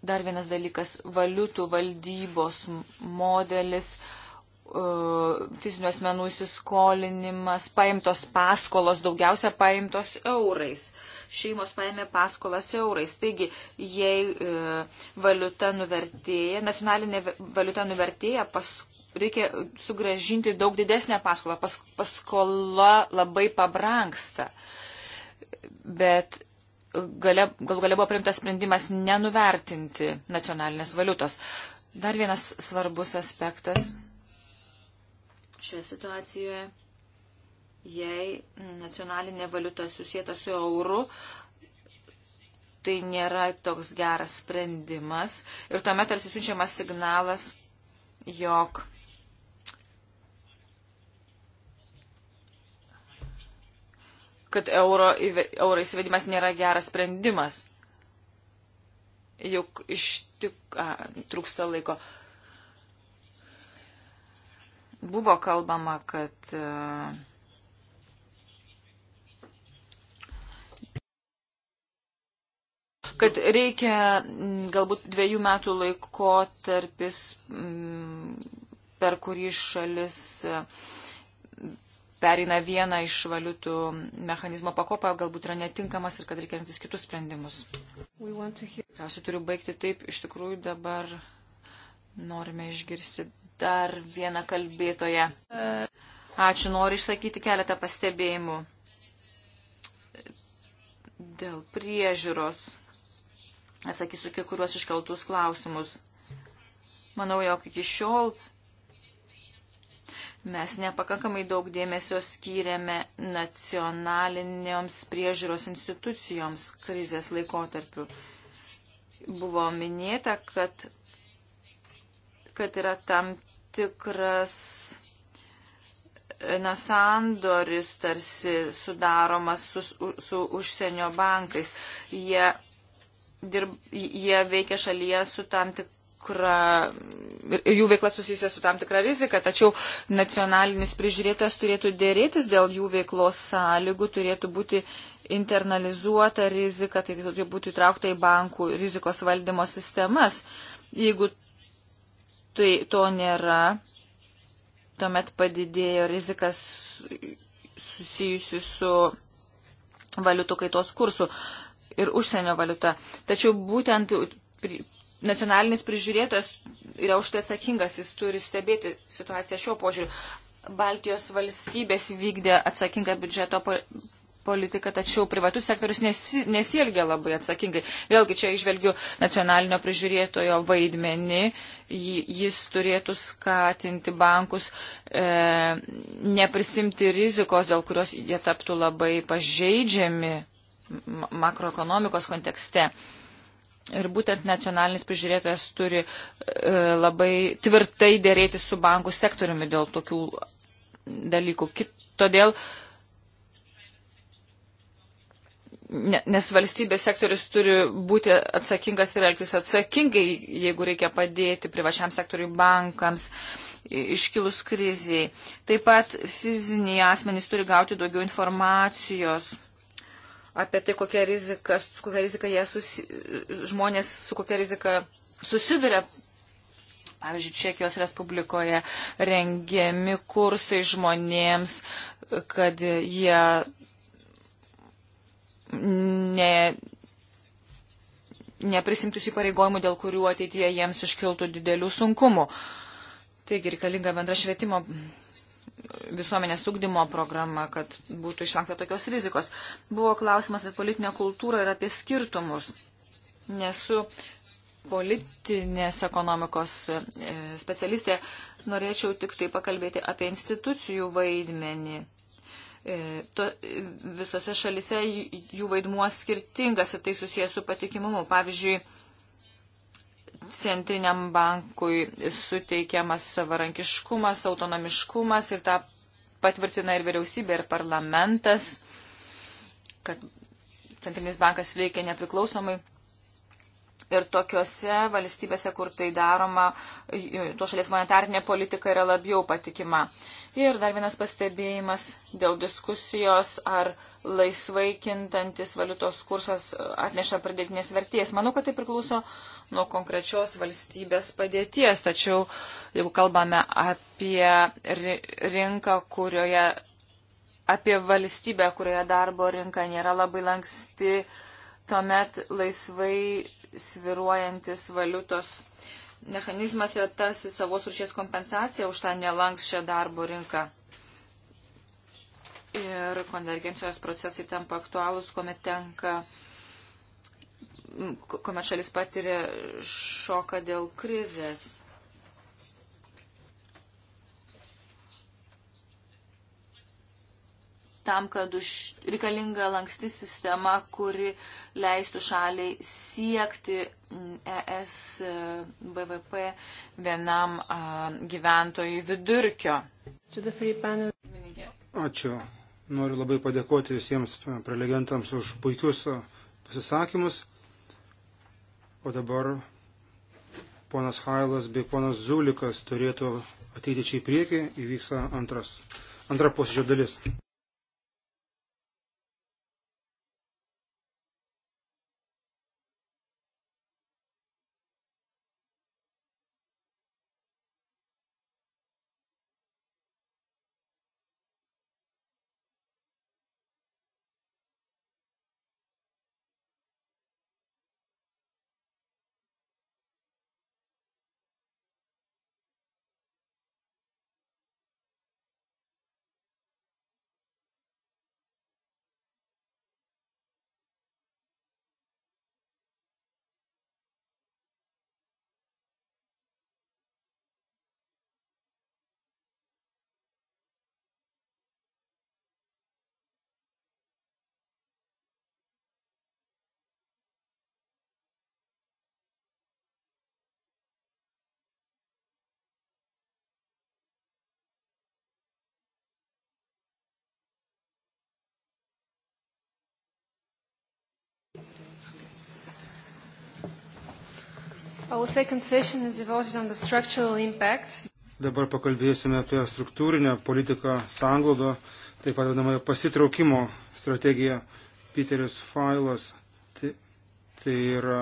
Speaker 3: Dar vienas dalykas - valiutų valdybos modelis, e, fizinių asmenų įsiskolinimas, paimtos paskolos, daugiausia paimtos eurais. Uh, šeimos paėmė paskolas eurais. Taigi, jei e, valiuta nuvertėja, nacionalinė valiuta nuvertėja, pas, reikia sugražinti daug didesnę paskolą. Pas, paskola labai pabranksta. Bet gale, gal galia buvo priimtas sprendimas nenuvertinti nacionalinės valiutos. Dar vienas svarbus aspektas šioje situacijoje jei nacionalinė valiuta susijęta su euru, tai nėra toks geras sprendimas. Ir tuomet tarsi siunčiamas signalas, jog kad euro, euro įsivedimas nėra geras sprendimas. Juk iš tik a, trūksta laiko. Buvo kalbama, kad a, kad reikia galbūt dviejų metų laiko tarpis, per kurį šalis perina vieną iš valiutų mechanizmo pakopą, galbūt yra netinkamas ir kad reikia rinktis kitus sprendimus.
Speaker 2: Tikriausiai
Speaker 3: turiu baigti taip, iš tikrųjų dabar norime išgirsti dar vieną kalbėtoją. Ačiū, noriu išsakyti keletą pastebėjimų dėl priežiūros atsakysiu kai kuriuos iškeltus klausimus. Manau, jog iki šiol mes nepakankamai daug dėmesio skyrėme nacionalinėms priežiūros institucijoms krizės laikotarpiu. Buvo minėta, kad, kad yra tam tikras na, sandoris tarsi sudaromas su, su užsienio bankais. Jie dirb, jie veikia šalyje su tam tikra, jų veikla susijusia su tam tikra rizika, tačiau nacionalinis prižiūrėtojas turėtų dėrėtis dėl jų veiklos sąlygų, turėtų būti internalizuota rizika, tai turi būti įtraukta į bankų rizikos valdymo sistemas. Jeigu tai to nėra, tuomet padidėjo rizikas susijusi su valiutų kaitos kursų ir užsienio valiuta. Tačiau būtent nacionalinis prižiūrėtojas yra už tai atsakingas, jis turi stebėti situaciją šiuo požiūriu. Baltijos valstybės vykdė atsakingą biudžeto politiką, tačiau privatus sektorius nesi, nesielgia labai atsakingai. Vėlgi čia išvelgiu nacionalinio prižiūrėtojo vaidmenį, jis turėtų skatinti bankus e, neprisimti rizikos, dėl kurios jie taptų labai pažeidžiami makroekonomikos kontekste. Ir būtent nacionalinis prižiūrėtojas turi e, labai tvirtai dėrėti su bankų sektoriumi dėl tokių dalykų. Kit, todėl, ne, nes valstybės sektorius turi būti atsakingas ir elgtis atsakingai, jeigu reikia padėti privačiam sektoriui bankams iškilus kriziai. Taip pat fiziniai asmenys turi gauti daugiau informacijos apie tai, kokia rizika, su kokia rizika jie susi, žmonės, su kokia rizika susiduria. Pavyzdžiui, Čekijos Respublikoje rengiami kursai žmonėms, kad jie ne, neprisimtų įsipareigojimų, dėl kurių ateityje jiems iškiltų didelių sunkumų. Taigi reikalinga bendra švietimo visuomenės ugdymo programa, kad būtų išvengta tokios rizikos. Buvo klausimas apie politinę kultūrą ir apie skirtumus. Nesu politinės ekonomikos e, specialistė, norėčiau tik tai pakalbėti apie institucijų vaidmenį. E, to, visose šalise jų vaidmuo skirtingas ir tai susijęs su patikimumu. Pavyzdžiui, centriniam bankui suteikiamas savarankiškumas, autonomiškumas ir tą patvirtina ir vyriausybė, ir parlamentas, kad centrinis bankas veikia nepriklausomai. Ir tokiuose valstybėse, kur tai daroma, to šalies monetarinė politika yra labiau patikima. Ir dar vienas pastebėjimas dėl diskusijos, ar uh, laisvai kintantis valiutos kursas atneša pridėtinės vertės. Manau, kad tai priklauso nuo konkrečios valstybės padėties, tačiau jeigu kalbame apie rinką, kurioje, apie valstybę, kurioje darbo rinka nėra labai lanksti, tuomet laisvai sviruojantis valiutos mechanizmas yra tarsi savos rušės kompensacija už tą nelankščią darbo rinką ir konvergencijos procesai tampa aktualūs, kuomet tenka kuomet šalis patiria šoką dėl krizės. Tam, kad už, reikalinga lanksti sistema, kuri leistų šaliai siekti ES e, BVP vienam a, gyventojui vidurkio.
Speaker 1: Ačiū Noriu labai padėkoti visiems prelegentams už puikius pasisakymus. O dabar ponas Hailas bei ponas Zulikas turėtų ateiti čia į priekį, įvyksta antras, antra posėdžio dalis. Dabar pakalbėsime apie struktūrinę politiką sanglodo, taip pat vadinamąją pasitraukimo strategiją. Peteris Failas tai, tai yra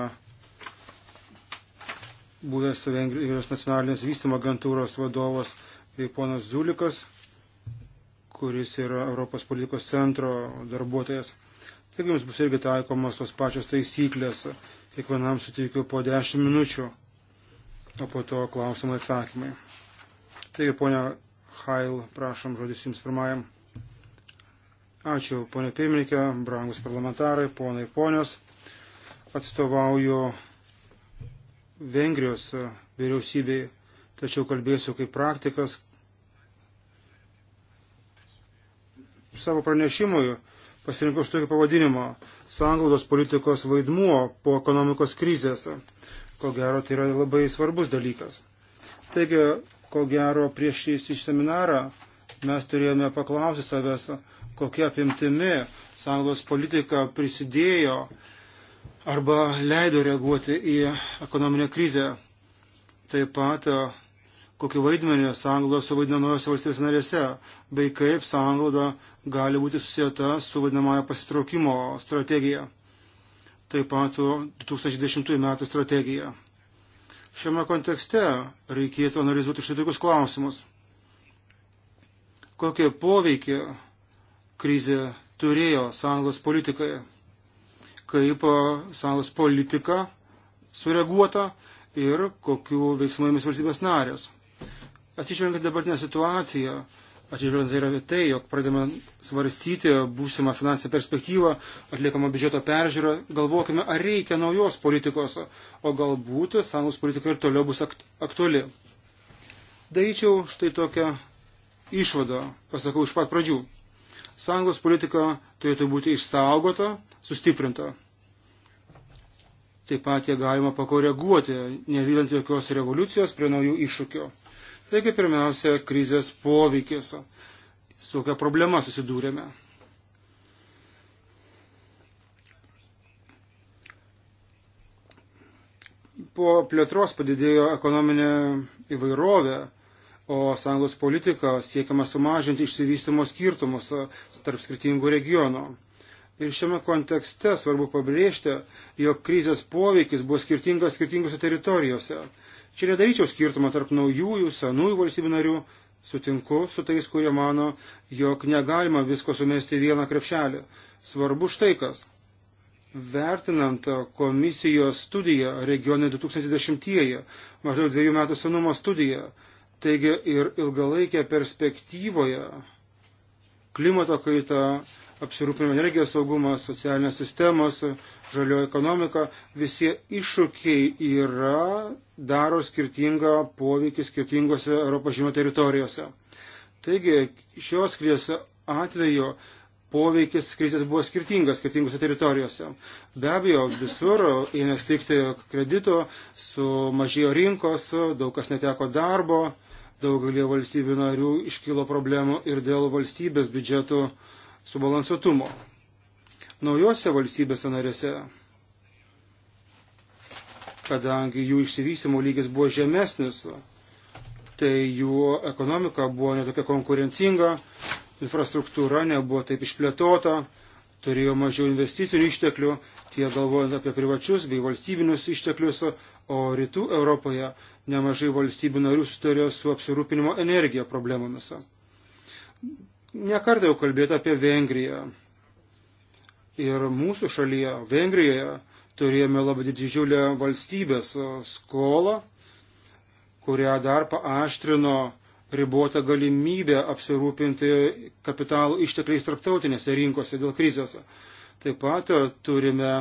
Speaker 1: buvęs Vengrijos nacionalinės vystymo agentūros vadovas bei ponas Zulikas, kuris yra Europos politikos centro darbuotojas. Taigi jums bus irgi taikomos tos pačios taisyklės Kiekvienam suteikiu po 10 minučių, o po to klausimai atsakymai. Taigi, ponia Hail, prašom žodis jums pirmajam. Ačiū, ponė pirmininkė, brangus parlamentarai, ponai ir ponios. Atstovauju Vengrijos vyriausybei, tačiau kalbėsiu kaip praktikas. Savo pranešimui pasirinkau štai pavadinimą - sanglaudos politikos vaidmuo po ekonomikos krizės. Ko gero, tai yra labai svarbus dalykas. Taigi, ko gero, prieš šį seminarą mes turėjome paklausyti savęs, kokia apimtimi sanglaudos politika prisidėjo arba leido reaguoti į ekonominę krizę. Taip pat kokį vaidmenį sąnglauda suvaidino naujose valstybės narėse, bei kaip sąnglauda gali būti susijęta su vadinamąją pasitraukimo strategija, taip pat su 2010 metų strategija. Šiame kontekste reikėtų analizuoti štai tokius klausimus. Kokie poveikį krizė turėjo sąjungos politikai? Kaip sąjungos politika sureaguota ir kokiu veiksmu ėmėsi valstybės narės? Atsižvelgiant dabartinę situaciją, Atsižvelgiant ir tai, jog pradėme svarstyti būsimą finansinę perspektyvą, atliekamą biudžeto peržiūrą, galvokime, ar reikia naujos politikos, o galbūt senos politika ir toliau bus akt aktuali. Daryčiau štai tokią išvadą, pasakau iš pat pradžių. Sąjungos politika turėtų būti išsaugota, sustiprinta. Taip pat ją galima pakoreguoti, nevydant jokios revoliucijos prie naujų iššūkio Taigi pirmiausia, krizės poveikis, su kokia problema susidūrėme. Po plėtros padidėjo ekonominė įvairovė, o sąjungos politika siekiama sumažinti išsivystimo skirtumus tarp skirtingų regionų. Ir šiame kontekste svarbu pabrėžti, jog krizės poveikis buvo skirtingas skirtingose teritorijose. Čia nedaryčiau skirtumą tarp naujųjų, senųjų valstybių narių. Sutinku su tais, kurie mano, jog negalima visko sumesti į vieną krepšelį. Svarbu štai kas. Vertinant komisijos studiją regionai 2010-ieji, maždaug dviejų metų senumo studiją, taigi ir ilgalaikė perspektyvoje klimato kaita, apsirūpinimo energijos saugumas, socialinės sistemos, žalioji ekonomika, visi iššūkiai yra, daro skirtingą poveikį skirtingose Europos žymio teritorijose. Taigi šios krizės atveju poveikis krizės buvo skirtingas skirtingose teritorijose. Be abejo, visur ėmė stikti kredito, sumažėjo rinkos, daug kas neteko darbo, daugelį valstybių narių iškilo problemų ir dėl valstybės biudžetų subalansuotumo naujose valstybėse narėse, kadangi jų išsivystimo lygis buvo žemesnis, tai jų ekonomika buvo netokia konkurencinga, infrastruktūra nebuvo taip išplėtota, turėjo mažiau investicinių išteklių, tie galvojant apie privačius bei valstybinius išteklius, o rytų Europoje nemažai valstybių narių sutarė su apsirūpinimo energija problemomis. Nekartą jau kalbėta apie Vengriją. Ir mūsų šalyje, Vengrijoje, turėjome labai didžiulę valstybės e, skolą, kurią dar paaštrino ribota galimybė apsirūpinti kapitalų ištekliais tarptautinėse rinkose dėl krizės. Taip pat e, turime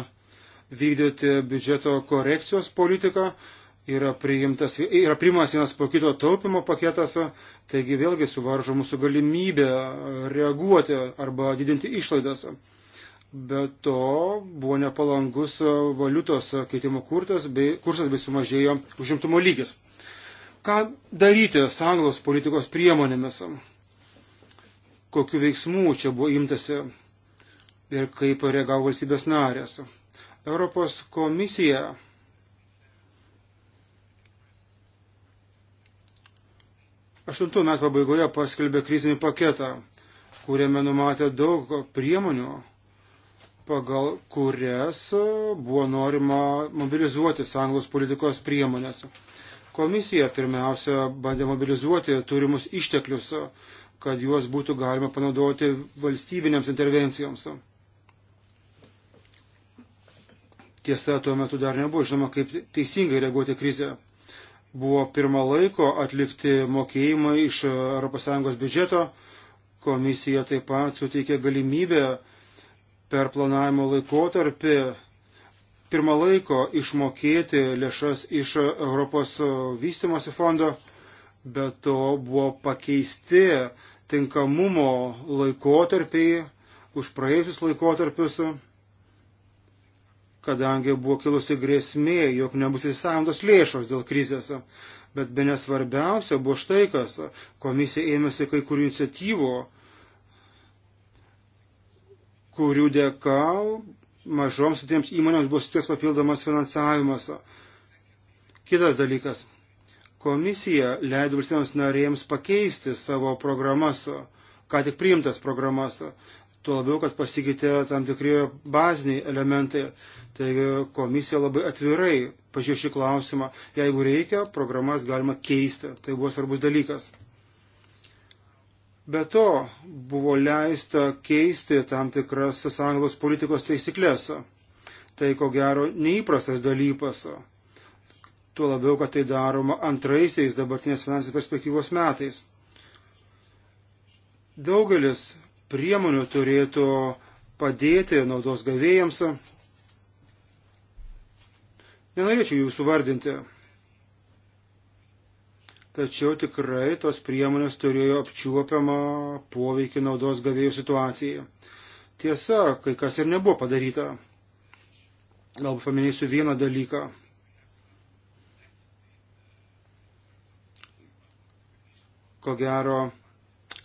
Speaker 1: vykdyti biudžeto korekcijos politiką, yra, priimtas, yra priimas vienas po kito taupimo paketas, taigi vėlgi suvaržo mūsų galimybę reaguoti arba didinti išlaidas. Be to buvo nepalangus e, valiutos e, keitimo kursas bei, kursas bei sumažėjo užimtumo lygis. Ką daryti sąjungos politikos priemonėmis? Kokiu veiksmu čia buvo imtasi ir kaip reagavo valstybės narės? Europos komisija aštuntų metų pabaigoje paskelbė krizinį paketą, kuriame numatė daug priemonių pagal kurias e, buvo norima mobilizuoti sąjungos politikos priemonės. Komisija pirmiausia bandė mobilizuoti turimus išteklius, e, kad juos būtų galima panaudoti valstybinėms intervencijoms. Tiesa, tuo metu dar nebuvo žinoma, kaip teisingai reaguoti krizę. Buvo pirmą laiko atlikti mokėjimai iš ES biudžeto. Komisija taip pat suteikė galimybę per planavimo laikotarpį pirmą laiko išmokėti lėšas iš Europos vystimosi fondo, bet to buvo pakeisti tinkamumo laikotarpiai už praėjusius laikotarpius, kadangi buvo kilusi grėsmė, jog nebus įsavntos lėšos dėl krizės. Bet be nesvarbiausia buvo štai kas. Komisija ėmėsi kai kurių iniciatyvų, kurių dėka mažoms didėms įmonėms bus skirtas papildomas finansavimas. Kitas dalykas. Komisija leido valstybėms narėms pakeisti savo programas, ką tik priimtas programas. Tuo labiau, kad pasikeitė tam tikri baziniai elementai. Taigi komisija labai atvirai pažiūrėjo šį klausimą. Jeigu reikia, programas galima keisti. Tai buvo svarbus dalykas. Be to buvo leista keisti tam tikras sąjungos politikos taisyklės. Tai ko gero neįprastas dalykas. Tuo labiau, kad tai daroma antraisiais dabartinės finansinės perspektyvos metais. Daugelis priemonių turėtų padėti naudos gavėjams. Nenorėčiau jūsų vardinti, tačiau tikrai tos priemonės turėjo apčiuopiamą poveikį naudos gavėjų situacijai. Tiesa, kai kas ir nebuvo padaryta. Galbūt paminėsiu vieną dalyką. Ko gero,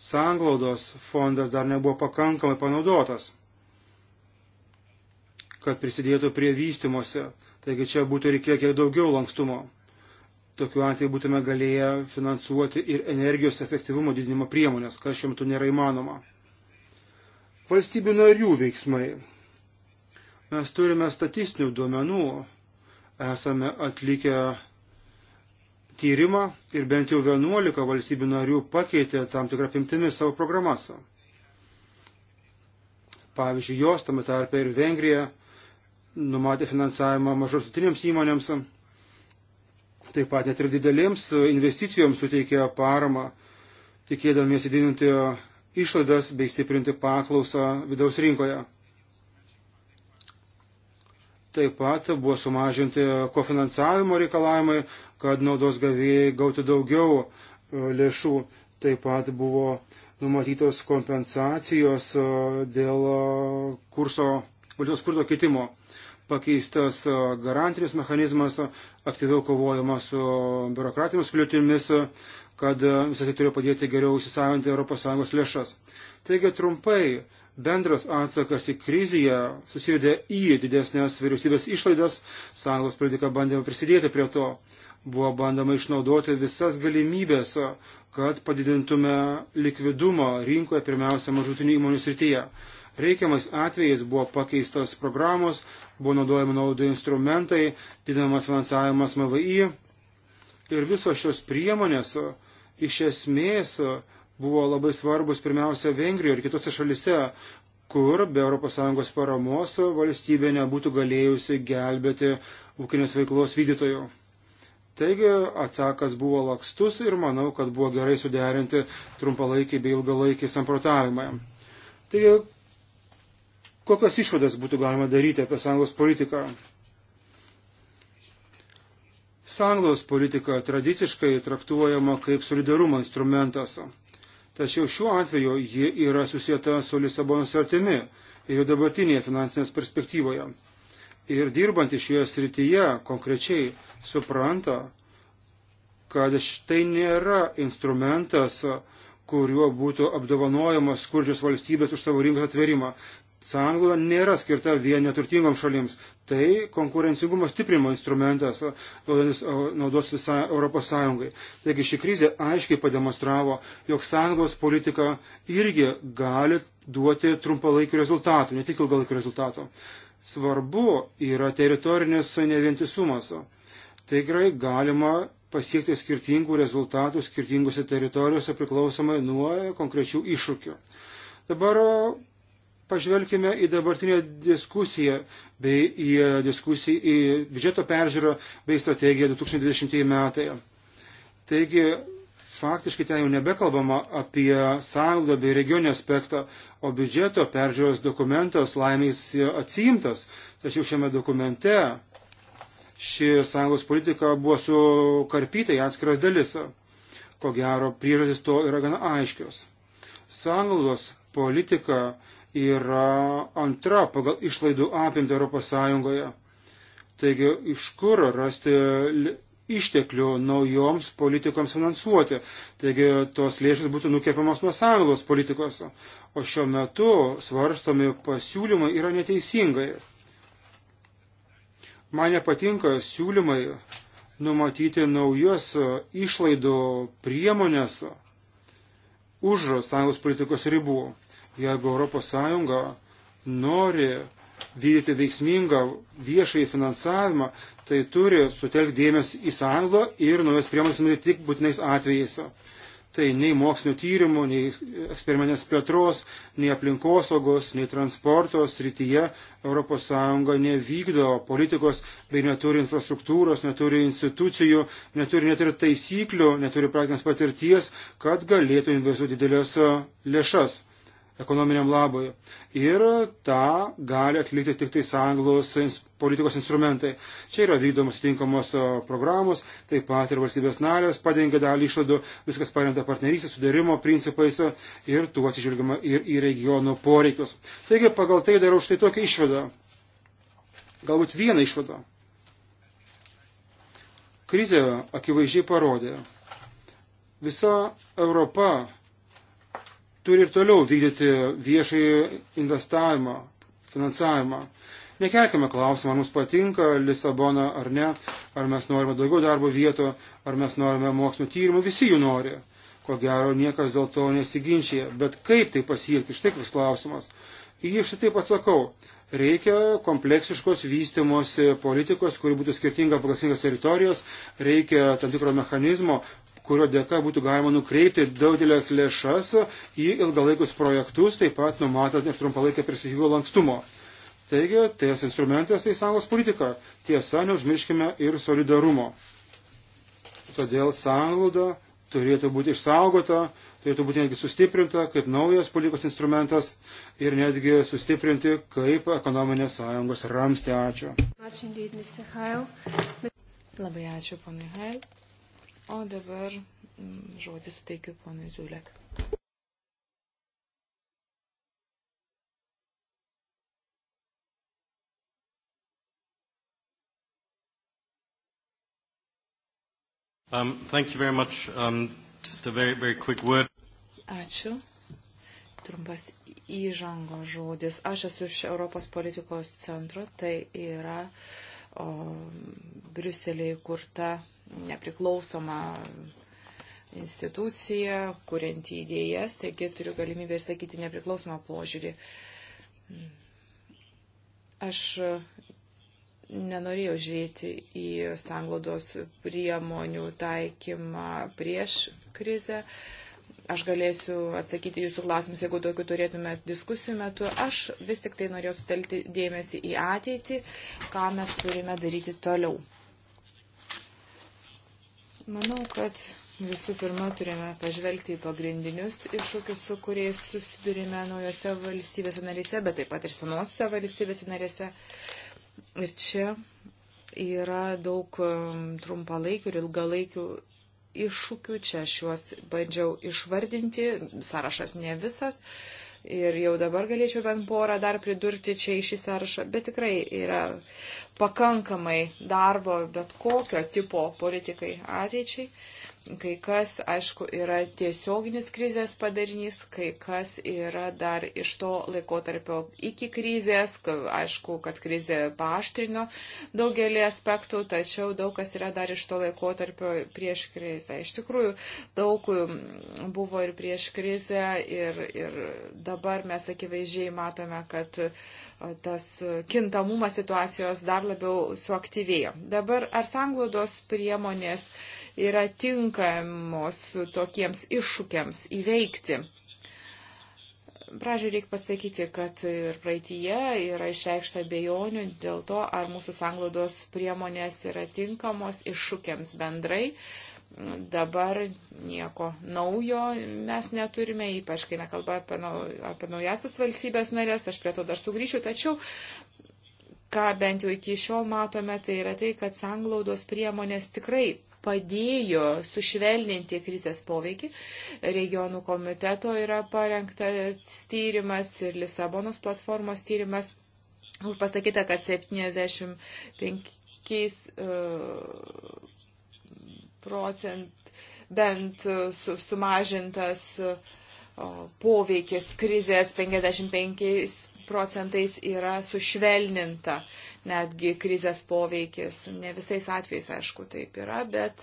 Speaker 1: sanglaudos fondas dar nebuvo pakankamai panaudotas, kad prisidėtų prie vystimosi. Taigi čia būtų reikėję kiek daugiau lankstumo tokiu atveju būtume galėję finansuoti ir energijos efektyvumo didinimo priemonės, kas šiuo metu nėra įmanoma. Valstybių narių veiksmai. Mes turime statistinių duomenų, esame atlikę tyrimą ir bent jau 11 valstybių narių pakeitė tam tikrą pimtimį savo programas. Pavyzdžiui, jos tame tarpe ir Vengrija numatė finansavimą mažos įmonėms Taip pat net ir didelėms e, investicijoms suteikia paramą, tikėdamiesi didinti išlaidas bei stiprinti paklausą vidaus rinkoje. Taip pat buvo sumažinti kofinansavimo reikalavimai, kad naudos gavėjai gautų daugiau e, lėšų. Taip pat buvo numatytos kompensacijos e, dėl kurso valiutos kurso kitimo pakeistas garantijos mechanizmas, aktyviau kovojama su biurokratinėmis kliūtimis, kad visą tai turėjo padėti geriau įsisavinti ES lėšas. Taigi trumpai, bendras atsakas į krizę susivedė į didesnės vyriausybės išlaidas, sąjungos politika bandėme prisidėti prie to. Buvo bandama išnaudoti visas galimybės, kad padidintume likvidumą rinkoje, pirmiausia, mažutinių įmonių srityje reikiamais atvejais buvo pakeistos programos, buvo naudojami naudų instrumentai, didinamas finansavimas MVI. Ir visos šios priemonės iš esmės buvo labai svarbus pirmiausia Vengrijoje ir kitose šalise, kur be ES paramos valstybė nebūtų galėjusi gelbėti ūkinės veiklos vykdytojų. Taigi atsakas buvo lakstus ir manau, kad buvo gerai suderinti trumpalaikį bei ilgalaikį samprotavimą. Taigi Kokias išvadas būtų galima daryti apie sąjungos politiką? Sanglos politika tradiciškai traktuojama kaip solidarumo instrumentas. Tačiau šiuo atveju ji yra susijęta su Lisabono sartimi ir jo dabartinėje finansinės perspektyvoje. Ir dirbantys šioje srityje konkrečiai supranta, kad štai nėra instrumentas, kuriuo būtų apdovanojamos skurdžios valstybės už savo rinkos atverimą sąjunga nėra skirta vien neturtingoms šalims. Tai konkurencingumo stiprimo instrumentas, kuris naudos visai Europos Sąjungai. Taigi ši krizė aiškiai pademonstravo, jog sąjungos politika irgi gali duoti trumpalaikių rezultatų, ne tik ilgalaikių rezultatų. Svarbu yra teritorinis nevientisumas. Tikrai galima pasiekti skirtingų rezultatų skirtingose teritorijose priklausomai nuo konkrečių iššūkių. Dabar Pažvelkime į dabartinę diskusiją bei į, e, diskusiją, į biudžeto peržiūrą bei strategiją 2020 metai. Taigi, faktiškai ten jau nebekalbama apie sąjungą bei regionį aspektą, o biudžeto peržiūros dokumentas laimės atsiimtas. Tačiau šiame dokumente ši sąjungos politika buvo sukarpyta į atskiras dalis. Ko gero, priežastis to yra gana aiškios. Sąjungos politika yra antra pagal išlaidų apimti ES. Taigi, iš kur rasti išteklių naujoms politikoms finansuoti. Taigi tos lėšas būtų nukėpiamas nuo sąjungos politikos. O šiuo metu svarstomi pasiūlymai yra neteisingai. Man nepatinka siūlymai numatyti naujas išlaidų priemonės už sąjungos politikos ribų. Jeigu ES nori vykdyti veiksmingą viešai finansavimą, tai turi sutelkti dėmesį į sąjungą ir naujas priemonės nuėti tik būtinais atvejais. Tai nei mokslinio tyrimo, nei eksperimentinės plėtros, nei aplinkosaugos, nei transporto srityje ES nevykdo politikos bei neturi infrastruktūros, neturi institucijų, neturi net ir taisyklių, neturi praktinės patirties, kad galėtų investuoti didelės lėšas ekonominiam labui. Ir tą gali atlikti tik tai sąjungos politikos instrumentai. Čia yra vykdomos tinkamos programos, taip pat ir valstybės narės padengia dalį išlaidų, viskas paremta partnerystės, sudarimo principais ir tuo atsižvelgiama ir į regionų poreikius. Taigi pagal tai darau štai tokią išvadą. Galbūt vieną išvadą. Krizė akivaizdžiai parodė. Visa Europa turi ir toliau vykdyti viešojo investavimą, finansavimą. Nekelkime klausimą, ar mums patinka Lisabona ar ne, ar mes norime daugiau darbo vietų, ar mes norime mokslinio tyrimų, visi jų nori. Ko gero, niekas dėl to nesiginčia, bet kaip tai pasiekti, štai koks klausimas. Ir aš taip atsakau, reikia kompleksiškos vystimosi politikos, kuri būtų skirtinga pagal skirtingas teritorijas, reikia tam tikro mechanizmo, kurio dėka būtų galima nukreipti daugelės lėšas į ilgalaikius projektus, taip pat numatant ir trumpalaikę perspektyvų lankstumo. Taigi, tas instrumentas tai sąjungos politika. Tiesa, neužmirškime ir solidarumo. Todėl sąjunga turėtų būti išsaugota, turėtų būti netgi sustiprinta kaip naujas politikos instrumentas ir netgi sustiprinti kaip ekonominės sąjungos ramstė. Ačiū. Ačiū
Speaker 2: indeed, Labai ačiū, ponai Hail. O dabar
Speaker 1: mm,
Speaker 2: žodį suteikiu ponui Zulek. Um, thank you very much. Um, just a very, very quick word. Ačiū. Trumpas įžango žodis. Aš esu iš Europos politikos centro, tai yra o, Briuselėje įkurta nepriklausoma institucija, kurianti idėjas, taigi turiu galimybę išsakyti nepriklausomą požiūrį. Aš nenorėjau žiūrėti į sanglodos priemonių taikymą prieš krizę. Aš galėsiu atsakyti jūsų klausimus, jeigu tokių turėtumėt diskusijų metu. Aš vis tik tai norėjau sutelkti dėmesį į ateitį, ką mes turime daryti toliau. Manau, kad visų pirma turime pažvelgti į pagrindinius iššūkius, su kuriais susidurime naujose valstybėse narėse, bet taip pat ir senosiose valstybėse narėse. Ir čia yra daug um, trumpalaikių ir ilgalaikių iššūkių. Čia aš juos bandžiau išvardinti, sąrašas ne visas. Uh, ir jau dabar galėčiau bent porą dar pridurti čia į šį sąrašą, bet tikrai yra pakankamai darbo bet kokio tipo politikai ateičiai. Kai kas, aišku, yra tiesioginis krizės padarinys, kai kas yra dar iš to laikotarpio iki krizės, aišku, kad krizė paaštrino daugelį aspektų, tačiau daug kas yra dar iš to laikotarpio prieš krizę. Iš tikrųjų, daug buvo ir prieš krizę ir, ir dabar mes akivaizdžiai matome, kad tas kintamumas situacijos dar labiau suaktyvėjo. Dabar ar sanglaudos priemonės yra tinkamos tokiems iššūkiams įveikti. Pradžioje reikia pasakyti, kad ir praeitie yra išreikšta bejonių dėl to, ar mūsų sanglaudos priemonės yra tinkamos iššūkiams bendrai. Dabar nieko naujo mes neturime, ypač kai nekalba apie, nau, apie naujasias valstybės narės, aš prie to dar sugrįšiu, tačiau ką bent jau iki šiol matome, tai yra tai, kad sanglaudos priemonės tikrai padėjo sušvelninti krizės poveikį. Regionų komiteto yra parengtas tyrimas ir Lisabonos platformos tyrimas, kur pasakyta, kad 75 e, procent bent su, sumažintas e, poveikis krizės 55 procentais yra sušvelninta netgi krizės poveikis. Ne visais atvejais, aišku, taip yra, bet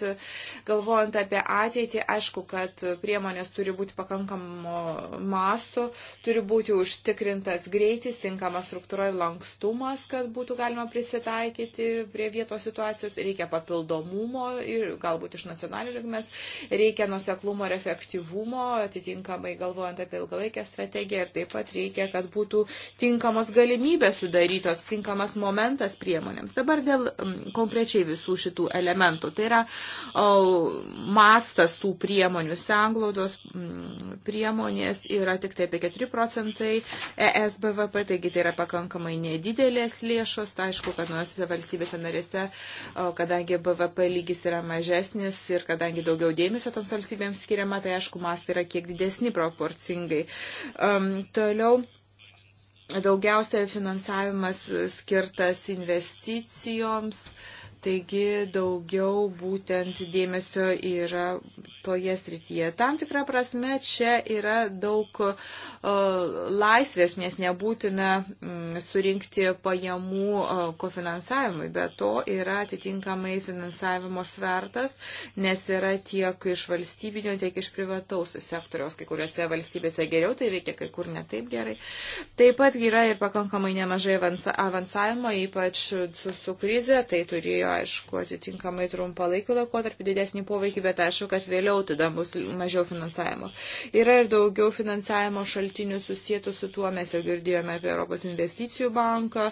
Speaker 2: galvojant apie ateitį, aišku, kad priemonės turi būti pakankamo masto, turi būti užtikrintas greitis, tinkama struktūra ir lankstumas, kad būtų galima prisitaikyti prie vietos situacijos, reikia papildomumo ir galbūt iš nacionalinių lygmens, reikia nuseklumo ir efektyvumo, atitinkamai galvojant apie ilgalaikę strategiją ir taip pat reikia, kad būtų tinkamos galimybės sudarytos, tinkamas momentas priemonėms. Dabar dėl mm, konkrečiai visų šitų elementų. Tai yra o, mastas tų priemonių, senglaudos mm, priemonės yra tik tai apie 4 procentai ESBVP, taigi tai yra pakankamai nedidelės lėšos. Tai aišku, kad nuose valstybėse narėse, o, kadangi BVP lygis yra mažesnis ir kadangi daugiau dėmesio toms valstybėms skiriama, tai aišku, mastai yra kiek didesni proporcingai. Um, toliau Daugiausia finansavimas skirtas investicijoms, uh, Taigi daugiau būtent dėmesio yra toje srityje. Tam tikrą prasme čia yra daug uh, laisvės, nes nebūtina mm, surinkti pajamų uh, kofinansavimui, bet to yra atitinkamai finansavimo svertas, nes yra tiek iš valstybinio, tiek iš privataus sektoriaus. Kai kuriuose valstybėse geriau tai veikia, kai kur netaip gerai. Taip pat yra ir pakankamai nemažai avansavimo, ypač su, su krize, tai turėjo aišku, atitinkamai trumpalaikį laikotarpį didesnį poveikį, bet aišku, kad vėliau tada bus mažiau finansavimo. Yra ir daugiau finansavimo šaltinių susijęto su tuo, mes jau girdėjome apie Europos investicijų banką,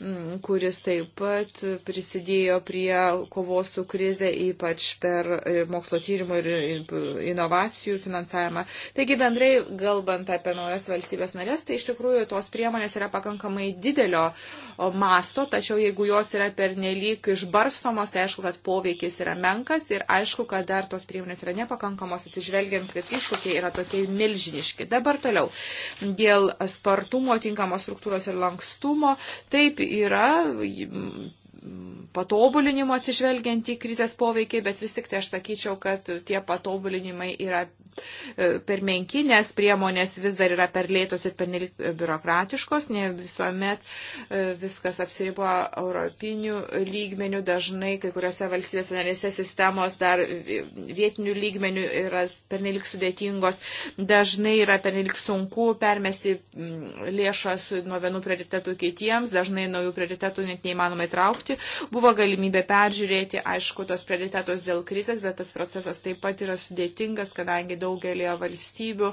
Speaker 2: Mm, kuris taip pat prisidėjo prie kovos su krize, ypač per mokslo tyrimų ir inovacijų finansavimą. Taigi bendrai, galbant apie naujas valstybės narės, tai iš tikrųjų tos priemonės yra pakankamai didelio masto, tačiau jeigu jos yra pernelyg išbarstomos, tai aišku, kad poveikis yra menkas ir aišku, kad dar tos priemonės yra nepakankamos, atsižvelgiant, kad iššūkiai yra tokie milžiniški. Dabar toliau. Dėl spartumo, tinkamos struktūros ir lankstumo, taip, yra patobulinimų atsižvelgiant į krizės poveikį, bet vis tik tai aš sakyčiau, kad tie patobulinimai yra e, per menki, nes priemonės vis dar yra per lėtos ir per e, biurokratiškos, ne visuomet e, viskas apsiribo europinių lygmenių, dažnai kai kuriuose valstybės narėse sistemos dar vietinių lygmenių yra pernelik sudėtingos, dažnai yra pernelik sunku permesti mm, lėšas nuo vienų prioritetų kitiems, dažnai naujų prioritetų net neįmanoma įtraukti padaryti. Buvo galimybė peržiūrėti, aišku, tos prioritetos dėl krizės, bet tas procesas taip pat yra sudėtingas, kadangi daugelio valstybių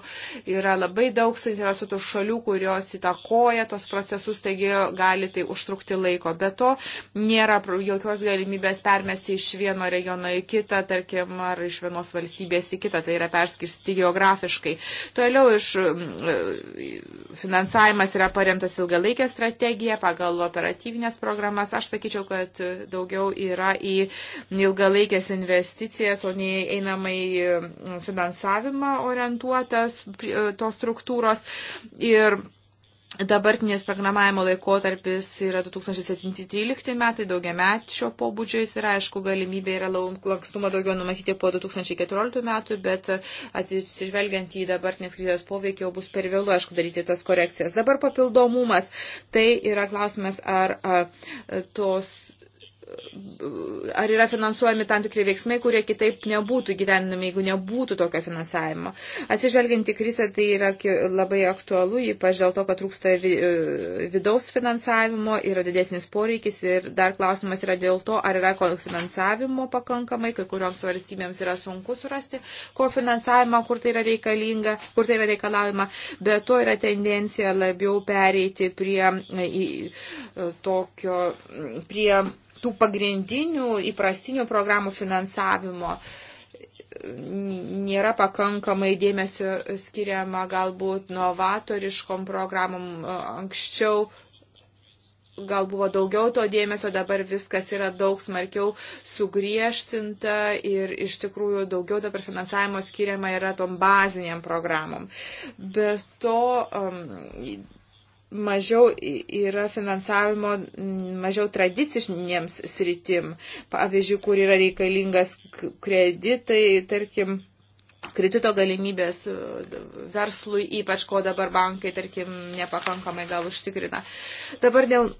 Speaker 2: yra labai daug suinteresuotų šalių, kurios įtakoja tos procesus, taigi gali tai užtrukti laiko. Be to, nėra jokios galimybės permesti iš vieno regiono į kitą, tarkim, ar iš vienos valstybės į kitą, tai yra perskirsti geografiškai. Toliau iš mm, finansavimas yra paremtas ilgalaikė strategija pagal operatyvinės programas. Aš sakyčiau, kad daugiau yra į ilgalaikės investicijas, o ne einamai um, finansavimą orientuotas tos struktūros. Ir Dabartinės programavimo laikotarpis yra 2017-2013 metai, daugiamečio pobūdžio jis yra, aišku, galimybė yra lankstumo daugiau numatyti po 2014 metų, bet atsižvelgiant į dabartinės krizės poveikį jau bus per vėlu, aišku, daryti tas korekcijas. Dabar papildomumas, tai yra klausimas, ar a, tos ar yra finansuojami tam tikri veiksmai, kurie kitaip nebūtų gyvenami, jeigu nebūtų tokio finansavimo. Atsižvelgiant į krizę, tai yra labai aktualu, ypač dėl to, kad trūksta e, vidaus finansavimo, yra didesnis poreikis ir dar klausimas yra dėl to, ar yra kofinansavimo pakankamai, kai kurioms valstybėms yra sunku surasti kofinansavimą, kur tai yra reikalinga, kur tai yra reikalaujama, bet to yra tendencija labiau pereiti prie e, į, e, tokio, prie tų pagrindinių įprastinių programų finansavimo nėra pakankamai dėmesio skiriama galbūt novatoriškom programom anksčiau. Gal buvo daugiau to dėmesio, dabar viskas yra daug smarkiau sugriežtinta ir iš tikrųjų daugiau dabar finansavimo skiriama yra tom baziniam programom. Be to, um, mažiau yra finansavimo mažiau tradicinėms sritim, pavyzdžiui, kur yra reikalingas kreditai, tarkim, kredito galimybės e, verslui, ypač ko dabar bankai, tarkim, nepakankamai gal užtikrina. Dabar dėl,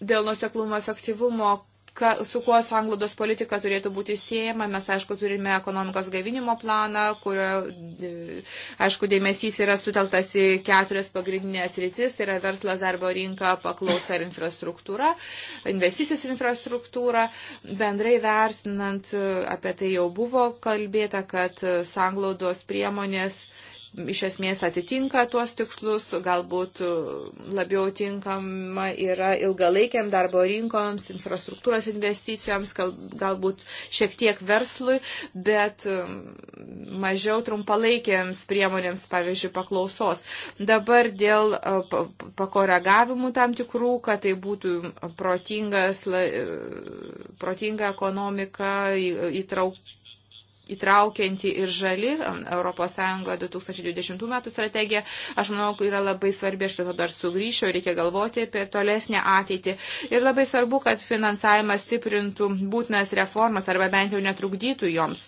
Speaker 2: dėl nuseklumo efektyvumo ka, su kuo sanglaudos politika turėtų būti siejama. Mes, aišku, turime ekonomikos gavinimo planą, kurio, e, aišku, dėmesys yra suteltas į keturias pagrindinės rytis tai - yra verslas, darbo rinka, paklausa ir infrastruktūra, investicijos infrastruktūra. Bendrai vertinant, e, apie tai jau buvo kalbėta, kad sanglaudos priemonės iš esmės atitinka tuos tikslus, galbūt e, labiau tinkama yra ilgalaikiam darbo rinkoms, infrastruktūros investicijoms, galbūt šiek tiek verslui, bet e, mažiau trumpalaikiams priemonėms, pavyzdžiui, paklausos. Dabar dėl e, pakoregavimų tam tikrų, kad tai būtų protingas, protinga ekonomika įtraukta įtraukianti ir žali um, ES 2020 metų strategija, aš manau, yra labai svarbi, aš prie to dar sugrįšiu, reikia galvoti apie tolesnę ateitį. Ir labai svarbu, kad finansavimas stiprintų būtinas reformas arba bent jau netrukdytų joms.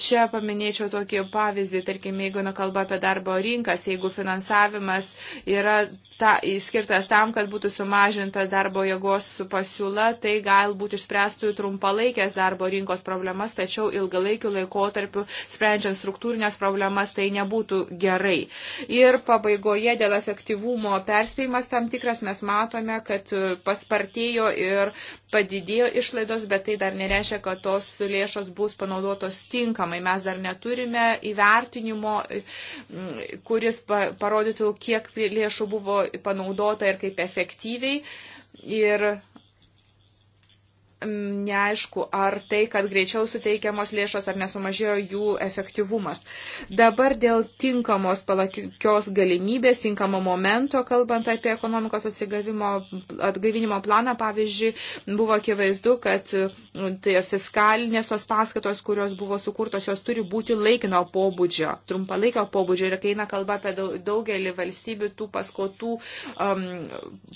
Speaker 2: Čia paminėčiau tokį pavyzdį, tarkim, jeigu kalba apie darbo rinkas, jeigu finansavimas yra ta, skirtas tam, kad būtų sumažinta darbo jėgos pasiūla, tai galbūt išspręstų trumpalaikės darbo rinkos problemas, tačiau ilgalaikiu laikotarpiu sprendžiant struktūrinės problemas tai nebūtų gerai. Ir pabaigoje dėl efektyvumo perspėjimas tam tikras mes matome, kad paspartėjo ir padidėjo išlaidos, bet tai dar nereiškia, kad tos lėšos bus panaudotos tinkamai. Mes dar neturime įvertinimo, kuris parodytų, kiek lėšų buvo panaudota ir kaip efektyviai. Ir neaišku, ar tai, kad greičiau suteikiamos lėšos, ar nesumažėjo jų efektyvumas. Dabar dėl tinkamos palakios galimybės, tinkamo momento, kalbant apie ekonomikos atgaivinimo planą, pavyzdžiui, buvo akivaizdu, kad tai fiskalinės tos paskatos, kurios buvo sukurtos, jos turi būti laikino pobūdžio, trumpalaikio pobūdžio. Ir kai eina kalba apie daugelį valstybių, tų paskotų um,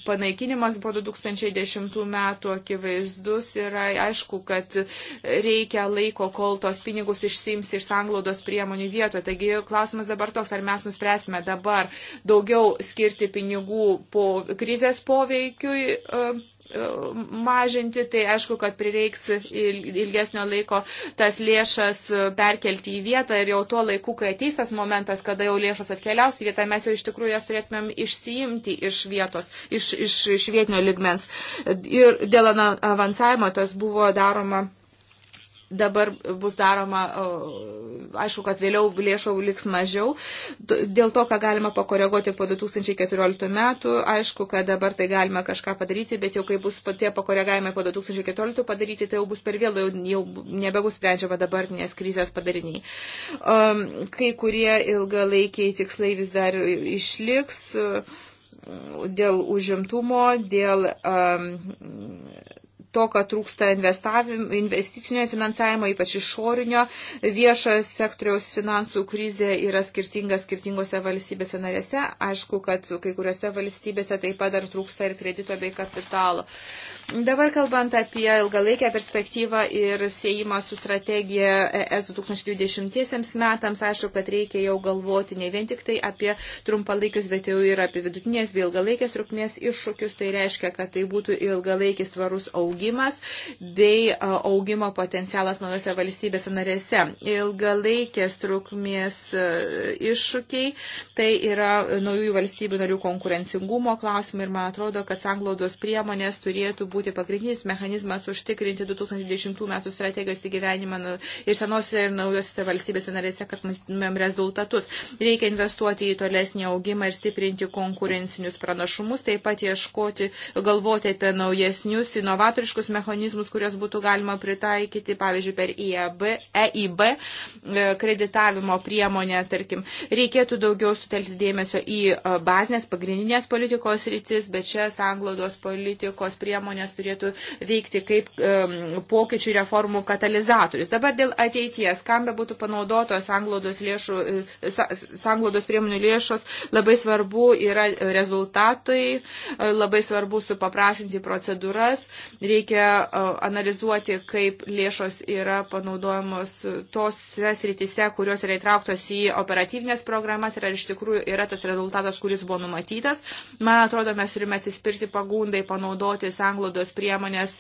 Speaker 2: panaikinimas buvo 2010 metų akivaizdus yra aišku, kad reikia laiko, kol tos pinigus išsiims iš sanglaudos priemonių vietoje. Taigi klausimas dabar toks, ar mes nuspręsime dabar daugiau skirti pinigų po krizės poveikiui. Uh, mažinti, tai aišku, kad prireiks ilgesnio laiko tas lėšas e, perkelti į vietą ir jau tuo laiku, kai ateis tas momentas, kada jau lėšos atkeliaus į vietą, mes jau iš tikrųjų jas turėtumėm išsiimti iš vietos, iš, iš, iš vietinio ligmens. Ir dėl avansavimo tas buvo daroma dabar bus daroma, aišku, kad vėliau lėšų liks mažiau. Dėl to, ką galima pakoreguoti po 2014 metų, aišku, kad dabar tai galima kažką padaryti, bet jau kai bus tie pakoregavimai po 2014 padaryti, tai jau bus per vėlų, jau, jau nebebus sprendžiama dabartinės krizės padariniai. Kai kurie ilgalaikiai tikslai vis dar išliks dėl užimtumo, dėl um, to, kad trūksta investicinio finansavimo, ypač išorinio, viešojo sektoriaus finansų krizė yra skirtinga skirtingose valstybėse narėse. Aišku, kad kai kuriuose valstybėse taip pat dar trūksta ir kredito bei kapitalo. Dabar kalbant apie ilgalaikę perspektyvą ir siejimą su strategija e ES 2020 metams, aišku, kad reikia jau galvoti ne vien tik tai apie trumpalaikius, bet jau ir apie vidutinės bei ilgalaikės trukmės iššūkius. Tai reiškia, kad tai būtų ilgalaikis tvarus augimas bei augimo potencialas naujose valstybėse narėse. Ilgalaikės trukmės iššūkiai tai yra naujųjų valstybių narių konkurencingumo klausimai ir man atrodo, kad sanglaudos priemonės turėtų būti pagrindinis mechanizmas užtikrinti 2010 metų strategijos įgyvenimą nu, ir senose ir naujose valstybėse narėse, kad matytumėm rezultatus. Reikia investuoti į tolesnį augimą ir stiprinti konkurencinius pranašumus, taip pat ieškoti, galvoti apie naujesnius, inovatoriškus mechanizmus, kuriuos būtų galima pritaikyti, pavyzdžiui, per IAB, EIB e, kreditavimo priemonę, tarkim. Reikėtų daugiau sutelkti dėmesio į e, bazinės, pagrindinės politikos rytis, bet čia sanglaudos politikos priemonė priemonės turėtų veikti kaip um, pokyčių reformų katalizatorius. Dabar dėl ateities, kam be būtų panaudotos anglodos, lėšų, e, anglodos priemonių lėšos, labai svarbu yra rezultatai, e, labai svarbu supaprašinti procedūras, reikia e, analizuoti, kaip lėšos yra panaudojamos tose sritise, kurios yra įtrauktos į operatyvinės programas ir ar iš tikrųjų yra tas rezultatas, kuris buvo numatytas. Man atrodo, mes turime atsispirti pagundai panaudoti anglodos sanglaudos priemonės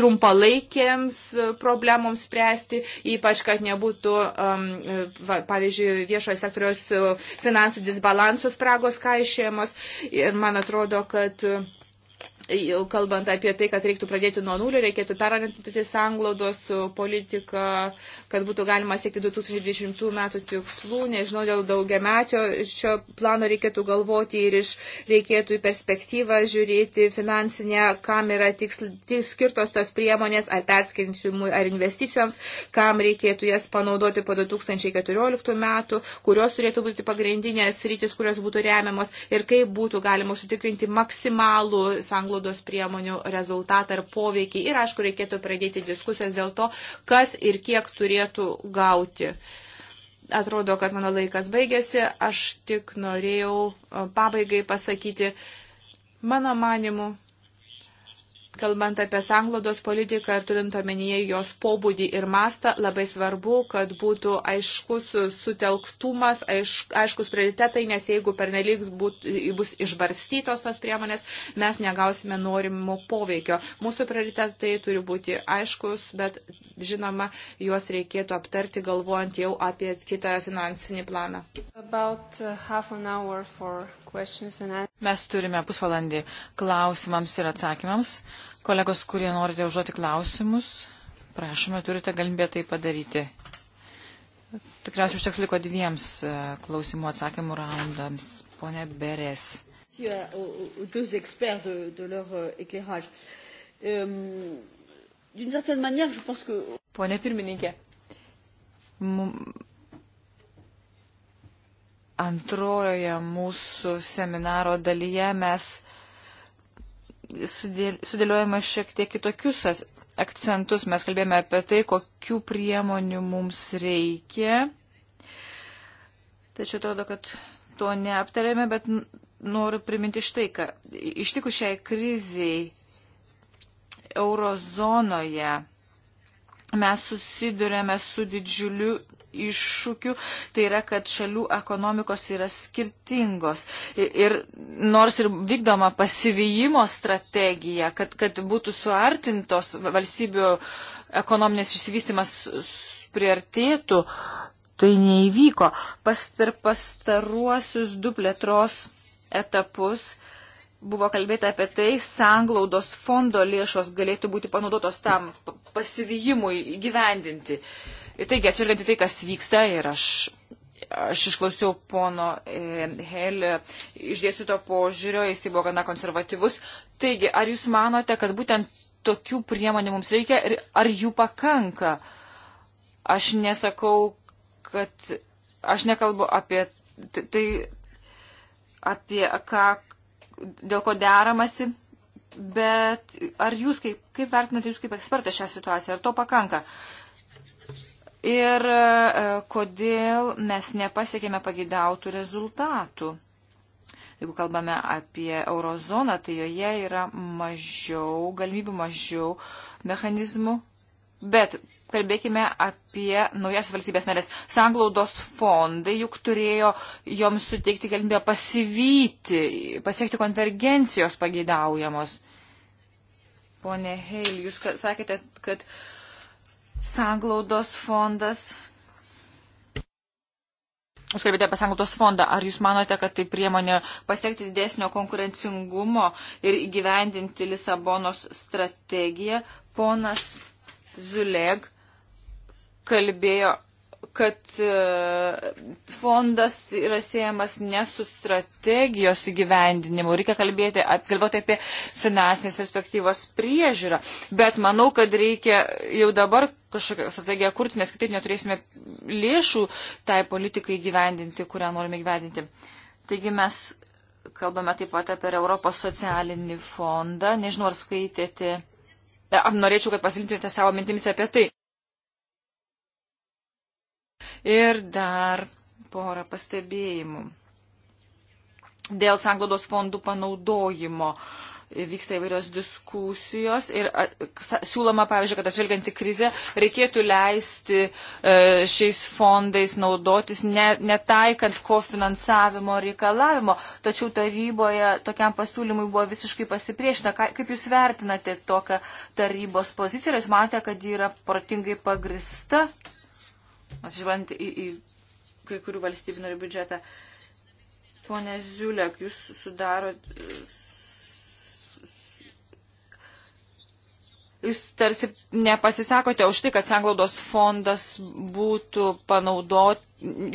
Speaker 2: trumpalaikėms e, problemoms spręsti, ypač kad nebūtų, e, pavyzdžiui, viešojo sektoriaus e, finansų disbalansų spragos kaišėjamos. Ir man atrodo, kad jau kalbant apie tai, kad reiktų pradėti nuo nulio, reikėtų perorientuoti sanglaudos politiką, kad būtų galima siekti 2020 metų tikslų, nežinau, dėl daugiametio šio plano reikėtų galvoti ir iš reikėtų į perspektyvą žiūrėti finansinę, kam yra tiksl, tiks skirtos tos priemonės, ar perskirintimui, ar investicijoms, kam reikėtų jas panaudoti po 2014 metų, kurios turėtų būti pagrindinės rytis, kurios būtų remiamos ir kaip būtų galima užtikrinti maksimalų sanglaudos sanglaudos priemonių rezultatą ir poveikį. Ir aišku, reikėtų pradėti diskusijas dėl to, kas ir kiek turėtų gauti. Atrodo, kad mano laikas baigėsi. Aš tik norėjau pabaigai pasakyti, mano manimu, kalbant apie sanglodos politiką ir turint omenyje jos pobūdį ir mastą, labai svarbu, kad būtų aiškus sutelktumas, aišk, aiškus prioritetai, nes jeigu pernelyg bus išbarstytos tos priemonės, mes negausime norimo poveikio. Mūsų prioritetai turi būti aiškus, bet žinoma, juos reikėtų aptarti galvojant jau apie kitą finansinį planą.
Speaker 3: Uh, mes turime pusvalandį klausimams ir atsakymams. Kolegos, kurie norite užduoti klausimus, prašome, turite galimybę tai padaryti. Tikriausiai užteks liko dviems e, klausimų atsakymų raundams. Pone Beres. Pone pirmininkė, antrojoje mūsų seminaro dalyje mes sudėliojame šiek tiek kitokius akcentus. Mes kalbėjome apie tai, kokių priemonių mums reikia. Tačiau atrodo, kad to neaptarėme, bet noriu priminti štai, kad ištikus šiai kriziai eurozonoje mes susidurėme su didžiuliu iššūkių, tai yra, kad šalių ekonomikos yra skirtingos. Ir, ir nors ir vykdoma pasivyjimo strategija, kad, kad būtų suartintos valstybių ekonominės išsivystimas priartėtų, tai neįvyko. Pas, per pastaruosius du plėtros etapus buvo kalbėta apie tai, sanglaudos fondo lėšos galėtų būti panaudotos tam pasivyjimui įgyvendinti. Uh, Taigi, atsižvelgiant į tai, kas vyksta ir aš, aš išklausiau pono e, Hel išdėstyto požiūrio, jis tai buvo gana konservatyvus. Taigi, ar jūs manote, kad būtent tokių priemonių mums reikia ir ar jų pakanka? Aš nesakau, kad aš nekalbu apie tai, apie ką, dėl ko deramasi, bet ar jūs kaip, kaip vertinate jūs kaip ekspertas šią situaciją, ar to pakanka? Uh, ir e, kodėl mes nepasiekėme pagidautų rezultatų. Jeigu kalbame apie eurozoną, tai joje yra mažiau galimybių, mažiau mechanizmų. Bet kalbėkime apie naujas valstybės narės. Sanglaudos fondai juk turėjo joms suteikti galimybę pasivyti, pasiekti konvergencijos pageidaujamos. Pone Heil, jūs sakėte, kad sanglaudos fondas. Jūs kalbėjote apie sanglaudos fondą. Ar jūs manote, kad tai priemonė pasiekti didesnio konkurencingumo ir įgyvendinti Lisabonos strategiją? Ponas Zuleg kalbėjo kad e, fondas yra siejamas ne su strategijos įgyvendinimu. Reikia kalbėti, galvoti apie finansinės perspektyvos priežiūrą. Bet manau, kad reikia jau dabar kažkokią strategiją kurti, nes kitaip neturėsime lėšų tai politikai gyvendinti, kurią norime gyvendinti. Taigi mes kalbame taip pat apie Europos socialinį fondą. Nežinau, ar skaitėte. Ar e, norėčiau, kad pasilintumėte savo mintimis apie tai. Ir dar porą pastebėjimų. Dėl sanglaudos fondų panaudojimo vyksta įvairios diskusijos ir siūloma, pavyzdžiui, kad atšvelgiant į krizę reikėtų leisti e, šiais fondais naudotis, netaikant ne kofinansavimo reikalavimo. Tačiau taryboje tokiam pasiūlymui buvo visiškai pasipriešina. Kaip Jūs vertinate tokią tarybos poziciją? Jūs matote, kad ji yra protingai pagrista? atsižvelgiant į, į kai kurių valstybių narių biudžetą. Pone Ziulek, jūs sudarot, jūs tarsi nepasisakote už tai, kad sanglaudos fondas būtų panaudot,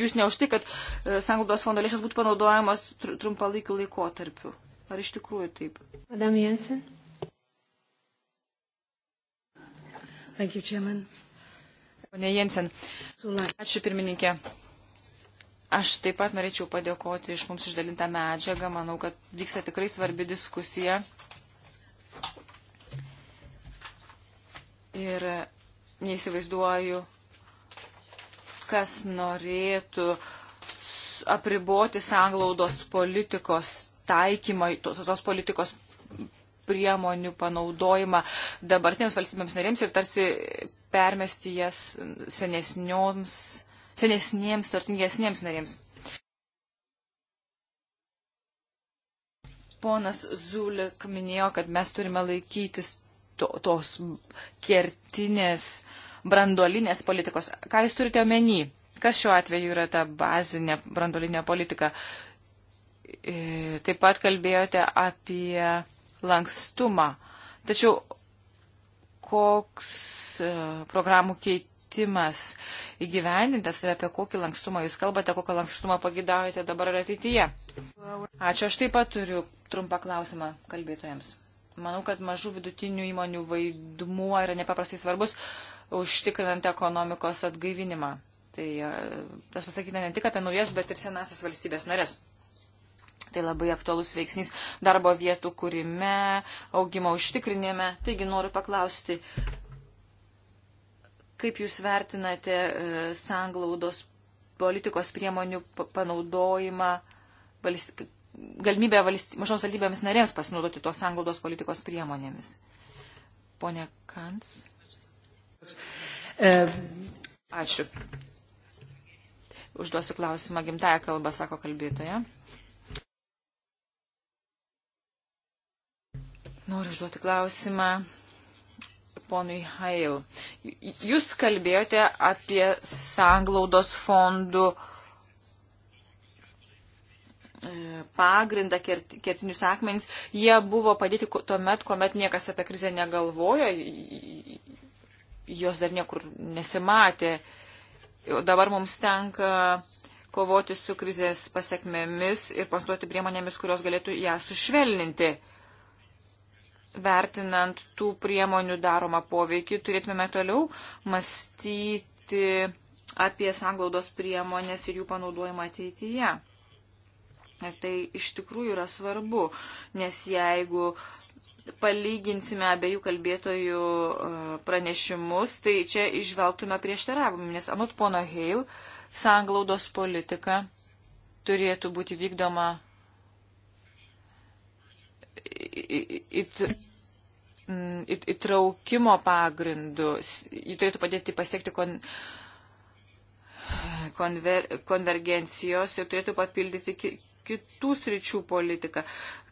Speaker 3: jūs ne už tai, kad e, sanglaudos fondo lėšas būtų panaudojamas tr trumpalaikiu laikotarpiu. Ar iš tikrųjų taip? Madam Jensen. Thank you, Chairman. Pone Jensen, ačiū pirmininkė. Aš taip pat norėčiau padėkoti iš mums išdalintą medžiagą. Manau, kad vyksta tikrai svarbi diskusija. Ir neįsivaizduoju, kas norėtų apriboti sanglaudos politikos taikymą, tos, tos politikos priemonių panaudojimą dabartinėms valstybėms narėms ir tarsi permesti jas senesnioms, senesniems, turtingesniems narėms. Ponas Zulik minėjo, kad mes turime laikytis to, tos kertinės brandolinės politikos. Ką jūs turite omeny? Kas šiuo atveju yra ta bazinė brandolinė politika? E, taip pat kalbėjote apie lankstumą. Tačiau koks e, programų keitimas įgyvendintas ir apie kokį lankstumą jūs kalbate, kokią lankstumą pagidaujate dabar ir ateityje. Ačiū, aš taip pat turiu trumpą klausimą kalbėtojams. Manau, kad mažų vidutinių įmonių vaidmuo yra nepaprastai svarbus užtikrinant ekonomikos atgaivinimą. Tai e, tas pasakyta ne tik apie naujas, bet ir senasias valstybės narės. Tai labai aktualus veiksnys darbo vietų kūrime, augimo užtikrinime. Taigi noriu paklausti, kaip Jūs vertinate e, sanglaudos politikos priemonių panaudojimą, valst... galimybę valst... mažoms valdybėms narėms pasinaudoti tos sanglaudos politikos priemonėmis? Pone Kans. Ačiū. Užduosiu klausimą gimtają kalbą, sako kalbėtoja. Noriu užduoti klausimą ponui Hail. Jūs kalbėjote apie sanglaudos fondų e, pagrindą, kertinius akmenys. Jie buvo padėti tuomet, kuomet niekas apie krizę negalvojo, jos dar niekur nesimatė. Dabar mums tenka kovoti su krizės pasiekmėmis ir pastuoti priemonėmis, kurios galėtų ją sušvelninti. Uh, vertinant tų priemonių daromą poveikį, turėtume toliau mąstyti apie sanglaudos priemonės ir jų panaudojimą ateityje. Ir tai iš tikrųjų yra svarbu, nes jeigu palyginsime abiejų kalbėtojų e, pranešimus, tai čia išvelgtume prieštaravimą, nes anot pono Heil, sanglaudos politika turėtų būti vykdoma it, it, įtraukimo pagrindu. Ji turėtų padėti pasiekti kon, konver, konvergencijos ir turėtų papildyti ki, kitų sričių politiką.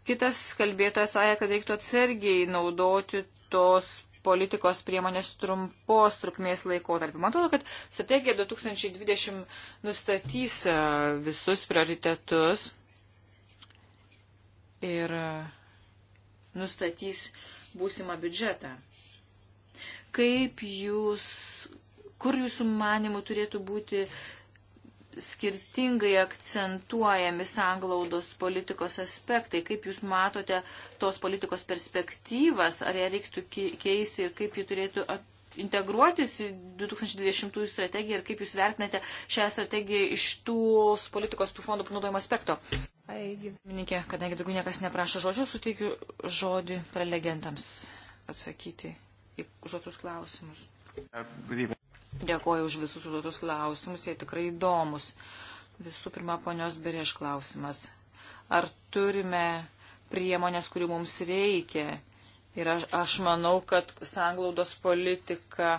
Speaker 3: Kitas kalbėtojas sąja, kad reiktų atsargiai naudoti tos politikos priemonės trumpos trukmės laikotarpį. Man atrodo, kad strategija 2020 nustatys e, visus prioritetus ir nustatys būsimą biudžetą. Kaip jūs, kur jūsų manimų turėtų būti skirtingai akcentuojami sanglaudos politikos aspektai, kaip jūs matote tos politikos perspektyvas, ar ją reiktų keisti ir kaip ji turėtų at integruotis į 2020 strategiją ir kaip jūs vertinate šią strategiją iš tos politikos tų fondų panaudojimo aspekto? Mininkė, kadangi daugiau niekas neprašo žodžio, suteikiu žodį prelegentams atsakyti į užduotus klausimus. Dėkuoju už visus užduotus klausimus, jie tikrai įdomus. Visų pirma, ponios Berėš klausimas. Ar turime priemonės, kurių mums reikia Ir aš, aš manau, kad sanglaudos politika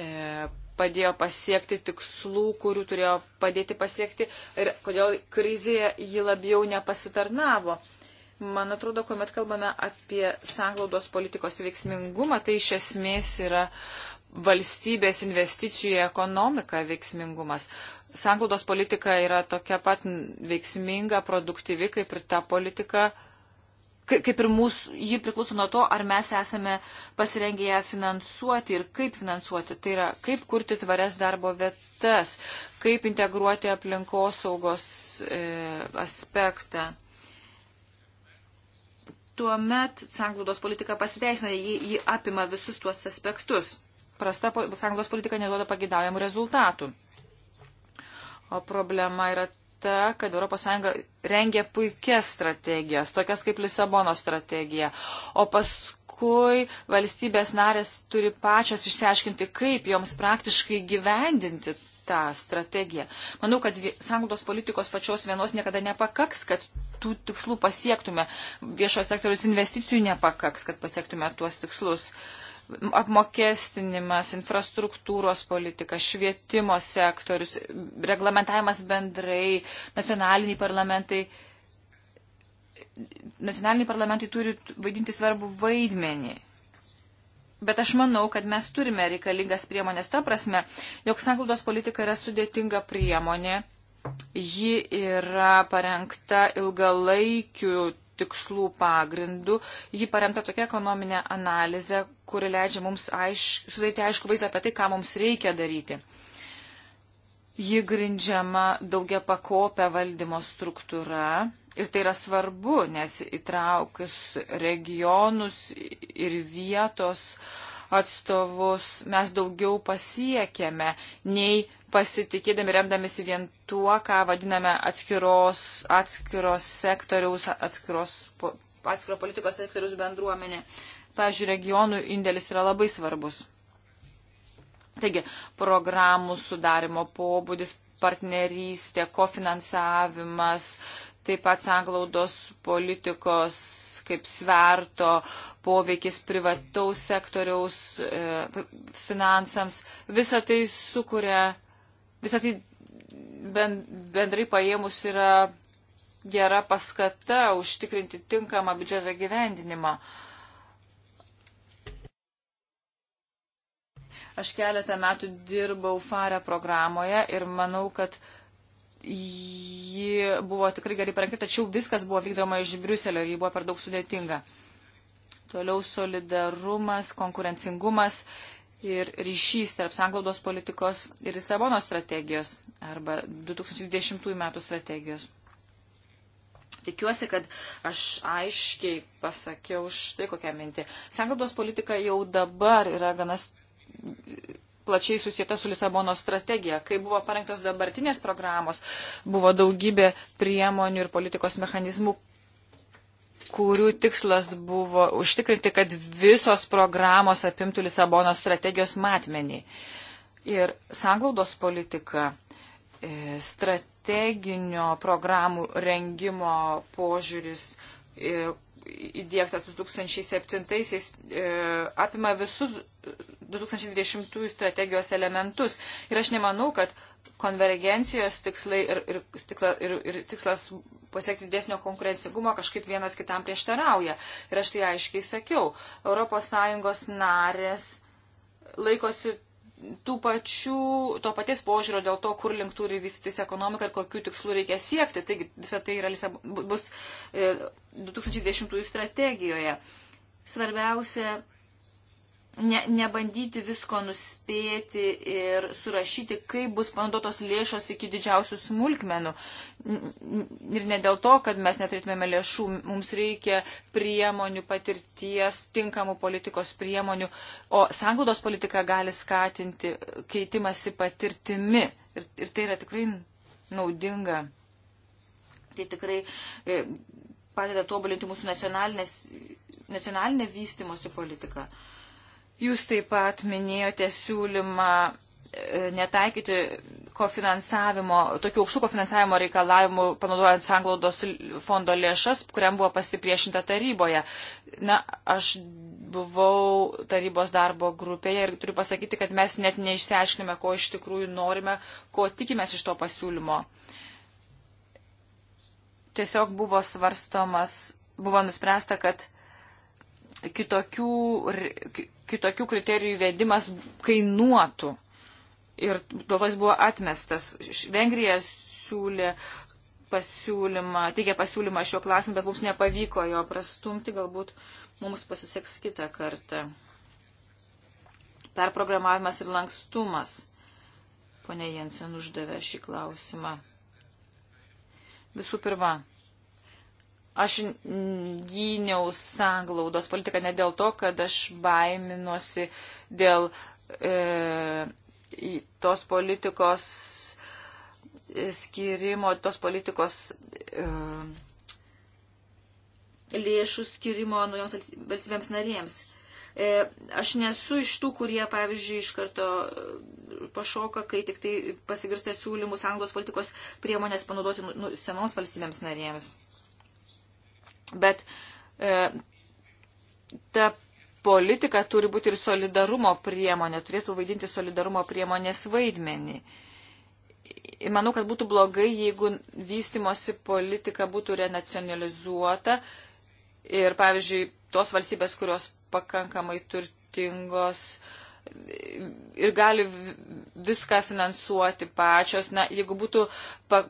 Speaker 3: e, padėjo pasiekti tikslų, kurių turėjo padėti pasiekti ir kodėl krizėje ji labiau nepasitarnavo. Man atrodo, kuomet kalbame apie sanglaudos politikos veiksmingumą, tai iš esmės yra valstybės investicijų į ekonomiką veiksmingumas. Sanglaudos politika yra tokia pat veiksminga, produktyvi, kaip ir ta politika, kaip ir mūsų, ji priklauso nuo to, ar mes esame pasirengę ją finansuoti ir kaip finansuoti. Tai yra, kaip kurti tvarias darbo vietas, kaip integruoti aplinkosaugos e, aspektą. Tuomet sanglaudos politika pasiteisina, ji, ji apima visus tuos aspektus. Prasta sanglaudos politika neduoda pagidaujamų rezultatų. O problema yra ta, kad ES rengia puikias strategijas, tokias kaip Lisabono strategija, o paskui valstybės narės turi pačios išsiaiškinti, kaip joms praktiškai gyvendinti tą strategiją. Manau, kad sanglaudos politikos pačios vienos niekada nepakaks, kad tų tikslų pasiektume. Viešojo sektoriaus investicijų nepakaks, kad pasiektume tuos tikslus. Uh, apmokestinimas, infrastruktūros politika, švietimo sektorius, reglamentavimas bendrai, nacionaliniai parlamentai. Nacionaliniai parlamentai turi vaidinti svarbų vaidmenį. Bet aš manau, kad mes turime reikalingas priemonės ta prasme, jog sanklaudos politika yra sudėtinga priemonė. Ji yra parengta ilgalaikiu tikslų pagrindų. Ji paremta tokia ekonominė analizė, kuri leidžia mums aiš, sudaryti aišku vaizdą apie tai, ką mums reikia daryti. Ji grindžiama daugia pakopę valdymo struktūra ir tai yra svarbu, nes įtraukus regionus ir vietos uh, atstovus mes daugiau pasiekėme, nei pasitikėdami remdamėsi vien tuo, ką vadiname atskiros, atskiros sektoriaus, atskiros, atskiro politikos sektoriaus bendruomenė. Pavyzdžiui, regionų indėlis yra labai svarbus. Taigi, programų sudarimo pobūdis, partnerystė, kofinansavimas, taip pat sanglaudos politikos kaip sverto poveikis privataus sektoriaus e, finansams. Visą tai sukuria, visą tai bendrai paėmus yra gera paskata užtikrinti tinkamą biudžeto gyvendinimą. Aš keletą metų dirbau FARE programoje ir manau, kad uh, ji buvo tikrai gerai parengta, tačiau viskas buvo vykdoma iš Briuselio ir ji buvo per daug sudėtinga. Toliau solidarumas, konkurencingumas ir ryšys tarp sanglaudos politikos ir Lisabono strategijos arba 2020 metų strategijos. Tikiuosi, kad aš aiškiai pasakiau štai kokią mintį. Sanglaudos politika jau dabar yra ganas plačiai susijęta su Lisabono strategija. Kai buvo parengtos dabartinės programos, buvo daugybė priemonių ir politikos mechanizmų, kurių tikslas buvo užtikrinti, kad visos programos apimtų Lisabono strategijos matmenį. Ir sanglaudos politika, e, strateginio programų rengimo požiūris, e, įdėktas 2007-aisiais, e, apima visus 2020-ųjų strategijos elementus. Ir aš nemanau, kad konvergencijos tikslai ir, ir, tikla, ir, ir tikslas pasiekti didesnio konkurencingumo kažkaip vienas kitam prieštarauja. Ir aš tai aiškiai sakiau. ES narės laikosi tų pačių, to paties požiūrio dėl to, kur link turi vystytis ekonomika ir kokiu tikslu reikia siekti. Taigi visą tai yra, bus 2010 e, strategijoje. Svarbiausia ne, nebandyti visko nuspėti ir surašyti, kaip bus panaudotos lėšos iki didžiausių smulkmenų. Ir ne dėl to, kad mes neturėtume lėšų, mums reikia priemonių, patirties, tinkamų politikos priemonių, o sanglaudos politika gali skatinti keitimąsi patirtimi. Ir, ir tai yra tikrai naudinga. Tai tikrai e, padeda tobulinti mūsų nacionalinę vystimosi politiką. Jūs taip pat minėjote siūlymą e, netaikyti kofinansavimo, tokių aukštų kofinansavimo reikalavimų, panaudojant sanglaudos fondo lėšas, kuriam buvo pasipriešinta taryboje. Na, aš buvau tarybos darbo grupėje ir turiu pasakyti, kad mes net neišsiaiškiname, ko iš tikrųjų norime, ko tikimės iš to pasiūlymo. Tiesiog buvo svarstomas, buvo nuspręsta, kad kitokių, kitokių kriterijų vedimas kainuotų. Ir dėl to jis buvo atmestas. Vengrija siūlė pasiūlymą, teikė pasiūlymą šio klausimu, bet mums nepavyko jo prastumti, galbūt mums pasiseks kitą kartą. Perprogramavimas ir lankstumas. Pone Jensen uždavė šį klausimą. Visų pirma, Aš gyniau sanglaudos politiką ne dėl to, kad aš baiminuosi dėl e, tos politikos e, skirimo, tos politikos e, lėšų skirimo naujoms valstybėms narėms. E, aš nesu iš tų, kurie, pavyzdžiui, iš karto e, pašoka, kai tik tai pasigirsta siūlymus anglos politikos priemonės panaudoti nu, nu senoms valstybėms narėms. Bet e, ta politika turi būti ir solidarumo priemonė, turėtų vaidinti solidarumo priemonės vaidmenį. Ir manau, kad būtų blogai, jeigu vystimosi politika būtų renacionalizuota ir, pavyzdžiui, tos valstybės, kurios pakankamai turtingos ir gali viską finansuoti pačios, na, jeigu būtų pa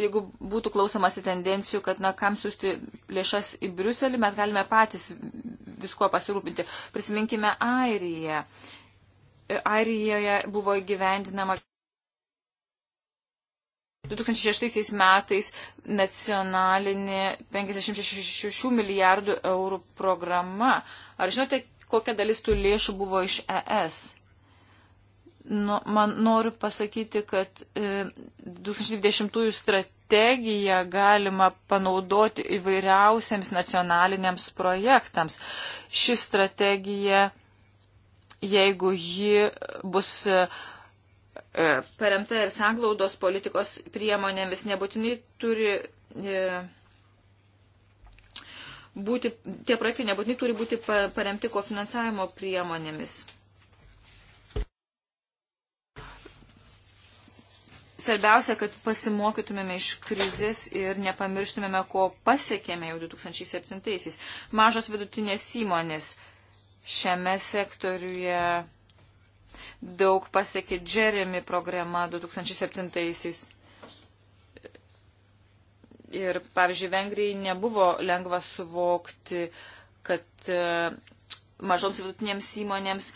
Speaker 3: jeigu būtų klausomasi tendencijų, kad, na, kam siūsti lėšas į Briuselį, mes galime patys viskuo pasirūpinti. Prisiminkime Airiją. E, Airijoje buvo įgyvendinama 2006 metais nacionalinė 56 milijardų eurų programa. Ar žinote, kokia dalis tų lėšų buvo iš ES? nu, man noriu pasakyti, kad e, 2020 strategiją galima panaudoti įvairiausiams nacionaliniams projektams. Ši strategija, jeigu ji bus e, e, paremta ir sanglaudos politikos priemonėmis, nebūtinai turi. E, Būti, tie projektai nebūtinai turi būti paremti kofinansavimo priemonėmis. Svarbiausia, kad pasimokytumėme iš krizės ir nepamirštumėme, ko pasiekėme jau 2007-aisiais. Mažos vidutinės įmonės šiame sektoriuje daug pasiekė Jeremy programa 2007-aisiais. Ir, pavyzdžiui, Vengrijai nebuvo lengva suvokti, kad e, mažoms vidutinėms įmonėms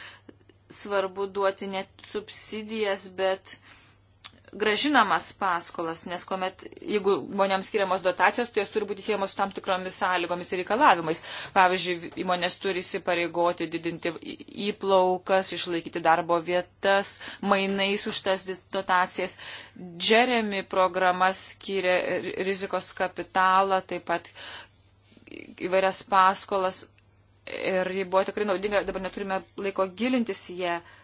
Speaker 3: svarbu duoti ne subsidijas, bet gražinamas paskolas, nes kuomet, jeigu įmonėms skiriamos dotacijos, tai jos turi būti siejamos su tam tikromis sąlygomis ir reikalavimais. Pavyzdžiui, įmonės turi įsipareigoti didinti įplaukas, išlaikyti darbo vietas, mainais už tas dotacijas. Jeremy programa skiria rizikos kapitalą, taip pat įvairias paskolas ir ji buvo tikrai naudinga, dabar neturime laiko gilintis į ją. Yeah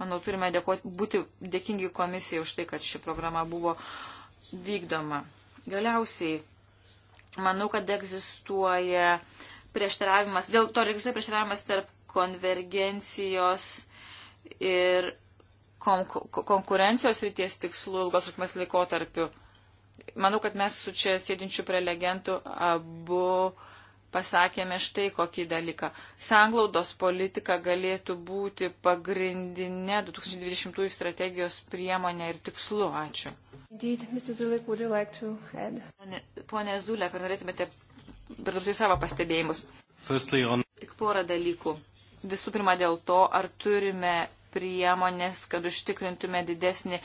Speaker 3: Manau, turime dėkoti, būti dėkingi komisijai už tai, kad ši programa buvo vykdoma. Galiausiai, manau, kad egzistuoja prieštaravimas, dėl to egzistuoja prieštaravimas tarp konvergencijos ir konkurencijos ryties tikslų ilgos trukmės laikotarpiu. Manau, kad mes su čia sėdinčiu prelegentu abu uh, pasakėme štai kokį dalyką. Sanglaudos politika galėtų būti pagrindinė 2020 strategijos priemonė ir tikslu. Ačiū. Indeed, Zulik, like Pone Zulek, ar norėtumėte pridurti savo pastebėjimus? Firstly, on... Tik porą dalykų. Visų pirma, dėl to, ar turime priemonės, kad užtikrintume didesnį,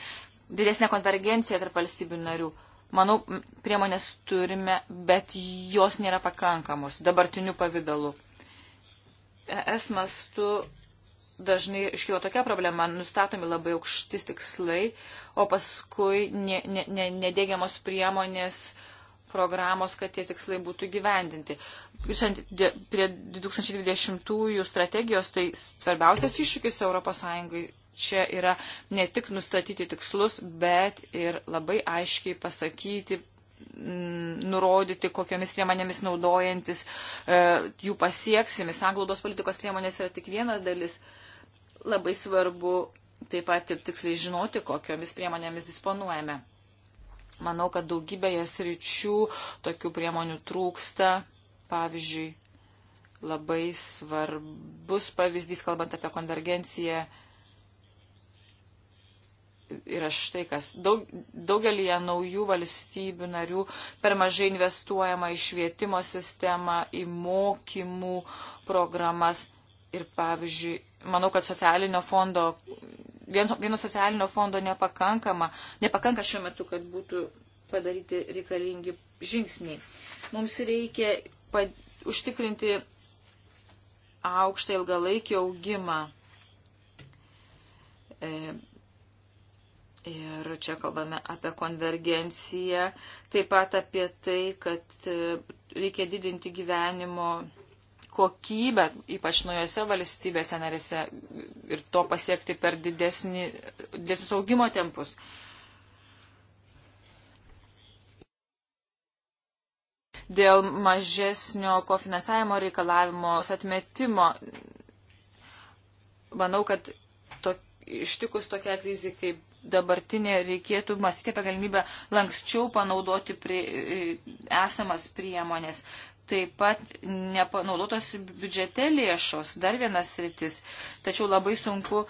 Speaker 3: didesnę konvergenciją tarp valstybių narių. Manau, priemonės turime, bet jos nėra pakankamos dabartiniu pavydalu. ES mastu dažnai iškyla tokia problema, nustatomi labai aukštis tikslai, o paskui ne, ne, ne, nedėgiamos priemonės programos, kad tie tikslai būtų gyvendinti. Grįžtant prie 2020 strategijos, tai svarbiausias iššūkis ES čia yra ne tik nustatyti tikslus, bet ir labai aiškiai pasakyti, mm, nurodyti, kokiamis priemonėmis naudojantis e, jų pasieksimi. Sanglaudos politikos priemonės yra tik viena dalis. Labai svarbu taip pat ir tiksliai žinoti, kokiomis priemonėmis disponuojame. Manau, kad daugybėje sričių tokių priemonių trūksta. Pavyzdžiui, labai svarbus pavyzdys, kalbant apie konvergenciją, yra štai kas. Daug, daugelį naujų valstybių narių per mažai investuojama į švietimo sistemą, į mokymų programas. Ir pavyzdžiui, manau, kad socialinio fondo, vien, vieno socialinio fondo nepakankama, nepakanka šiuo metu, kad būtų padaryti reikalingi žingsniai. Mums reikia pad, užtikrinti aukštą ilgalaikį augimą. E, Ir čia kalbame apie konvergenciją, taip pat apie tai, kad e, reikia didinti gyvenimo kokybę, ypač naujose valstybėse narėse ir to pasiekti per didesnį, didesnius augimo tempus. Dėl mažesnio kofinansavimo reikalavimo atmetimo, manau, kad to, ištikus tokia krizė kaip dabartinė reikėtų mąstyti apie galimybę lankščiau panaudoti prie, e, esamas priemonės. Taip pat nepanaudotos biudžete lėšos, dar vienas rytis, tačiau labai sunku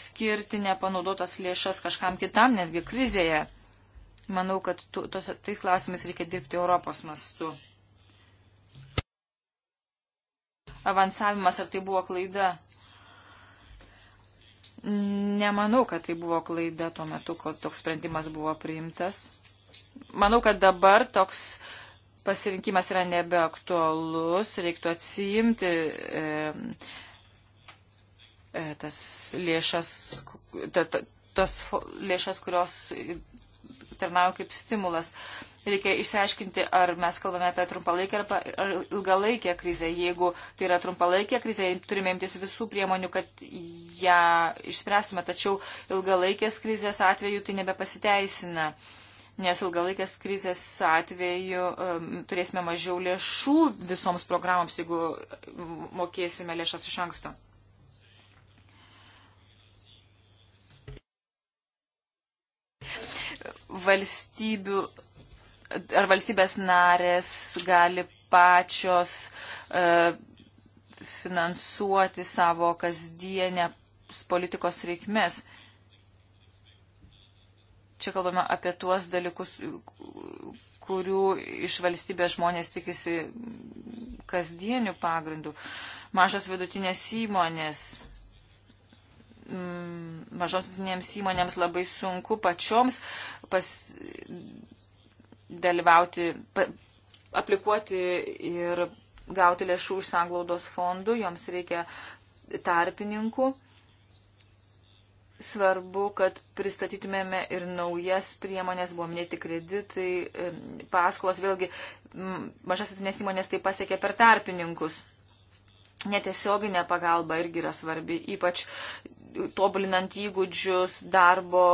Speaker 3: skirti nepanaudotas lėšas kažkam kitam, netgi krizėje. Manau, kad tu, tos, tais klausimais reikia dirbti Europos mastu. Avansavimas, ar tai buvo klaida? Nemanau, kad tai buvo klaida tuo metu, kad toks sprendimas buvo priimtas. Manau, kad dabar toks pasirinkimas yra nebeaktualus, reiktų atsiimti e, e, tas lėšas, t, t, tos lėšas, kurios tarnauja kaip stimulas. E, Reikia išsiaiškinti, ar mes kalbame apie trumpalaikę ar ilgalaikę krizę. Jeigu tai yra trumpalaikė krizė, turime imtis visų priemonių, kad ją išspręsime. Tačiau ilgalaikės krizės atveju tai nebepasiteisina. Nes ilgalaikės krizės atveju um, turėsime mažiau lėšų visoms programoms, jeigu um, mokėsime lėšas iš anksto. valstybių ar valstybės narės gali pačios e, finansuoti savo kasdienę politikos reikmes. Čia kalbame apie tuos dalykus, kurių iš valstybės žmonės tikisi kasdienių pagrindų. Mažos vidutinės įmonės. Mm, Mažos vidutinėms įmonėms labai sunku pačioms pas, dalyvauti, pa, aplikuoti ir gauti lėšų iš sanglaudos fondų, joms reikia tarpininkų. Svarbu, kad pristatytumėme ir naujas priemonės, buvo minėti kreditai, paskolos, vėlgi mažas atinės įmonės tai pasiekė per tarpininkus. Netiesioginė pagalba irgi yra svarbi, ypač tobulinant įgūdžius, darbo,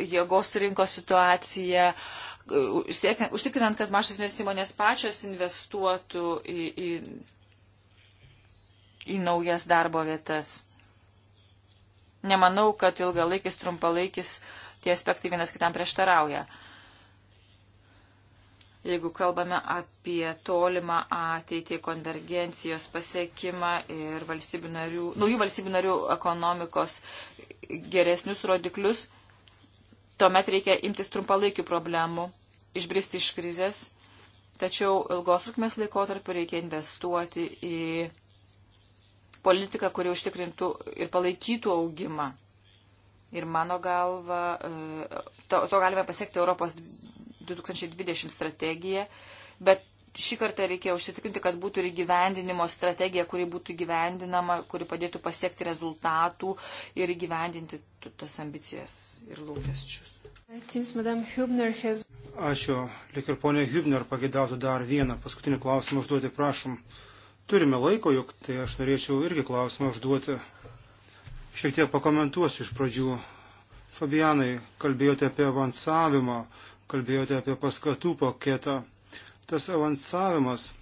Speaker 3: jėgos rinkos situaciją, uh, siekiant, užtikrinant, kad mažas vidinės įmonės pačios investuotų į, į, į naujas darbo vietas. Nemanau, kad ilgalaikis, trumpalaikis tie aspektai vienas kitam prieštarauja. Jeigu kalbame apie tolimą ateitį, konvergencijos pasiekimą ir valstybių narių, naujų valstybių narių ekonomikos geresnius rodiklius, tuomet reikia imtis trumpalaikių problemų, išbristi iš krizės, tačiau ilgos trukmės laikotarpiu reikia investuoti į politiką, kuri užtikrintų ir palaikytų augimą. Ir mano galva, e, to, to galime pasiekti Europos 2020 strategiją, bet šį kartą reikėjo užsitikrinti, kad būtų ir gyvendinimo strategija, kuri būtų gyvendinama, kuri padėtų pasiekti rezultatų ir gyvendinti tas ambicijas
Speaker 1: ir lūkesčius.
Speaker 3: Has...
Speaker 1: Ačiū. Lik ir ponė Hübner pagėdautų dar vieną paskutinį klausimą užduoti, prašom. Turime laiko, juk tai aš norėčiau irgi klausimą užduoti. Šiek tiek pakomentuosiu iš pradžių. Fabianai, kalbėjote apie avansavimą, kalbėjote apie paskatų paketą tas avansavimas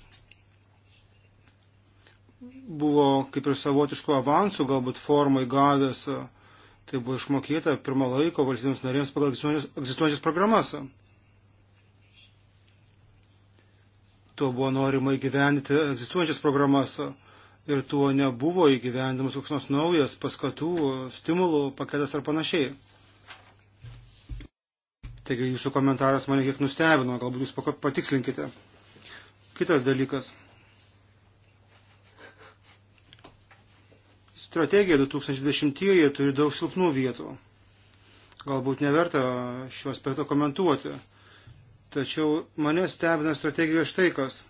Speaker 1: buvo kaip ir savotiškų avansų galbūt formai gavęs, tai buvo išmokėta pirmo laiko valstybėms narėms pagal egzistuojančias programas. Tuo buvo norima įgyvendinti egzistuojančias programas ir tuo nebuvo įgyvendinamas koks nors naujas paskatų, stimulų paketas ar panašiai. Taigi jūsų komentaras mane kiek nustebino, galbūt jūs patikslinkite. Kitas dalykas. Strategija 2020-ieji turi daug silpnų vietų. Galbūt neverta šiuo aspektu komentuoti. Tačiau mane stebina strategija štai kas.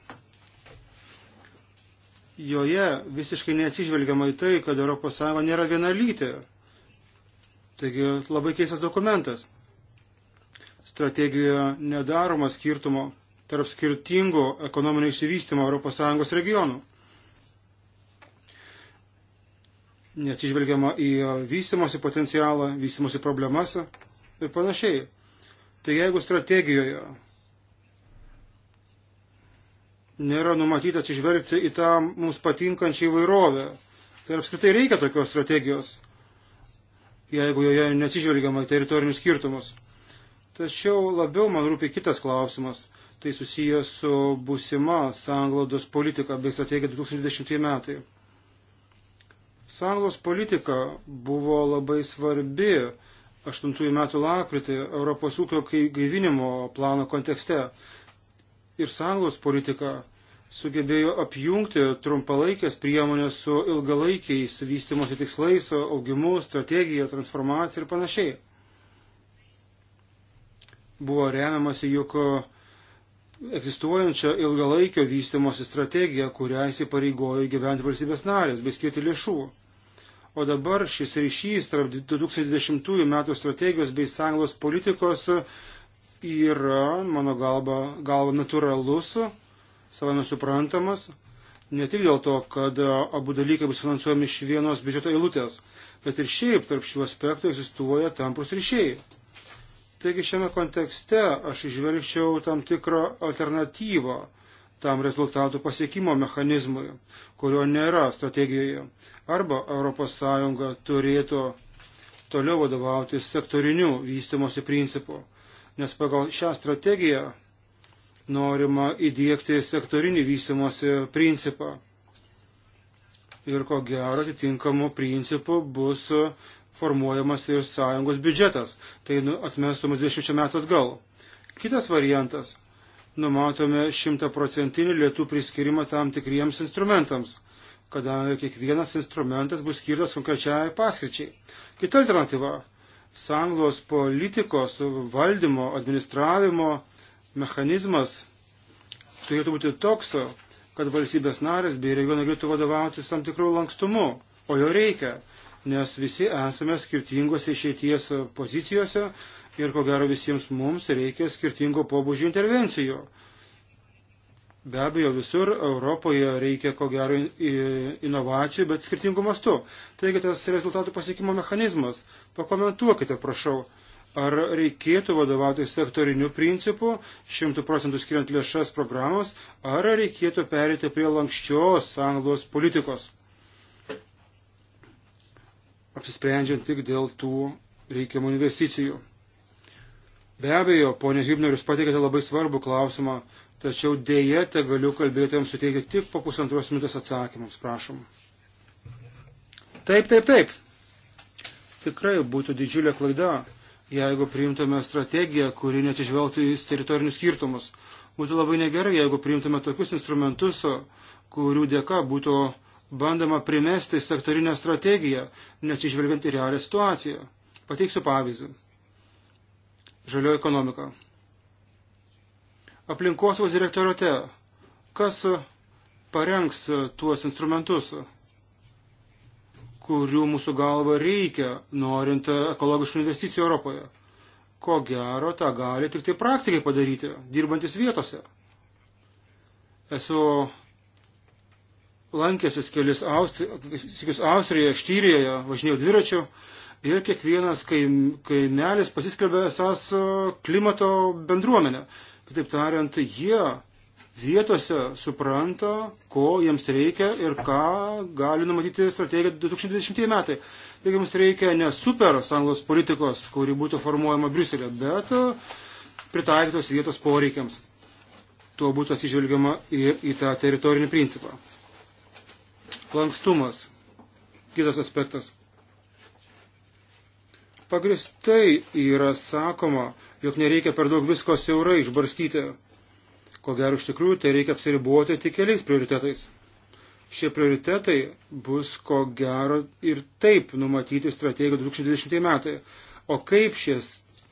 Speaker 1: Joje visiškai neatsižvelgiama į tai, kad ES nėra vienalytė. Taigi labai keistas dokumentas strategijoje nedaroma skirtumo tarp skirtingų ekonominio išsivystymo ES regionų. Neatsižvelgiama į vystimosi potencialą, vystimosi problemas ir panašiai. Tai jeigu strategijoje nėra numatyta atsižvelgti į tą mums patinkančią įvairovę, tai apskritai reikia tokios strategijos, jeigu joje neatsižvelgiama į teritorinius skirtumus. Tačiau labiau man rūpi kitas klausimas. Tai susijęs su būsima sanglaudos politika bei strategija 2020 metai. Sanglos politika buvo labai svarbi 8 metų lapkritį Europos ūkio gaivinimo plano kontekste. Ir sanglos politika sugebėjo apjungti trumpalaikės priemonės su ilgalaikiais vystimosi tikslais, augimu, strategija, transformacija ir panašiai buvo remiamasi juk e, egzistuojančią ilgalaikio vystimosi strategiją, kurią įsipareigojo gyventi valstybės narės bei skirti lėšų. O dabar šis ryšys tarp 2020 metų strategijos bei sąjungos politikos yra, mano galva, galva natūralus, savame suprantamas. Ne tik dėl to, kad abu dalykai bus finansuojami iš vienos biudžeto eilutės, bet ir šiaip tarp šių aspektų egzistuoja tamprus ryšiai. Taigi šiame kontekste aš išvelgčiau tam tikrą alternatyvą tam rezultatų pasiekimo mechanizmui, kurio nėra strategijoje. Arba ES turėtų toliau vadovauti sektoriniu vystimosi principu, nes pagal šią strategiją norima įdėkti sektorinį vystimosi principą. Ir ko gero atitinkamų principų bus formuojamas ir sąjungos biudžetas. Tai nu, atmestumas 20 metų atgal. Kitas variantas. Numatome šimtaprocentinį lietų priskirimą tam tikriems instrumentams, kadangi kiekvienas instrumentas bus skirtas konkrečiai paskirčiai. Kita alternatyva - sanglos politikos valdymo, administravimo mechanizmas turėtų būti toks, kad valstybės narės bei regionai galėtų vadovautis tam tikrų lankstumu, o jo reikia, nes visi esame skirtingose išeities pozicijose ir ko gero visiems mums reikia skirtingo pobūdžio intervencijų. Be abejo, visur Europoje reikia ko gero inovacijų, bet skirtingų mastų. Taigi tas rezultatų pasiekimo mechanizmas. Pakomentuokite, prašau, ar reikėtų vadovauti sektoriniu principu, šimtų procentų skiriant lėšas programos, ar reikėtų perėti prie lankščios anglos politikos apsisprendžiant tik dėl tų reikiamų investicijų. Be abejo, ponė Hübner, jūs pateikėte labai svarbų klausimą, tačiau dėje te galiu kalbėtojams suteikti tik po pusantros minutės atsakymams, prašom. Taip, taip, taip. Tikrai būtų didžiulė klaida, jeigu priimtume strategiją, kuri neatsižvelgtų į teritorinius skirtumus. Būtų labai negerai, jeigu priimtume tokius instrumentus, kurių dėka būtų bandoma primesti sektorinę strategiją, neatsižvelgiant į realią situaciją. Pateiksiu pavyzdį. Žalioji ekonomika. Aplinkosaugos direktorate. Kas parengs tuos instrumentus, kurių mūsų galva reikia, norint ekologiškų investicijų Europoje? Ko gero, tą gali tik tai praktikai padaryti, dirbantis vietose. Esu lankęsis kelis Austri... Austrijoje, Štyrijoje, važinėjau dviračiu ir kiekvienas kaim... kaimelis pasiskelbė esas klimato bendruomenę. Kitaip tariant, jie vietose supranta, ko jiems reikia ir ką gali numatyti strategija 2020 metai. Taigi mums reikia ne super sąjungos politikos, kuri būtų formuojama Briuselė, bet pritaikytos vietos poreikiams. Tuo būtų atsižvelgiama į, į tą teritorinį principą. Lankstumas. Kitas aspektas. Pagristai yra sakoma, jog nereikia per daug visko siaurai išbarstyti. Ko gero iš tikrųjų, tai reikia apsiriboti tik keliais prioritetais. Šie prioritetai bus ko gero ir taip numatyti strategiją 2020 metai. O kaip šie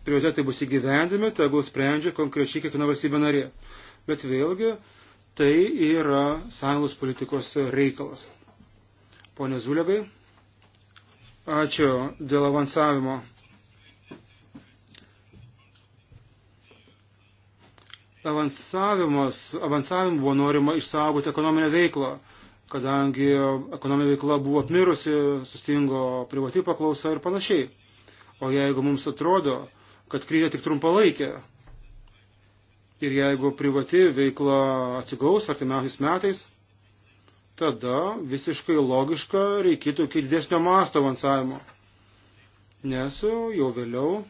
Speaker 1: prioritetai bus įgyvendami, tegul sprendžia konkrečiai kiekviena valstybė narė. Bet vėlgi, tai yra sąjungos politikos reikalas. Pone Zulegai, ačiū dėl avansavimo. Avansavimas, avansavimu buvo norima išsaugoti ekonominę veiklą, kadangi ekonominė veikla buvo apmirusi, sustingo privati paklausa ir panašiai. O jeigu mums atrodo, kad krizė tik trumpalaikė ir jeigu privati veikla atsigaus artimiausiais metais, tada visiškai logiška reikėtų iki didesnio masto avansavimo. Nes jau vėliau,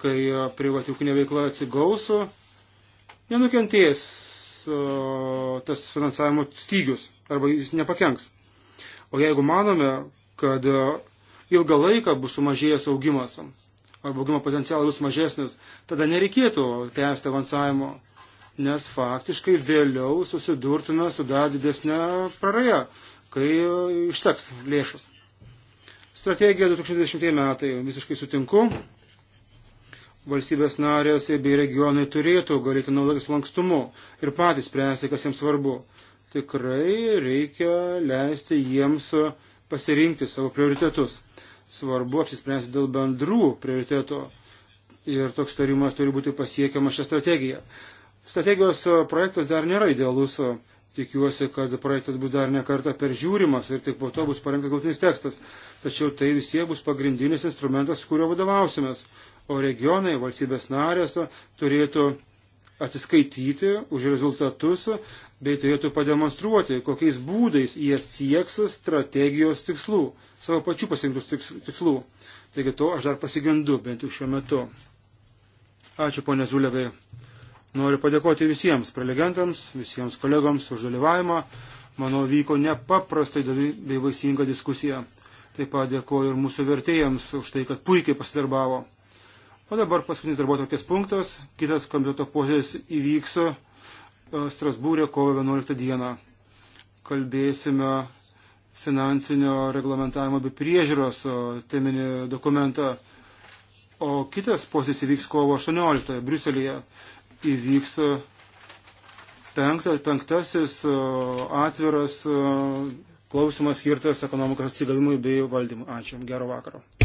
Speaker 1: kai privatiukinė veikla atsigaus, nenukentės tas finansavimo stygius arba jis nepakenks. O jeigu manome, kad ilgą laiką bus sumažėjęs augimas arba augimo potencialas bus mažesnis, tada nereikėtų tęsti avansavimo nes faktiškai vėliau susidurtume su dar didesnė praraja, kai e, išseks lėšos. Strategija 2020 metai visiškai sutinku. Valstybės narės bei regionai turėtų galėti naudotis lankstumu ir patys spręsti, kas jiems svarbu. Tikrai reikia leisti jiems pasirinkti savo prioritetus. Svarbu apsispręsti dėl bendrų prioritetų ir toks tarimas turi būti pasiekiamas šią strategiją. Strategijos projektas dar nėra idealus, tikiuosi, kad projektas bus dar ne kartą peržiūrimas ir tik po to bus parengtas galtinis tekstas. Tačiau tai vis tiek bus pagrindinis instrumentas, kuriuo vadovausimės. O regionai, valstybės narės turėtų atsiskaityti už rezultatus bei turėtų pademonstruoti, kokiais būdais jie sieks strategijos tikslų, savo pačių pasirinktus tikslų. Taigi to aš dar pasigendu, bent jau šiuo metu. Ačiū, ponė Zulegai. Noriu padėkoti visiems prelegentams, visiems kolegoms už dalyvavimą. Manau, vyko nepaprastai bei vaisinga diskusija. Taip pat dėkoju ir mūsų vertėjams už tai, kad puikiai pasidarbavo. O dabar paskutinis darbo tokias punktas. Kitas komiteto posėdis įvyks e, Strasbūrė kovo 11 dieną. Kalbėsime finansinio reglamentavimo bei priežiūros e, teminį dokumentą. O kitas posėdis įvyks kovo 18 Briuselėje įvyks penktas, penktasis e, atviras e, klausimas skirtas ekonomikos atsigavimui bei valdymui. Ačiū. Gero vakaro.